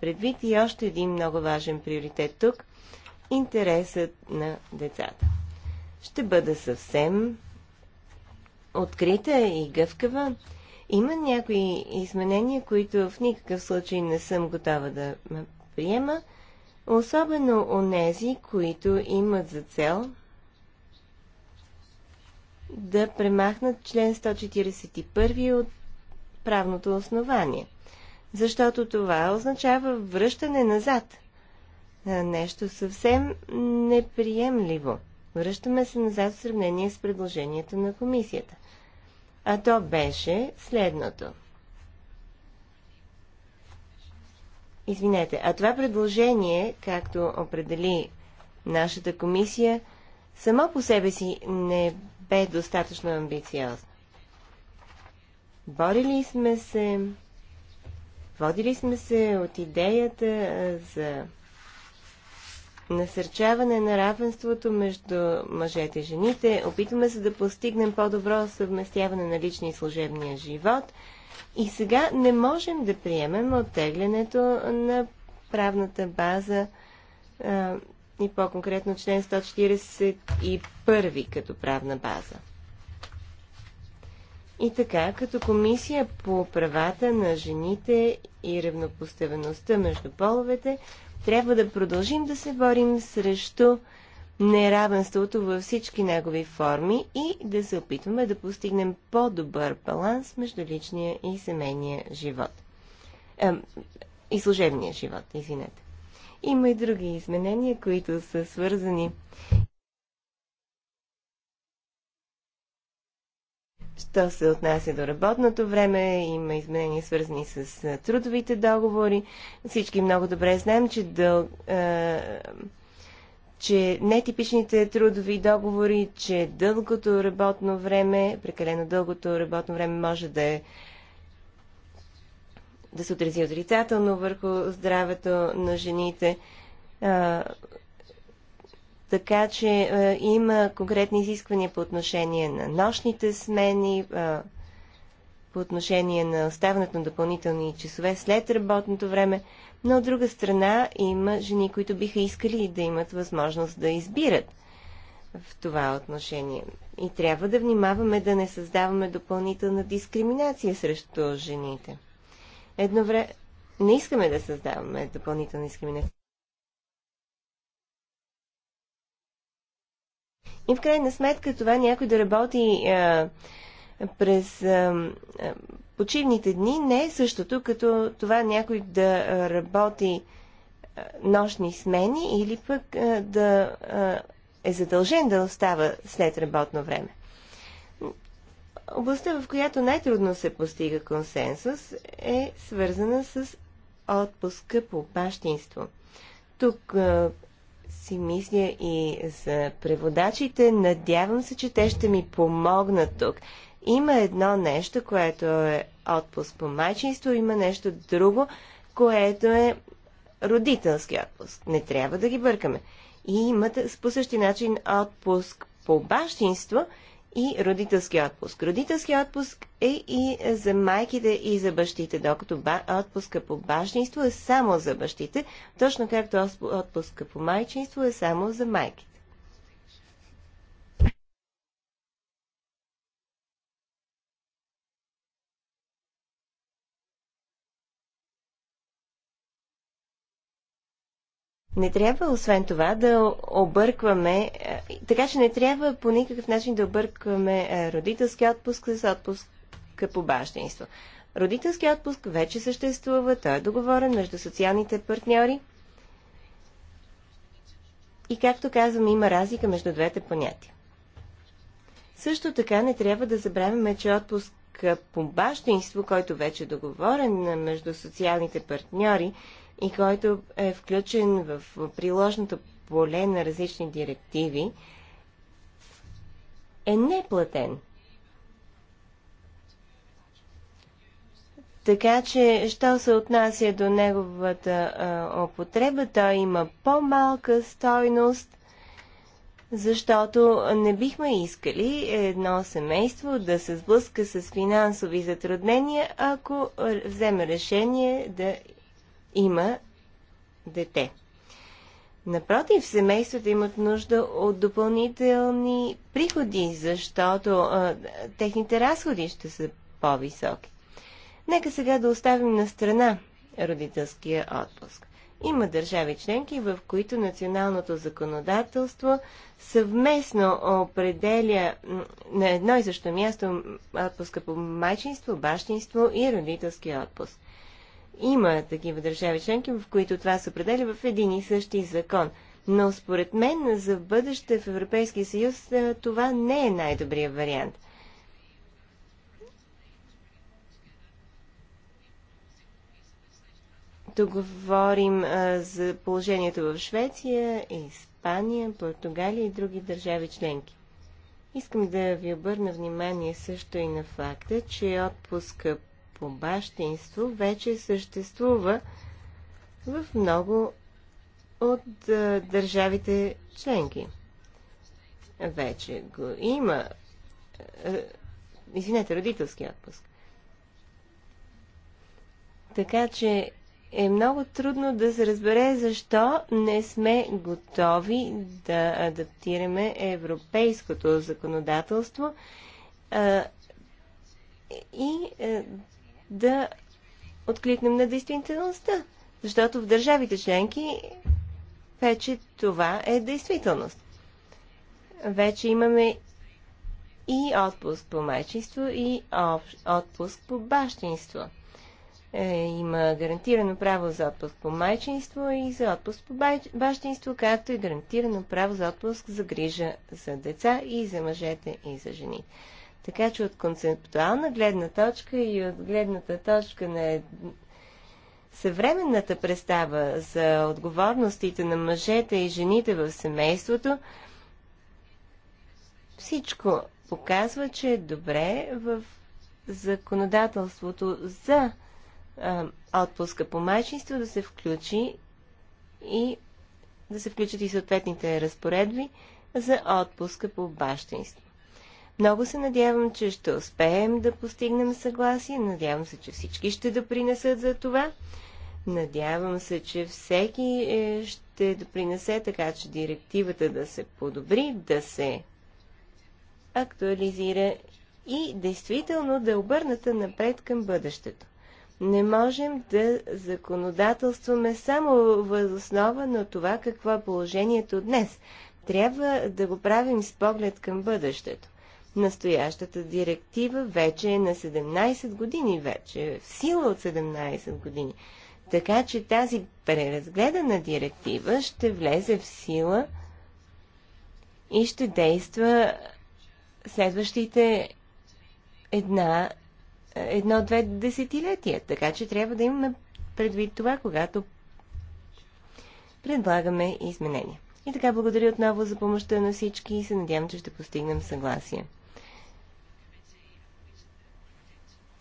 предвид и още един много важен приоритет тук – интересът на децата ще бъда съвсем открита и гъвкава. Има някои изменения, които в никакъв случай не съм готова да ме приема, особено онези, които имат за цел да премахнат член 141 от правното основание. Защото това означава връщане назад на е, нещо съвсем неприемливо. Връщаме се назад в сравнение с предложението на комисията. А то беше следното. Извинете, а това предложение, както определи нашата комисия, само по себе си не бе достатъчно амбициозно. Борили сме се, водили сме се от идеята за насърчаване на равенството между мъжете и жените. Опитваме се да постигнем по-добро съвместяване на личния и служебния живот. И сега не можем да приемем оттеглянето на правната база а, и по-конкретно член 141 като правна база. И така, като комисия по правата на жените и равнопоставеността между половете, трябва да продължим да се борим срещу неравенството във всички негови форми и да се опитваме да постигнем по-добър баланс между личния и семейния живот. Е, и служебния живот, извинете. Има и други изменения, които са свързани Що се отнася до работното време, има изменения свързани с трудовите договори. Всички много добре знаем, че, дъл, е, че нетипичните трудови договори, че дългото работно време, прекалено дългото работно време може да е да се отрази отрицателно върху здравето на жените. Така че е, има конкретни изисквания по отношение на нощните смени, е, по отношение на оставането на допълнителни часове след работното време, но от друга страна има жени, които биха искали да имат възможност да избират в това отношение. И трябва да внимаваме да не създаваме допълнителна дискриминация срещу жените. Едновременно не искаме да създаваме допълнителна дискриминация. И в крайна сметка това някой да работи а, през а, почивните дни не е същото, като това някой да работи а, нощни смени или пък а, да а, е задължен да остава след работно време. Областта, в която най-трудно се постига консенсус, е свързана с отпуска по бащинство. Тук си мисля и за преводачите. Надявам се, че те ще ми помогнат тук. Има едно нещо, което е отпуск по майчинство, има нещо друго, което е родителски отпуск. Не трябва да ги бъркаме. И имат по същия начин отпуск по бащинство – и родителски отпуск. Родителски отпуск е и за майките и за бащите, докато отпуска по бащинство е само за бащите, точно както отпуска по майчинство е само за майките. Не трябва, освен това, да объркваме, е, така че не трябва по никакъв начин да объркваме е, родителски отпуск с отпуск по бащинство. Родителски отпуск вече съществува, той е договорен между социалните партньори. И както казвам, има разлика между двете понятия. Също така не трябва да забравяме, че отпуск по бащинство, който вече е договорен е, между социалните партньори, и който е включен в приложното поле на различни директиви, е неплатен. Така че, що се отнася до неговата а, употреба, той има по-малка стойност, защото не бихме искали едно семейство да се сблъска с финансови затруднения, ако вземе решение да има дете. Напротив, семействата имат нужда от допълнителни приходи, защото а, техните разходи ще са по-високи. Нека сега да оставим на страна родителския отпуск. Има държави членки, в които националното законодателство съвместно определя на едно и също място отпуска по майчинство, бащинство и родителския отпуск. Има такива държави членки, в които това се определя в един и същи закон. Но според мен за бъдеще в Европейския съюз това не е най-добрия вариант. Тук говорим а, за положението в Швеция, Испания, Португалия и други държави членки. Искам да ви обърна внимание също и на факта, че отпуска по бащинство вече съществува в много от държавите членки. Вече го има. Извинете, родителски отпуск. Така че е много трудно да се разбере защо не сме готови да адаптираме европейското законодателство а, и а, да откликнем на действителността. Защото в държавите членки вече това е действителност. Вече имаме и отпуск по майчинство, и отпуск по бащинство. Е, има гарантирано право за отпуск по майчинство и за отпуск по бащинство, както и гарантирано право за отпуск за грижа за деца и за мъжете и за жените. Така че от концептуална гледна точка и от гледната точка на съвременната представа за отговорностите на мъжете и жените в семейството, всичко показва, че е добре в законодателството за а, отпуска по майчинство да се включи и да се включат и съответните разпоредби за отпуска по бащинство. Много се надявам, че ще успеем да постигнем съгласие. Надявам се, че всички ще допринесат за това. Надявам се, че всеки е, ще допринесе така, че директивата да се подобри, да се актуализира и действително да е обърната напред към бъдещето. Не можем да законодателстваме само възоснова на това какво е положението днес. Трябва да го правим с поглед към бъдещето. Настоящата директива вече е на 17 години, вече е в сила от 17 години. Така че тази преразгледана директива ще влезе в сила и ще действа следващите една, едно-две десетилетия. Така че трябва да имаме предвид това, когато предлагаме изменения. И така благодаря отново за помощта на всички и се надявам, че ще постигнем съгласие.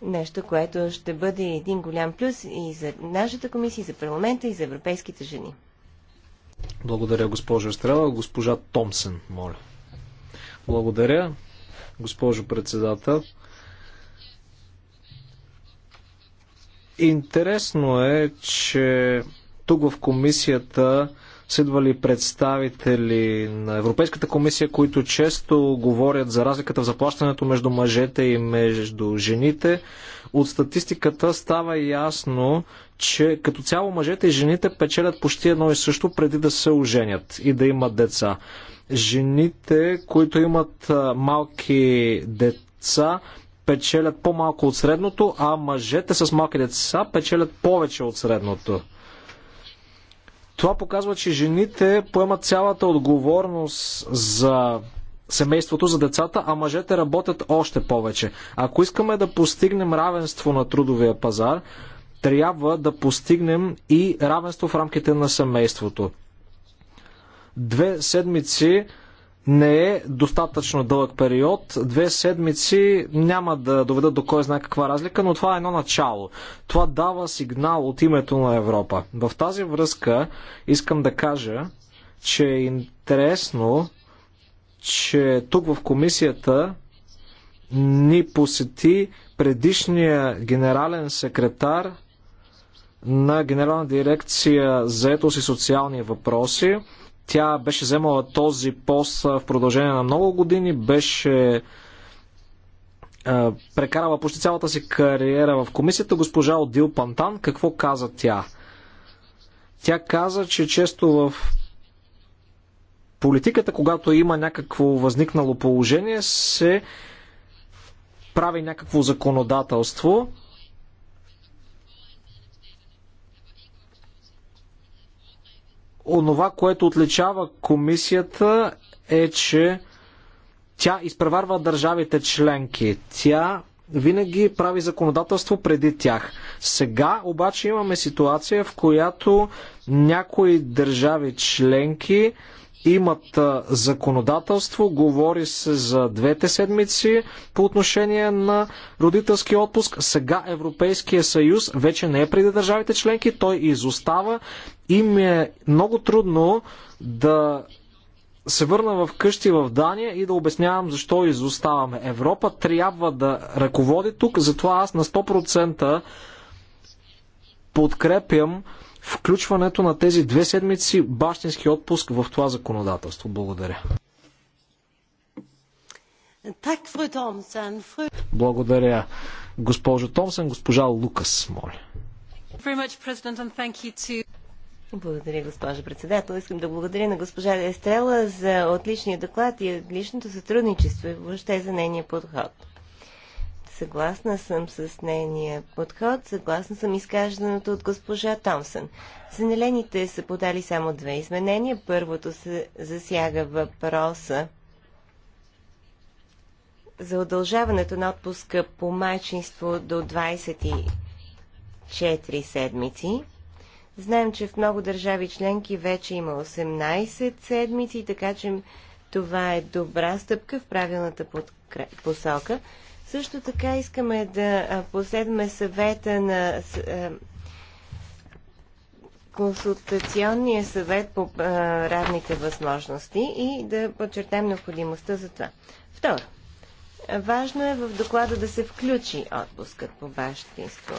Нещо, което ще бъде един голям плюс и за нашата комисия, и за парламента, и за европейските жени. Благодаря, госпожо Стрела, Госпожа Томсен, моля. Благодаря, госпожо председател. Интересно е, че тук в комисията Следвали представители на Европейската комисия, които често говорят за разликата в заплащането между мъжете и между жените. От статистиката става ясно, че като цяло мъжете и жените печелят почти едно и също преди да се оженят и да имат деца. Жените, които имат малки деца, печелят по-малко от средното, а мъжете с малки деца печелят повече от средното. Това показва, че жените поемат цялата отговорност за семейството, за децата, а мъжете работят още повече. Ако искаме да постигнем равенство на трудовия пазар, трябва да постигнем и равенство в рамките на семейството. Две седмици не е достатъчно дълъг период. Две седмици няма да доведат до кой знае каква разлика, но това е едно начало. Това дава сигнал от името на Европа. В тази връзка искам да кажа, че е интересно, че тук в комисията ни посети предишния генерален секретар на Генерална дирекция за етос и социални въпроси. Тя беше вземала този пост в продължение на много години, беше прекарала почти цялата си кариера в комисията. Госпожа Одил Пантан, какво каза тя? Тя каза, че често в политиката, когато има някакво възникнало положение, се прави някакво законодателство, онова, което отличава комисията е, че тя изпреварва държавите членки. Тя винаги прави законодателство преди тях. Сега обаче имаме ситуация, в която някои държави членки имат законодателство, говори се за двете седмици по отношение на родителски отпуск. Сега Европейския съюз вече не е преди държавите членки, той изостава и ми е много трудно да се върна в къщи в Дания и да обяснявам защо изоставаме. Европа трябва да ръководи тук, затова аз на 100% подкрепям включването на тези две седмици бащински отпуск в това законодателство. Благодаря. Благодаря. Госпожо Томсен, госпожа Лукас, моля. Благодаря, госпожа председател. Искам да благодаря на госпожа Естрела за отличния доклад и отличното сътрудничество и въобще за нейния подход. Съгласна съм с нейния подход, съгласна съм изказаното от госпожа Томсън. Зелените са подали само две изменения. Първото се засяга въпроса за удължаването на отпуска по майчинство до 24 седмици. Знаем, че в много държави членки вече има 18 седмици, така че това е добра стъпка в правилната посока. Също така искаме да последваме съвета на консултационния съвет по равните възможности и да подчертаем необходимостта за това. Второ, важно е в доклада да се включи отпускът по бащинство.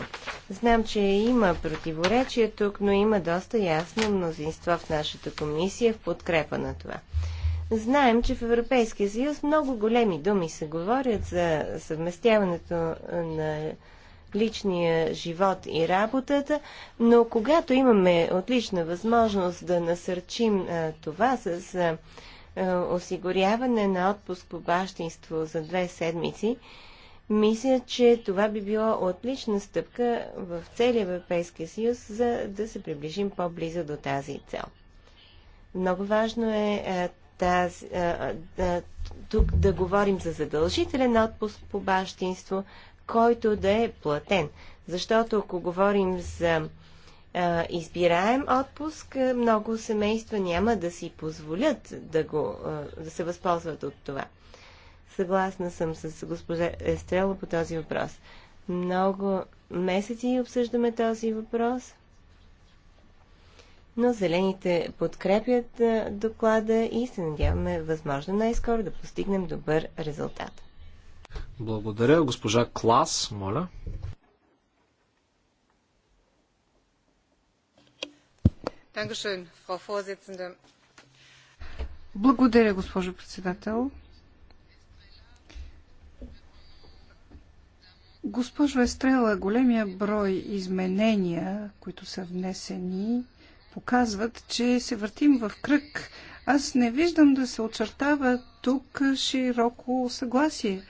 Знам, че има противоречия тук, но има доста ясно мнозинство в нашата комисия в подкрепа на това. Знаем, че в Европейския съюз много големи думи се говорят за съвместяването на личния живот и работата, но когато имаме отлична възможност да насърчим а, това с а, осигуряване на отпуск по бащинство за две седмици, мисля, че това би било отлична стъпка в целия Европейския съюз, за да се приближим по-близо до тази цел. Много важно е тази, а, да, тук да говорим за задължителен отпуск по бащинство, който да е платен. Защото ако говорим за а, избираем отпуск, много семейства няма да си позволят да, го, а, да се възползват от това. Съгласна съм с госпожа Естрела по този въпрос. Много месеци обсъждаме този въпрос но зелените подкрепят доклада и се надяваме възможно най-скоро да постигнем добър резултат. Благодаря. Госпожа Клас, моля. Благодаря, госпожо председател. Госпожо Естрела, големия брой изменения, които са внесени, показват, че се въртим в кръг. Аз не виждам да се очертава тук широко съгласие.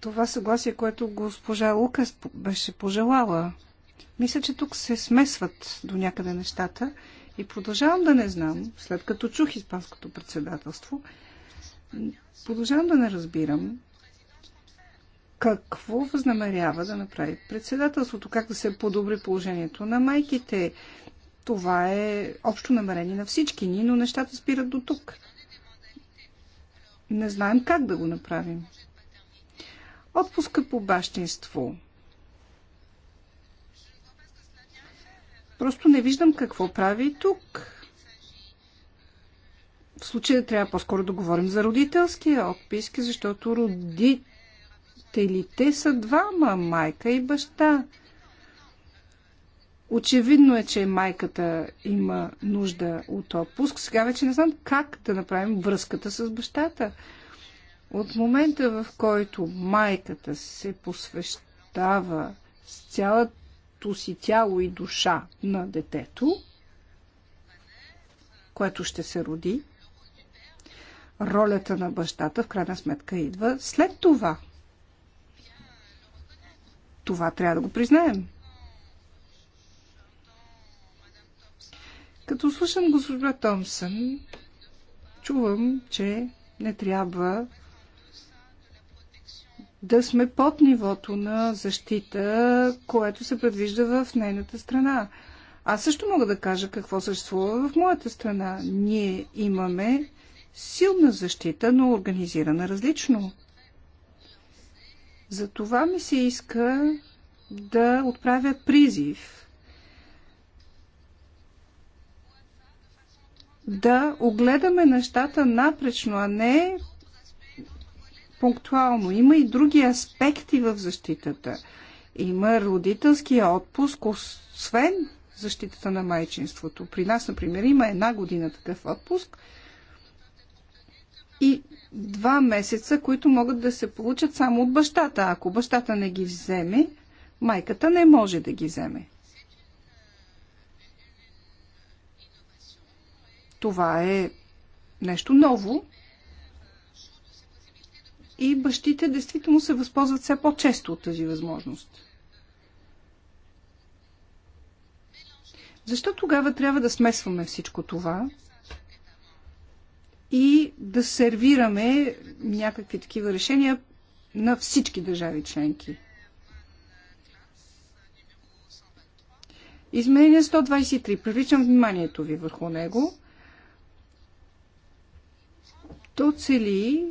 Това съгласие, което госпожа Лукас беше пожелала. Мисля, че тук се смесват до някъде нещата и продължавам да не знам, след като чух Испанското председателство, продължавам да не разбирам какво възнамерява да направи председателството, как да се подобри положението на майките. Това е общо намерение на всички ни, но нещата спират до тук. Не знаем как да го направим. Отпуска по бащинство. Просто не виждам какво прави тук. В случая трябва по-скоро да говорим за родителския отписки, защото родите. Те са двама майка и баща. Очевидно е, че майката има нужда от отпуск. Сега вече не знам как да направим връзката с бащата. От момента, в който майката се посвещава с цялото си тяло и душа на детето, което ще се роди, ролята на бащата в крайна сметка идва след това – това трябва да го признаем. Като слушам госпожа Томсън, чувам, че не трябва да сме под нивото на защита, което се предвижда в нейната страна. Аз също мога да кажа какво съществува в моята страна. Ние имаме силна защита, но организирана различно. За това ми се иска да отправя призив да огледаме нещата напречно, а не пунктуално. Има и други аспекти в защитата. Има родителския отпуск, освен защитата на майчинството. При нас, например, има една година такъв отпуск – и два месеца, които могат да се получат само от бащата. Ако бащата не ги вземе, майката не може да ги вземе. Това е нещо ново и бащите действително се възползват все по-често от тази възможност. Защо тогава трябва да смесваме всичко това? и да сервираме някакви такива решения на всички държави членки. Изменение 123. Привличам вниманието ви върху него. То цели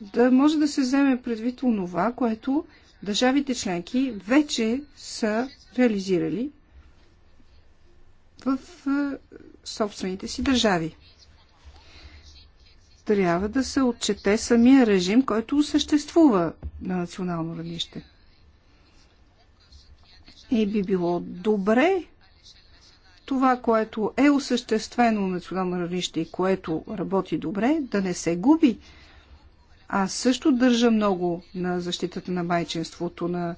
да може да се вземе предвид онова, което държавите членки вече са реализирали в е, собствените си държави. Трябва да се отчете самия режим, който съществува на национално равнище. И би било добре това, което е осъществено на национално равнище и което работи добре, да не се губи. Аз също държа много на защитата на майчинството, на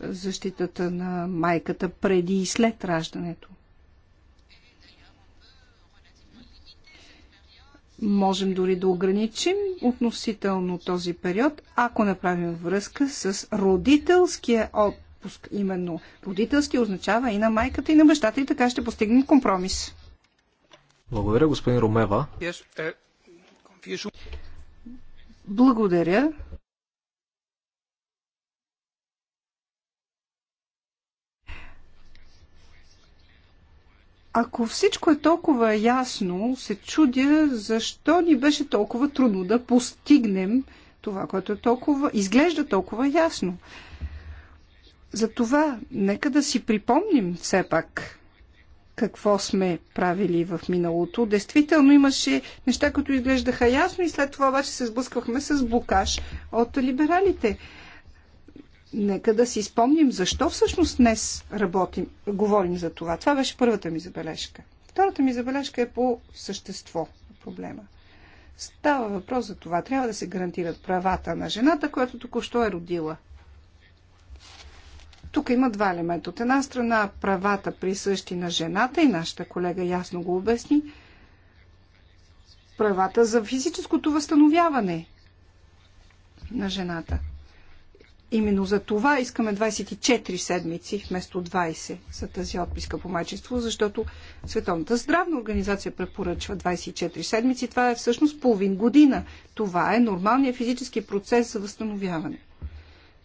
защитата на майката преди и след раждането. можем дори да ограничим относително този период, ако направим връзка с родителския отпуск. Именно родителски означава и на майката, и на бащата, и така ще постигнем компромис. Благодаря, господин Ромева. Uh, Благодаря. Ако всичко е толкова ясно, се чудя защо ни беше толкова трудно да постигнем това, което е толкова, изглежда толкова ясно. Затова нека да си припомним все пак какво сме правили в миналото. Действително имаше неща, които изглеждаха ясно и след това обаче се сблъсквахме с блокаж от либералите нека да си спомним защо всъщност днес работим, говорим за това. Това беше първата ми забележка. Втората ми забележка е по същество на проблема. Става въпрос за това. Трябва да се гарантират правата на жената, която току-що е родила. Тук има два елемента. От една страна правата присъщи на жената и нашата колега ясно го обясни. Правата за физическото възстановяване на жената – Именно за това искаме 24 седмици вместо 20 за тази отписка по майчество, защото Световната здравна организация препоръчва 24 седмици. Това е всъщност половин година. Това е нормалният физически процес за възстановяване.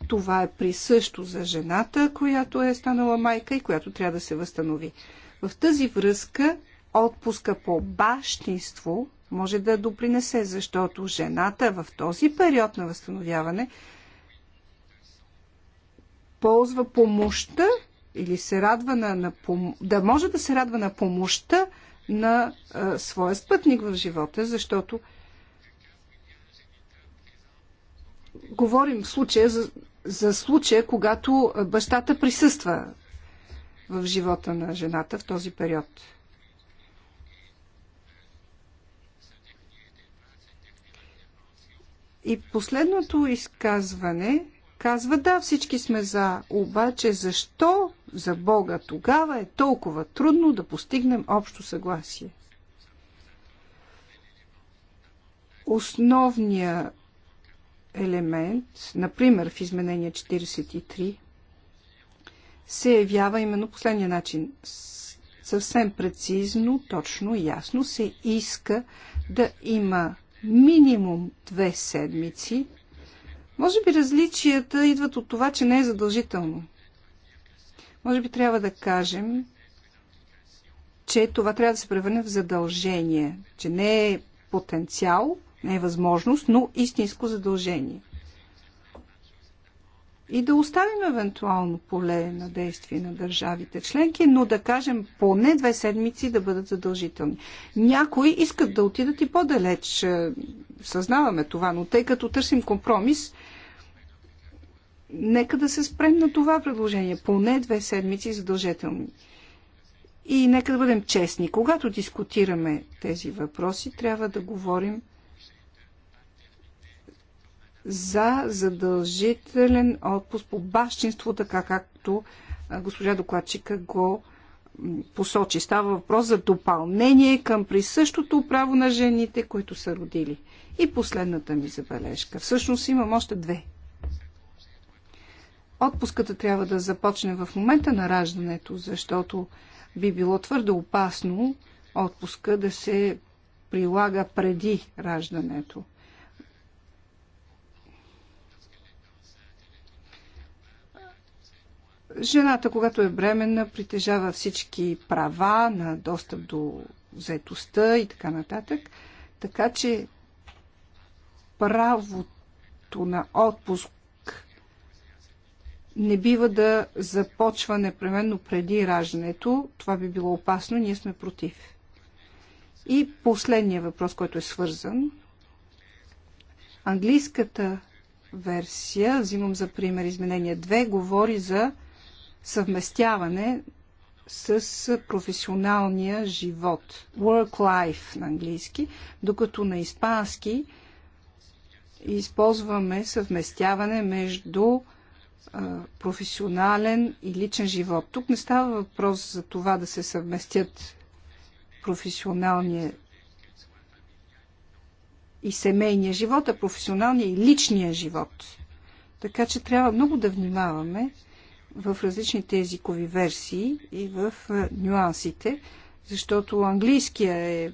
Това е присъщо за жената, която е станала майка и която трябва да се възстанови. В тази връзка отпуска по бащинство може да допринесе, защото жената в този период на възстановяване – ползва помощта или се радва на, на пом... да може да се радва на помощта на а, своя спътник в живота, защото говорим в случая за, за случая, когато бащата присъства в живота на жената в този период. И последното изказване казва да, всички сме за, обаче защо за Бога тогава е толкова трудно да постигнем общо съгласие? Основният елемент, например в изменение 43, се явява именно последния начин. Съвсем прецизно, точно и ясно се иска да има минимум две седмици може би различията идват от това, че не е задължително. Може би трябва да кажем, че това трябва да се превърне в задължение, че не е потенциал, не е възможност, но истинско задължение – и да оставим евентуално поле на действие на държавите членки, но да кажем поне две седмици да бъдат задължителни. Някои искат да отидат и по-далеч. Е, съзнаваме това, но тъй като търсим компромис, нека да се спрем на това предложение. Поне две седмици задължителни. И нека да бъдем честни. Когато дискутираме тези въпроси, трябва да говорим за задължителен отпуск по бащинство, така както госпожа докладчика го посочи. Става въпрос за допълнение към присъщото право на жените, които са родили. И последната ми забележка. Всъщност имам още две. Отпуската трябва да започне в момента на раждането, защото би било твърде опасно отпуска да се прилага преди раждането. Жената, когато е бременна, притежава всички права на достъп до заетостта и така нататък. Така че правото на отпуск не бива да започва непременно преди раждането. Това би било опасно. Ние сме против. И последния въпрос, който е свързан. Английската версия, взимам за пример изменение 2, говори за съвместяване с професионалния живот. Work-life на английски, докато на испански използваме съвместяване между професионален и личен живот. Тук не става въпрос за това да се съвместят професионалния и семейния живот, а професионалния и личния живот. Така че трябва много да внимаваме в различните езикови версии и в нюансите, защото английския е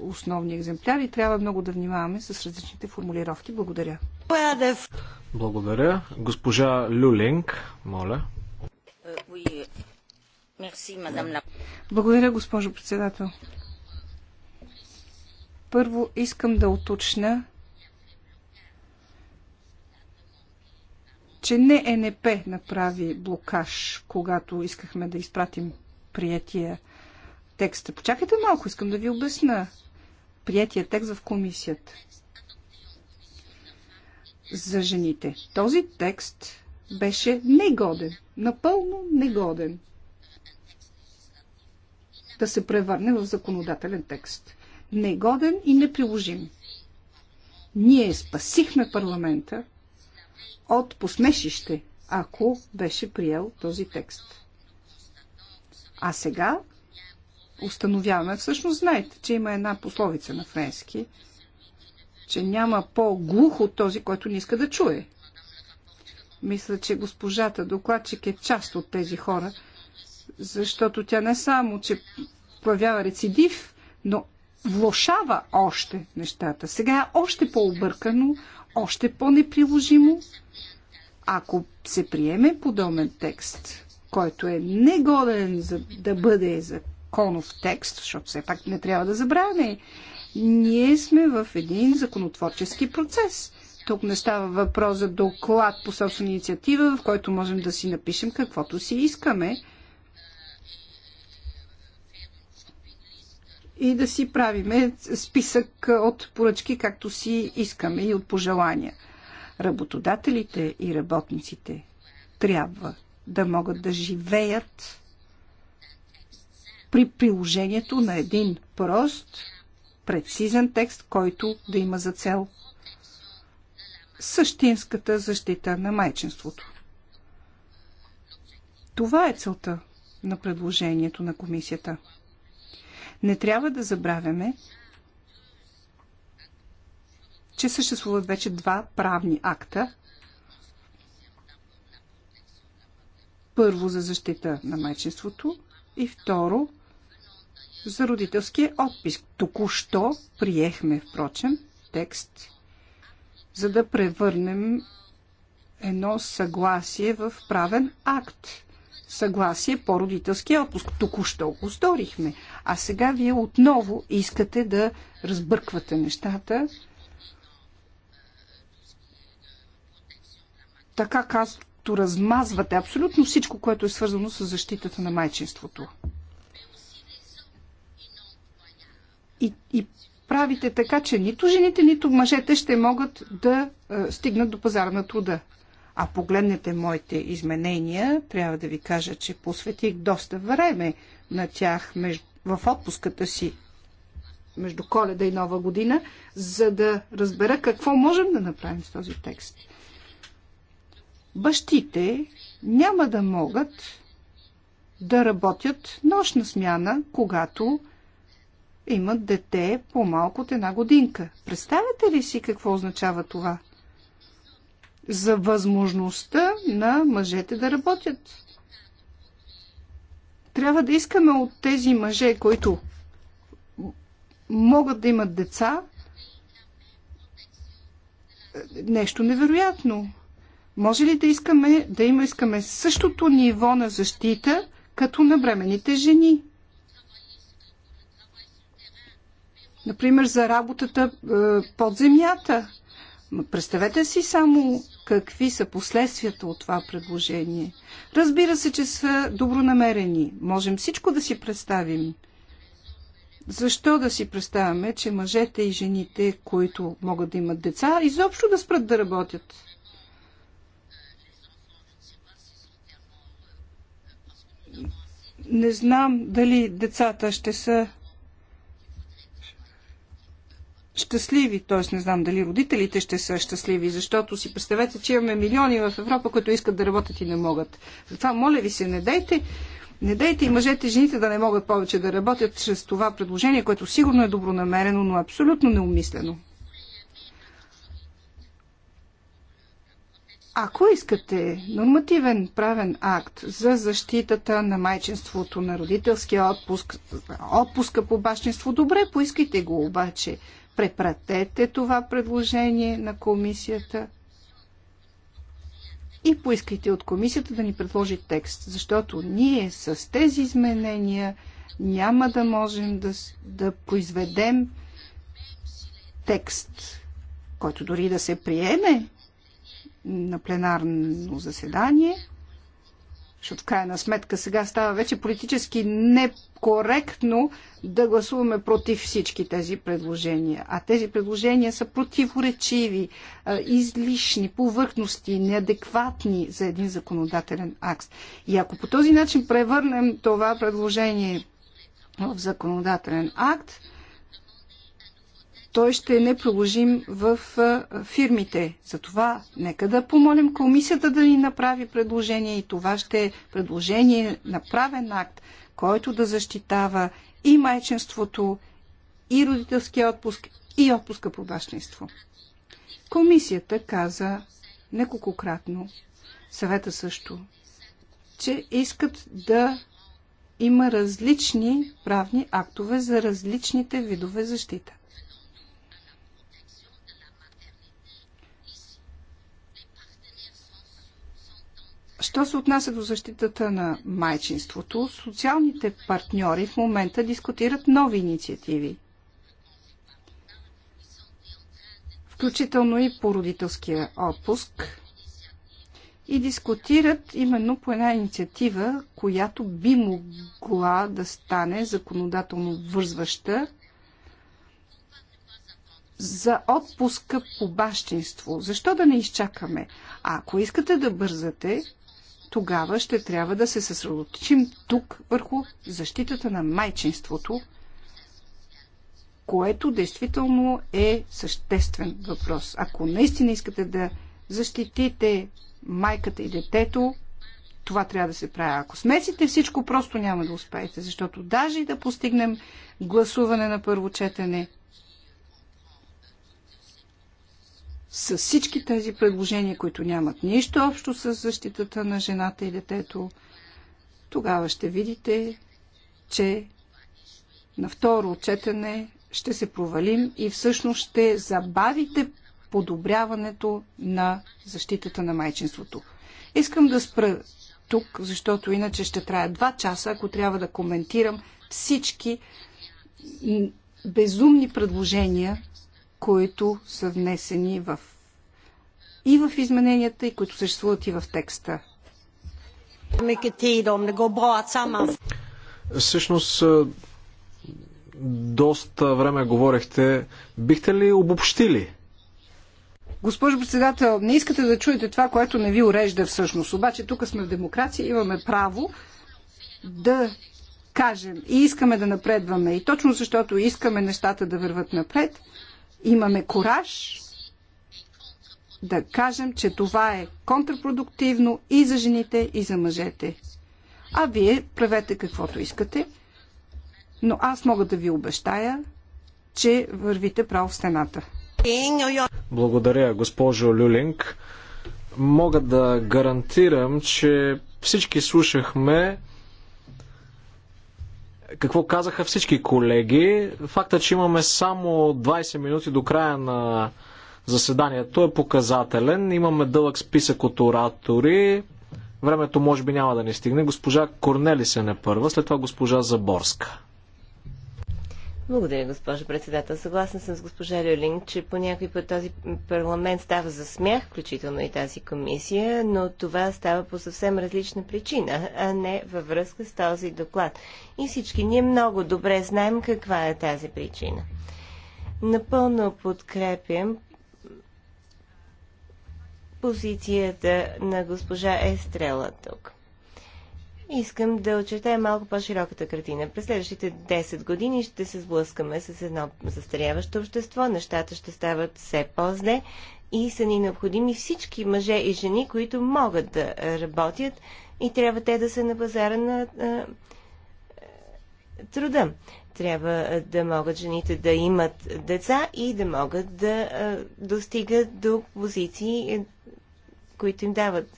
основни екземпляр и трябва много да внимаваме с различните формулировки. Благодаря. Благодаря. Госпожа Люлинг, моля. Благодаря, госпожо председател. Първо искам да уточня, че не НП направи блокаж, когато искахме да изпратим приятия текст. Почакайте малко, искам да ви обясна приятия текст в комисията за жените. Този текст беше негоден, напълно негоден да се превърне в законодателен текст. Негоден и неприложим. Ние спасихме парламента, от посмешище, ако беше приел този текст. А сега установяваме, всъщност знаете, че има една пословица на френски, че няма по-глух от този, който не иска да чуе. Мисля, че госпожата докладчик е част от тези хора, защото тя не само, че проявява рецидив, но влошава още нещата. Сега е още по-объркано, още по-неприложимо, ако се приеме подобен текст, който е негоден за да бъде законов текст, защото все пак не трябва да забравяме, ние сме в един законотворчески процес. Тук не става въпрос за доклад по собствена инициатива, в който можем да си напишем каквото си искаме. и да си правиме списък от поръчки, както си искаме и от пожелания. Работодателите и работниците трябва да могат да живеят при приложението на един прост, прецизен текст, който да има за цел същинската защита на майчинството. Това е целта на предложението на комисията – не трябва да забравяме, че съществуват вече два правни акта. Първо за защита на майчеството и второ за родителския отписк. Току-що приехме, впрочем, текст, за да превърнем едно съгласие в правен акт съгласие по родителския отпуск. Току-що го сторихме. А сега вие отново искате да разбърквате нещата. Така както размазвате абсолютно всичко, което е свързано с защитата на майчинството. И, и правите така, че нито жените, нито мъжете ще могат да е, стигнат до пазара на труда а погледнете моите изменения, трябва да ви кажа, че посветих доста време на тях в отпуската си между коледа и нова година, за да разбера какво можем да направим с този текст. Бащите няма да могат да работят нощна смяна, когато имат дете по-малко от една годинка. Представете ли си какво означава това? за възможността на мъжете да работят. Трябва да искаме от тези мъже, които могат да имат деца, нещо невероятно. Може ли да искаме да има искаме същото ниво на защита, като на бременните жени? Например, за работата е, под земята. Представете си само какви са последствията от това предложение. Разбира се, че са добронамерени. Можем всичко да си представим. Защо да си представяме, че мъжете и жените, които могат да имат деца, изобщо да спрат да работят? Не знам дали децата ще са щастливи, т.е. не знам дали родителите ще са щастливи, защото си представете, че имаме милиони в Европа, които искат да работят и не могат. Затова, моля ви се, не дайте, не дайте и мъжете и жените да не могат повече да работят чрез това предложение, което сигурно е добронамерено, но абсолютно неумислено. Ако искате нормативен правен акт за защитата на майчинството, на родителския отпуск, отпуска по бащинство, добре, поискайте го обаче – препратете това предложение на комисията и поискайте от комисията да ни предложи текст, защото ние с тези изменения няма да можем да, да произведем текст, който дори да се приеме на пленарно заседание – защото в крайна сметка сега става вече политически некоректно да гласуваме против всички тези предложения. А тези предложения са противоречиви, излишни, повърхности, неадекватни за един законодателен акт. И ако по този начин превърнем това предложение в законодателен акт, той ще не проложим в фирмите. Затова нека да помолим комисията да ни направи предложение и това ще е предложение на правен акт, който да защитава и майчинството, и родителския отпуск, и отпуска по бащинство. Комисията каза неколкократно, съвета също, че искат да има различни правни актове за различните видове защита. Що се отнася до защитата на майчинството, социалните партньори в момента дискутират нови инициативи. Включително и по родителския отпуск и дискутират именно по една инициатива, която би могла да стане законодателно вързваща за отпуска по бащинство. Защо да не изчакаме? А ако искате да бързате, тогава ще трябва да се съсредоточим тук върху защитата на майчинството, което действително е съществен въпрос. Ако наистина искате да защитите майката и детето, това трябва да се прави. Ако смесите всичко, просто няма да успеете, защото даже и да постигнем гласуване на първо четене, с всички тези предложения, които нямат нищо общо с защитата на жената и детето, тогава ще видите, че на второ четене ще се провалим и всъщност ще забавите подобряването на защитата на майчинството. Искам да спра тук, защото иначе ще трая два часа, ако трябва да коментирам всички безумни предложения, които са внесени в, и в измененията, и които съществуват и в текста. Ами всъщност, доста време говорехте, Бихте ли обобщили? Госпожо председател, не искате да чуете това, което не ви урежда всъщност. Обаче тук сме в демокрация, имаме право да кажем и искаме да напредваме. И точно защото искаме нещата да върват напред, имаме кораж да кажем, че това е контрпродуктивно и за жените, и за мъжете. А вие правете каквото искате, но аз мога да ви обещая, че вървите право в стената. Благодаря, госпожо Люлинг. Мога да гарантирам, че всички слушахме какво казаха всички колеги. Факта, че имаме само 20 минути до края на заседанието е показателен. Имаме дълъг списък от оратори. Времето може би няма да ни стигне. Госпожа Корнелисен е първа, след това госпожа Заборска. Благодаря, госпожо председател. Съгласна съм с госпожа Люлинг, че по някой път този парламент става за смях, включително и тази комисия, но това става по съвсем различна причина, а не във връзка с този доклад. И всички ние много добре знаем каква е тази причина. Напълно подкрепям позицията на госпожа Естрела тук. Искам да очертая малко по-широката картина. През следващите 10 години ще се сблъскаме с едно застаряващо общество, нещата ще стават все по-зле и са ни необходими всички мъже и жени, които могат да работят и трябва те да са на пазара на а, труда. Трябва да могат жените да имат деца и да могат да а, достигат до позиции, е, които им дават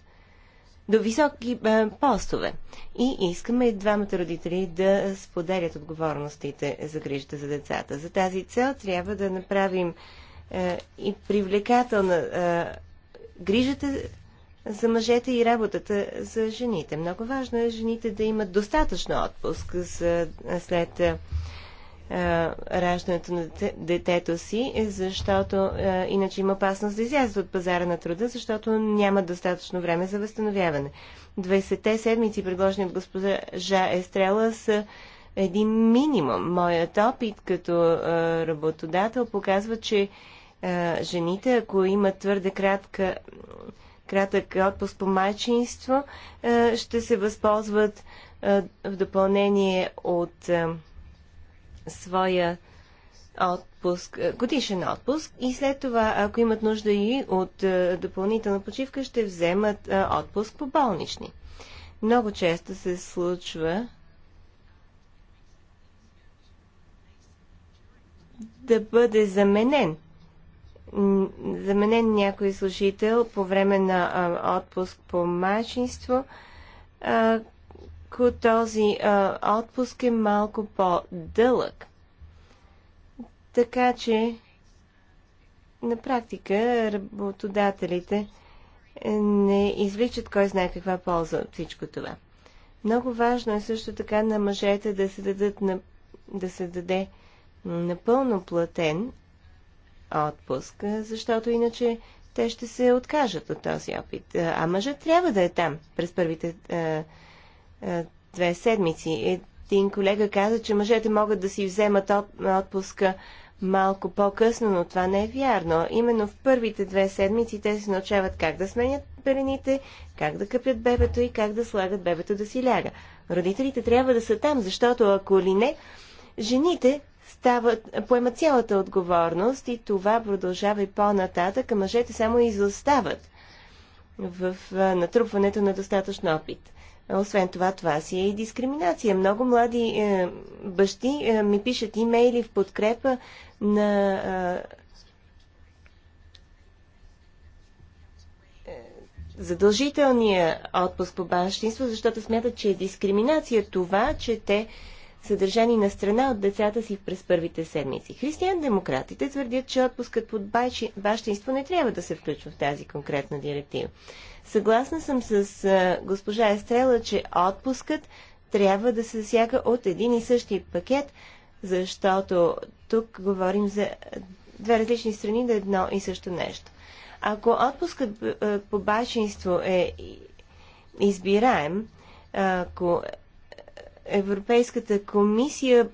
до високи а, е, постове. И искаме двамата родители да споделят отговорностите за грижата за децата. За тази цел трябва да направим а, е, и привлекателна а, е, грижата за мъжете и работата за жените. Много важно е жените да имат достатъчно отпуск за, след е, раждането на детето си, защото е, иначе има опасност да излязат от пазара на труда, защото нямат достатъчно време за възстановяване. 20-те седмици, предложени от госпожа Естрела, са един минимум. Моят опит като е, работодател показва, че жените, ако имат твърде кратка, кратък отпуск по майчинство, ще се възползват в допълнение от своя отпуск, е, годишен отпуск и след това, ако имат нужда и от е, допълнителна почивка, ще вземат е, отпуск по болнични. Много често се случва да бъде заменен. Заменен някой служител по време на отпуск по мачинство, ако този а, отпуск е малко по-дълъг. Така че на практика работодателите не извличат кой знае каква полза от всичко това. Много важно е също така на мъжете да се, дадат на, да се даде напълно платен отпуск, защото иначе те ще се откажат от този опит. А мъжът трябва да е там през първите е, две седмици. Един колега каза, че мъжете могат да си вземат отпуска малко по-късно, но това не е вярно. Именно в първите две седмици те се научават как да сменят пелените, как да къпят бебето и как да слагат бебето да си ляга. Родителите трябва да са там, защото ако ли не, жените стават, поемат цялата отговорност и това продължава и по-нататък, а мъжете само изостават в натрупването на достатъчно опит. Освен това, това си е и дискриминация. Много млади е, бащи е, ми пишат имейли в подкрепа на е, задължителния отпуск по бащинство, защото смятат, че е дискриминация това, че те е, са държани на страна от децата си през първите седмици. Християн-демократите твърдят, че отпускът под бащинство не трябва да се включва в тази конкретна директива. Съгласна съм с а, госпожа Естрела, че отпускът трябва да се засяга от един и същи пакет, защото тук говорим за две различни страни да едно и също нещо. Ако отпускът по бащинство е избираем, ако Европейската комисия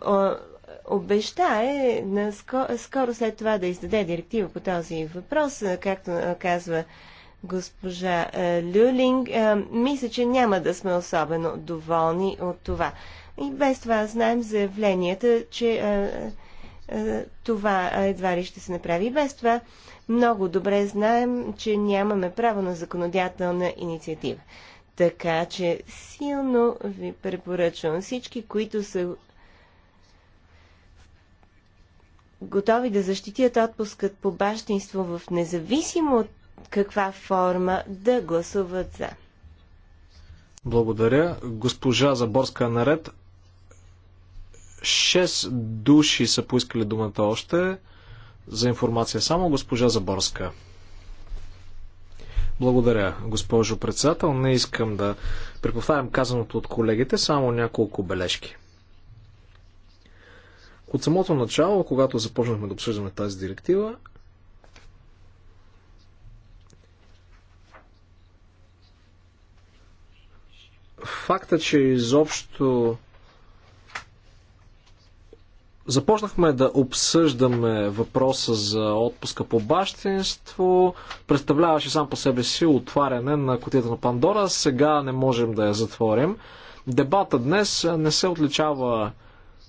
обещае скоро, скоро след това да издаде директива по този въпрос, както казва госпожа Люлинг. Мисля, че няма да сме особено доволни от това. И без това знаем заявленията, че това едва ли ще се направи. И без това много добре знаем, че нямаме право на законодателна инициатива. Така че силно ви препоръчвам всички, които са готови да защитят отпускът по бащинство в независимо от каква форма да гласуват за. Благодаря. Госпожа Заборска е наред. Шест души са поискали думата още за информация. Само госпожа Заборска. Благодаря, госпожо председател. Не искам да преповтарям казаното от колегите, само няколко бележки. От самото начало, когато започнахме да обсъждаме тази директива, факта, че изобщо Започнахме да обсъждаме въпроса за отпуска по бащинство. Представляваше сам по себе си отваряне на котията на Пандора. Сега не можем да я затворим. Дебата днес не се отличава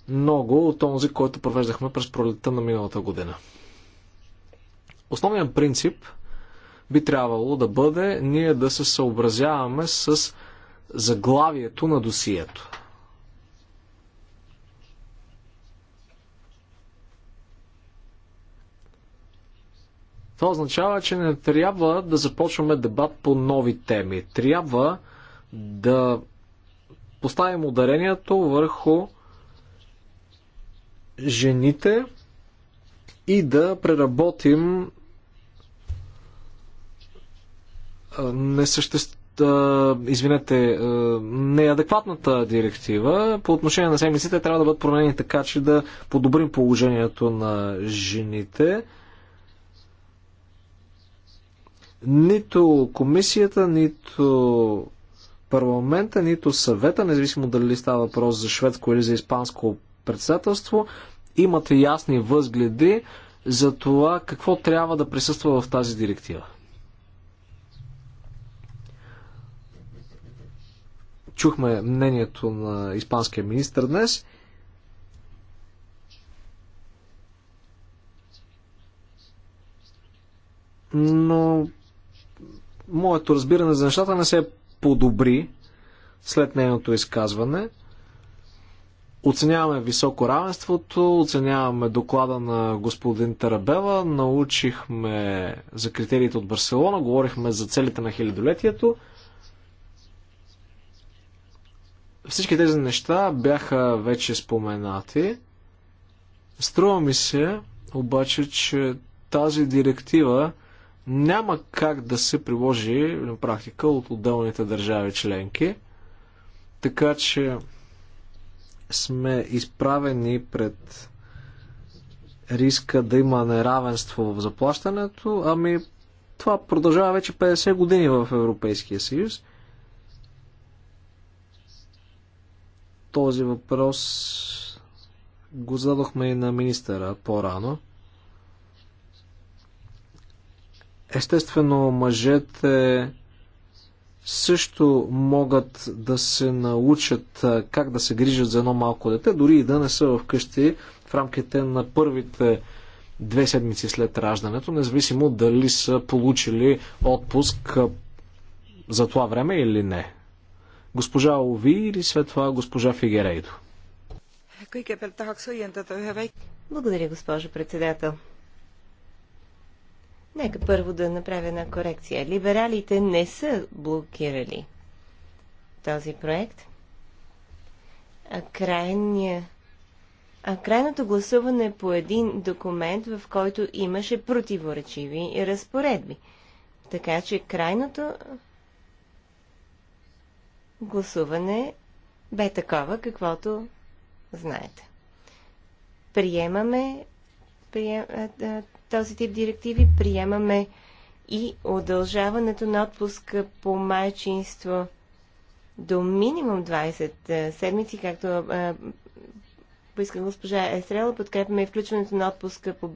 много от този, който провеждахме през пролетта на миналата година. Основният принцип би трябвало да бъде ние да се съобразяваме с заглавието на досието. Това означава, че не трябва да започваме дебат по нови теми. Трябва да поставим ударението върху жените и да преработим несъществ... извинете, неадекватната директива по отношение на семиците трябва да бъдат променени така, че да подобрим положението на жените. Нито комисията, нито парламента, нито съвета, независимо дали става въпрос за шведско или за испанско председателство, имат ясни възгледи за това какво трябва да присъства в тази директива. Чухме мнението на испанския министр днес. Но моето разбиране за нещата не се подобри след нейното изказване. Оценяваме високо равенството, оценяваме доклада на господин Тарабела, научихме за критериите от Барселона, говорихме за целите на хилядолетието. Всички тези неща бяха вече споменати. Струва ми се обаче, че тази директива няма как да се приложи на практика от отделните държави членки. Така че сме изправени пред риска да има неравенство в заплащането, ами това продължава вече 50 години в Европейския съюз. Този въпрос го зададохме и на министъра по-рано. Естествено, мъжете също могат да се научат как да се грижат за едно малко дете, дори и да не са вкъщи в рамките на първите две седмици след раждането, независимо дали са получили отпуск за това време или не. Госпожа Ови или след това госпожа Фигерейдо. Благодаря, госпожо председател. Нека първо да направя една корекция. Либералите не са блокирали този проект, а, крайния, а крайното гласуване е по един документ, в който имаше противоречиви разпоредби. Така че крайното гласуване бе такова, каквото знаете. Приемаме прием, този тип директиви приемаме и удължаването на отпуска по майчинство до минимум 20 е, седмици, както е, поиска госпожа Естрела, подкрепяме и включването на отпуска по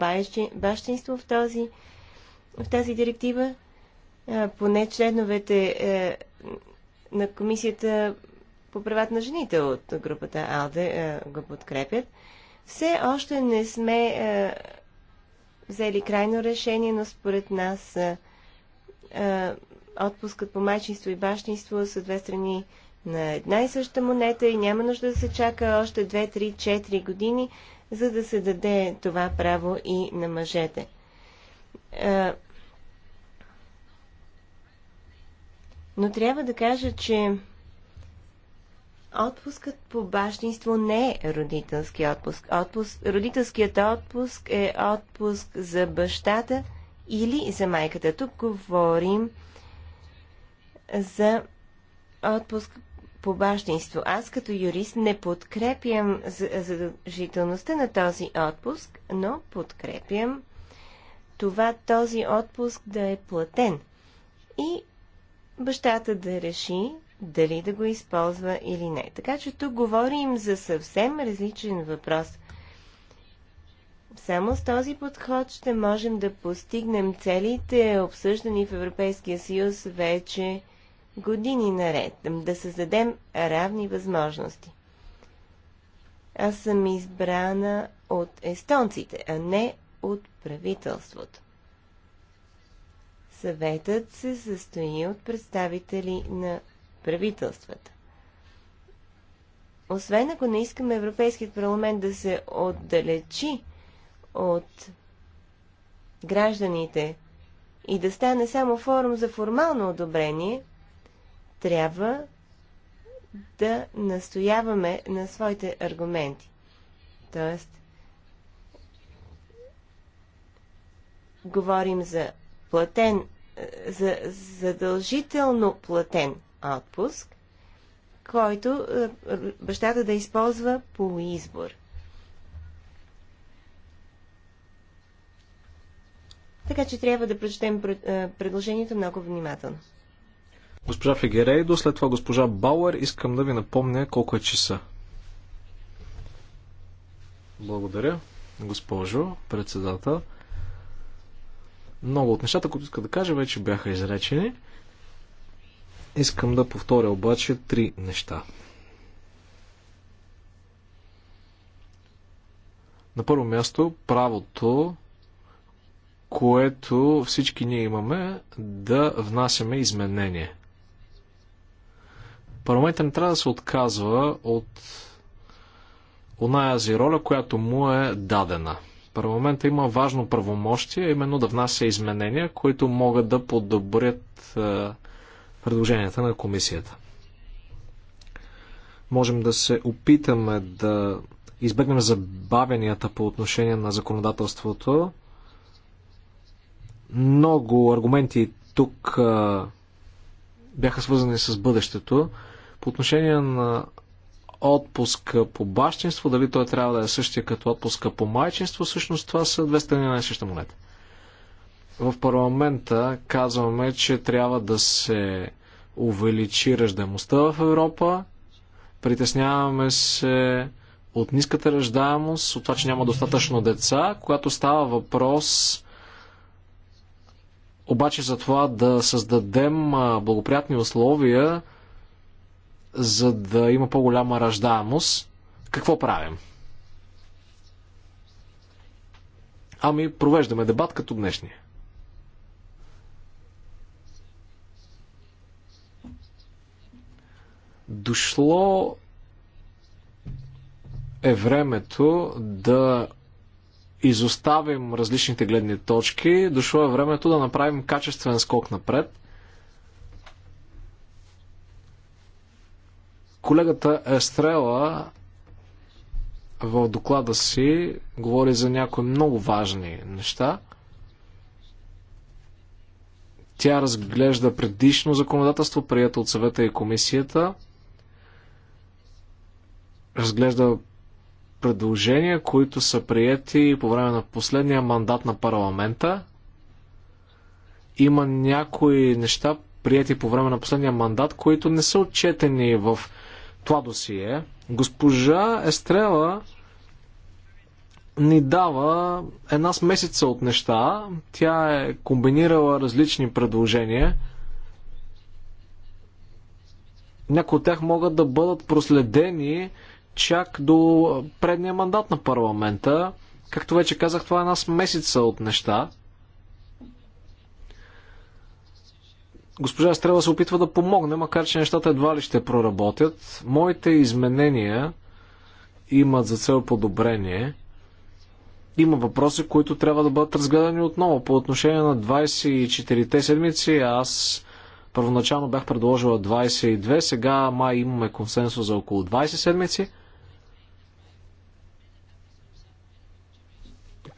бащинство в, този, в тази директива. Е, поне членовете на комисията по правата на жените от групата АЛДЕ го подкрепят. Все още не сме взели крайно решение, но според нас а, а, отпускът по майчинство и бащинство са две страни на една и съща монета и няма нужда да се чака още 2, 3, 4 години, за да се даде това право и на мъжете. А, но трябва да кажа, че Отпускът по бащинство не е родителски отпуск. отпуск. Родителският отпуск е отпуск за бащата или за майката. Тук говорим за отпуск по бащинство. Аз като юрист не подкрепям задължителността на този отпуск, но подкрепям това този отпуск да е платен. И бащата да реши дали да го използва или не. Така че тук говорим за съвсем различен въпрос. Само с този подход ще можем да постигнем целите, обсъждани в Европейския съюз вече години наред, да създадем равни възможности. Аз съм избрана от естонците, а не от правителството. Съветът се състои от представители на правителствата. Освен ако не искаме Европейският парламент да се отдалечи от гражданите и да стане само форум за формално одобрение, трябва да настояваме на своите аргументи. Тоест, говорим за платен, за задължително платен отпуск, който е, бащата да използва по избор. Така че трябва да прочетем е, предложението много внимателно. Госпожа Фегерейдо, след това госпожа Бауер, искам да ви напомня колко е часа. Благодаря, госпожо председател. Много от нещата, които иска да кажа, вече бяха изречени. Искам да повторя обаче три неща. На първо място, правото, което всички ние имаме, да внасяме изменения. Парламентът не трябва да се отказва от онази роля, която му е дадена. Парламентът има важно правомощие, именно да внася изменения, които могат да подобрят е, предложенията на комисията. Можем да се опитаме да избегнем забавенията по отношение на законодателството. Много аргументи тук бяха свързани с бъдещето. По отношение на отпуска по бащинство, дали той трябва да е същия като отпуска по майчинство, всъщност това са две страни на същата монета в парламента казваме, че трябва да се увеличи ръждаемостта в Европа. Притесняваме се от ниската ръждаемост, от това, че няма достатъчно деца, когато става въпрос обаче за това да създадем благоприятни условия, за да има по-голяма ръждаемост, какво правим? Ами, провеждаме дебат като днешния. Дошло е времето да изоставим различните гледни точки, дошло е времето да направим качествен скок напред. Колегата Естрела в доклада си говори за някои много важни неща. Тя разглежда предишно законодателство, прието от съвета и комисията – разглежда предложения, които са приети по време на последния мандат на парламента. Има някои неща, прияти по време на последния мандат, които не са отчетени в това досие. Госпожа Естрела ни дава една смесица от неща. Тя е комбинирала различни предложения. Някои от тях могат да бъдат проследени чак до предния мандат на парламента. Както вече казах, това е една смесица от неща. Госпожа Стрела се опитва да помогне, макар че нещата едва ли ще проработят. Моите изменения имат за цел подобрение. Има въпроси, които трябва да бъдат разгледани отново. По отношение на 24-те седмици, аз първоначално бях предложила 22, сега май имаме консенсус за около 20 седмици –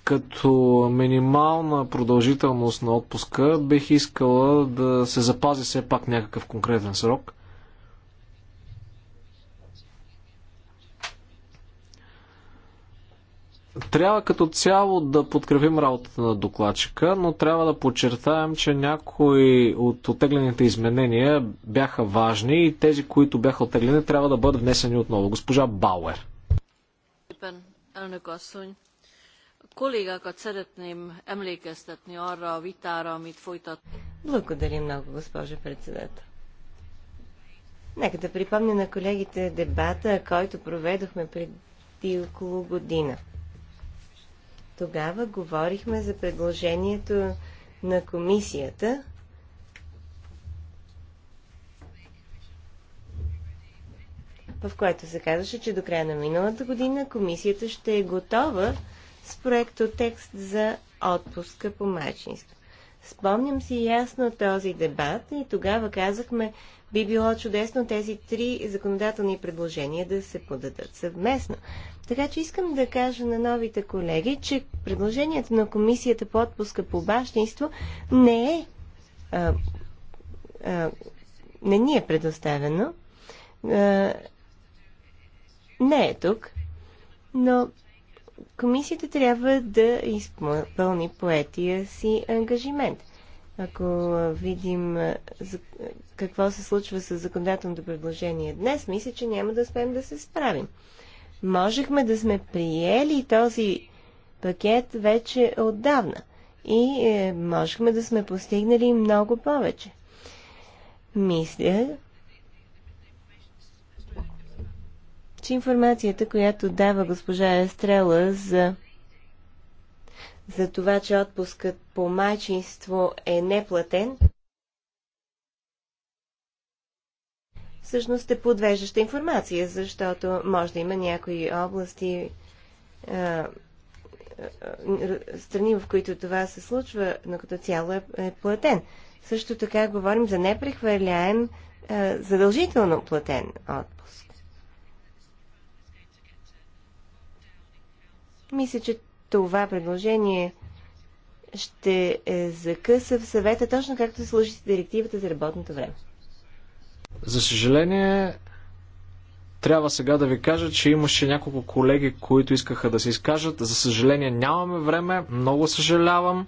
като минимална продължителност на отпуска бих искала да се запази все пак някакъв конкретен срок. Трябва като цяло да подкрепим работата на докладчика, но трябва да подчертаем, че някои от отеглените изменения бяха важни и тези, които бяха отеглени, трябва да бъдат внесени отново. Госпожа Бауер. Kollégákat szeretném emlékeztetni arra a vitára, amit folytat. Благодаря много, госпожо председател. Нека да припомня на колегите дебата, който проведохме преди около година. Тогава говорихме за предложението на комисията в което се казваше, че до края на миналата година комисията ще е готова с проекто текст за отпуска по майчинство. Спомням си ясно този дебат и тогава казахме, би било чудесно тези три законодателни предложения да се подадат съвместно. Така че искам да кажа на новите колеги, че предложението на комисията по отпуска по бащинство не е а, а, не ни е предоставено. А, не е тук, но комисията трябва да изпълни поетия си ангажимент. Ако видим какво се случва с законодателното предложение днес, мисля, че няма да успеем да се справим. Можехме да сме приели този пакет вече отдавна и е, можехме да сме постигнали много повече. Мисля, че информацията, която дава госпожа Естрела за, за това, че отпускът по майчинство е неплатен, всъщност е подвеждаща информация, защото може да има някои области, страни, в които това се случва, но като цяло е, е платен. Също така говорим за непрехвърляем задължително платен отпуск. Мисля, че това предложение ще е, закъса в съвета, точно както се служи с директивата за работното време. За съжаление, трябва сега да ви кажа, че имаше няколко колеги, които искаха да се изкажат. За съжаление нямаме време, много съжалявам.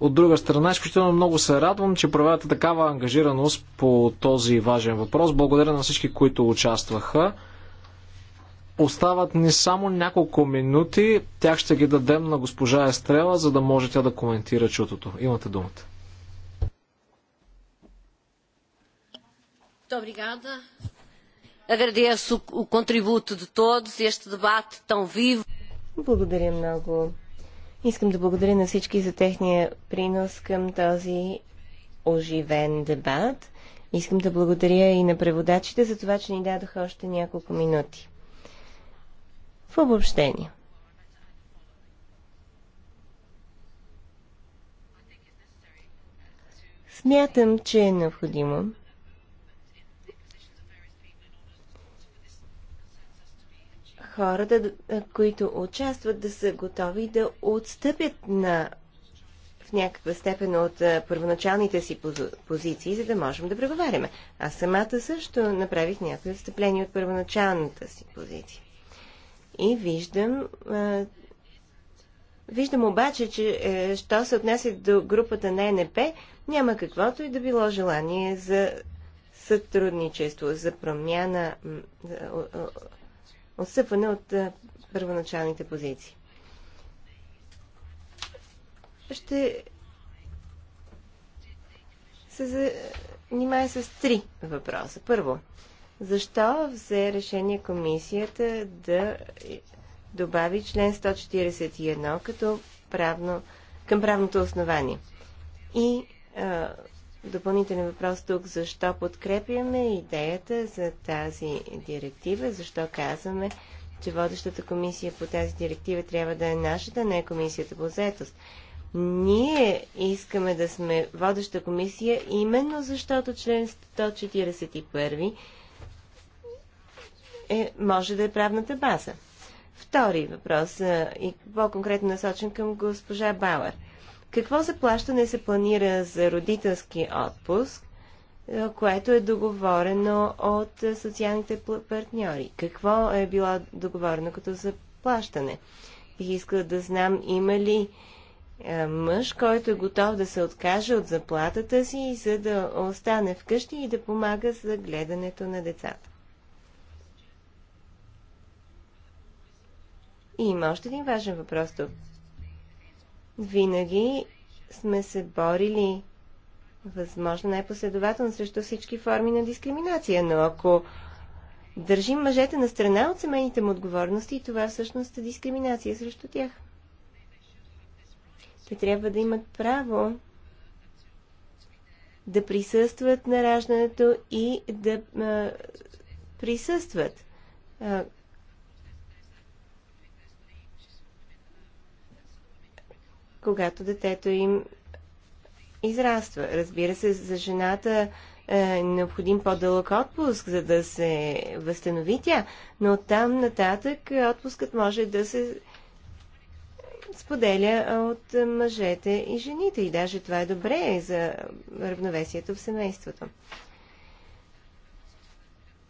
От друга страна, изключително много се радвам, че проявявате такава ангажираност по този важен въпрос. Благодаря на всички, които участваха. Остават ни само няколко минути. Тях ще ги дадем на госпожа Естрела, за да може тя да коментира чутото. Имате думата. Obrigada. Agradeço o contributo de todos, e este debate tão vivo. Благодаря много. Искам да благодаря на всички за техния принос към този оживен дебат. Искам да благодаря и на преводачите за това, че ни дадоха още няколко минути. В обобщение. Смятам, че е необходимо хората, които участват, да са готови да отстъпят на в някаква степен от първоначалните си позиции, за да можем да преговаряме. Аз самата също направих някои отстъпления от първоначалната си позиция. И виждам, а, виждам обаче, че а, е, що се отнася до групата на НП, няма каквото и да било желание за сътрудничество, за промяна, отсъпване от а, първоначалните позиции. Ще се занимая с три въпроса. Първо, защо взе решение комисията да добави член 141 като правно, към правното основание? И а, допълнителен въпрос тук, защо подкрепяме идеята за тази директива, защо казваме, че водещата комисия по тази директива трябва да е нашата, не е комисията по заетост. Ние искаме да сме водеща комисия именно защото член 141 е, може да е правната база? Втори въпрос, и по-конкретно насочен към госпожа Бауер. Какво заплащане се планира за родителски отпуск, което е договорено от социалните партньори? Какво е било договорено като заплащане? Бих искала да знам има ли мъж, който е готов да се откаже от заплатата си, за да остане вкъщи и да помага за гледането на децата. И има още един важен въпрос тук. Винаги сме се борили възможно най-последователно срещу всички форми на дискриминация, но ако държим мъжете на страна от семейните му отговорности, това всъщност е дискриминация срещу тях. Те трябва да имат право да присъстват на раждането и да а, присъстват а, когато детето им израства. Разбира се, за жената е необходим по-дълъг отпуск, за да се възстанови тя, но там нататък отпускът може да се споделя от мъжете и жените. И даже това е добре за равновесието в семейството.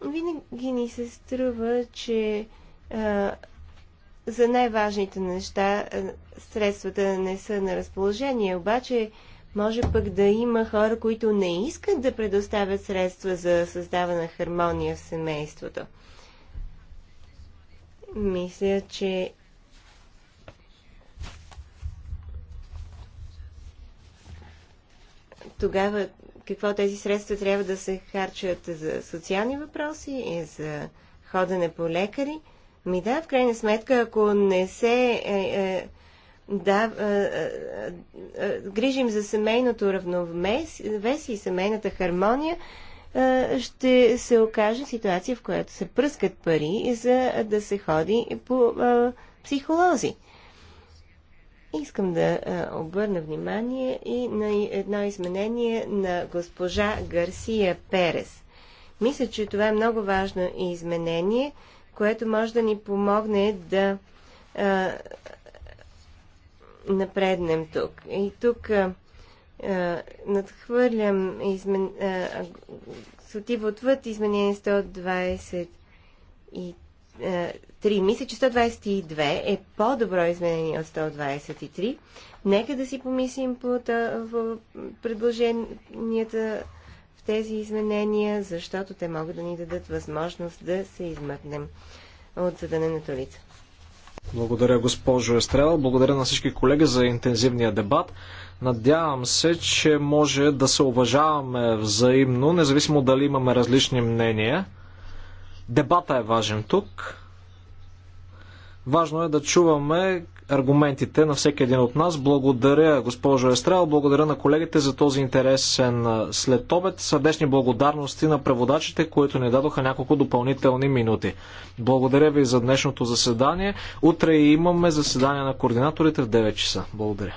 Винаги ни се струва, че а, е, за най-важните неща е, средствата не са на разположение, обаче може пък да има хора, които не искат да предоставят средства за създаване хармония в семейството. Мисля, че тогава какво тези средства трябва да се харчат за социални въпроси и за ходене по лекари – ми да, в крайна сметка, ако не се е, е, да, е, е, е грижим за семейното равновесие и семейната хармония, е, ще се окаже ситуация, в която се пръскат пари, за да се ходи по е, психолози. Искам да е, обърна внимание и на едно изменение на госпожа Гарсия Перес. Мисля, че това е много важно изменение – което може да ни помогне да а, напреднем тук. И тук а, а, надхвърлям измен, а, сотива отвъд изменение 123. Мисля, че 122 е по-добро изменение от 123. Нека да си помислим по предложенията тези изменения, защото те могат да ни дадат възможност да се измъкнем от съдънената улица. Благодаря, госпожо Естрела. Благодаря на всички колеги за интензивния дебат. Надявам се, че може да се уважаваме взаимно, независимо дали имаме различни мнения. Дебата е важен тук. Важно е да чуваме аргументите на всеки един от нас. Благодаря, госпожо Естрел, благодаря на колегите за този интересен след обед. Сърдечни благодарности на преводачите, които ни дадоха няколко допълнителни минути. Благодаря ви за днешното заседание. Утре имаме заседание на координаторите в 9 часа. Благодаря.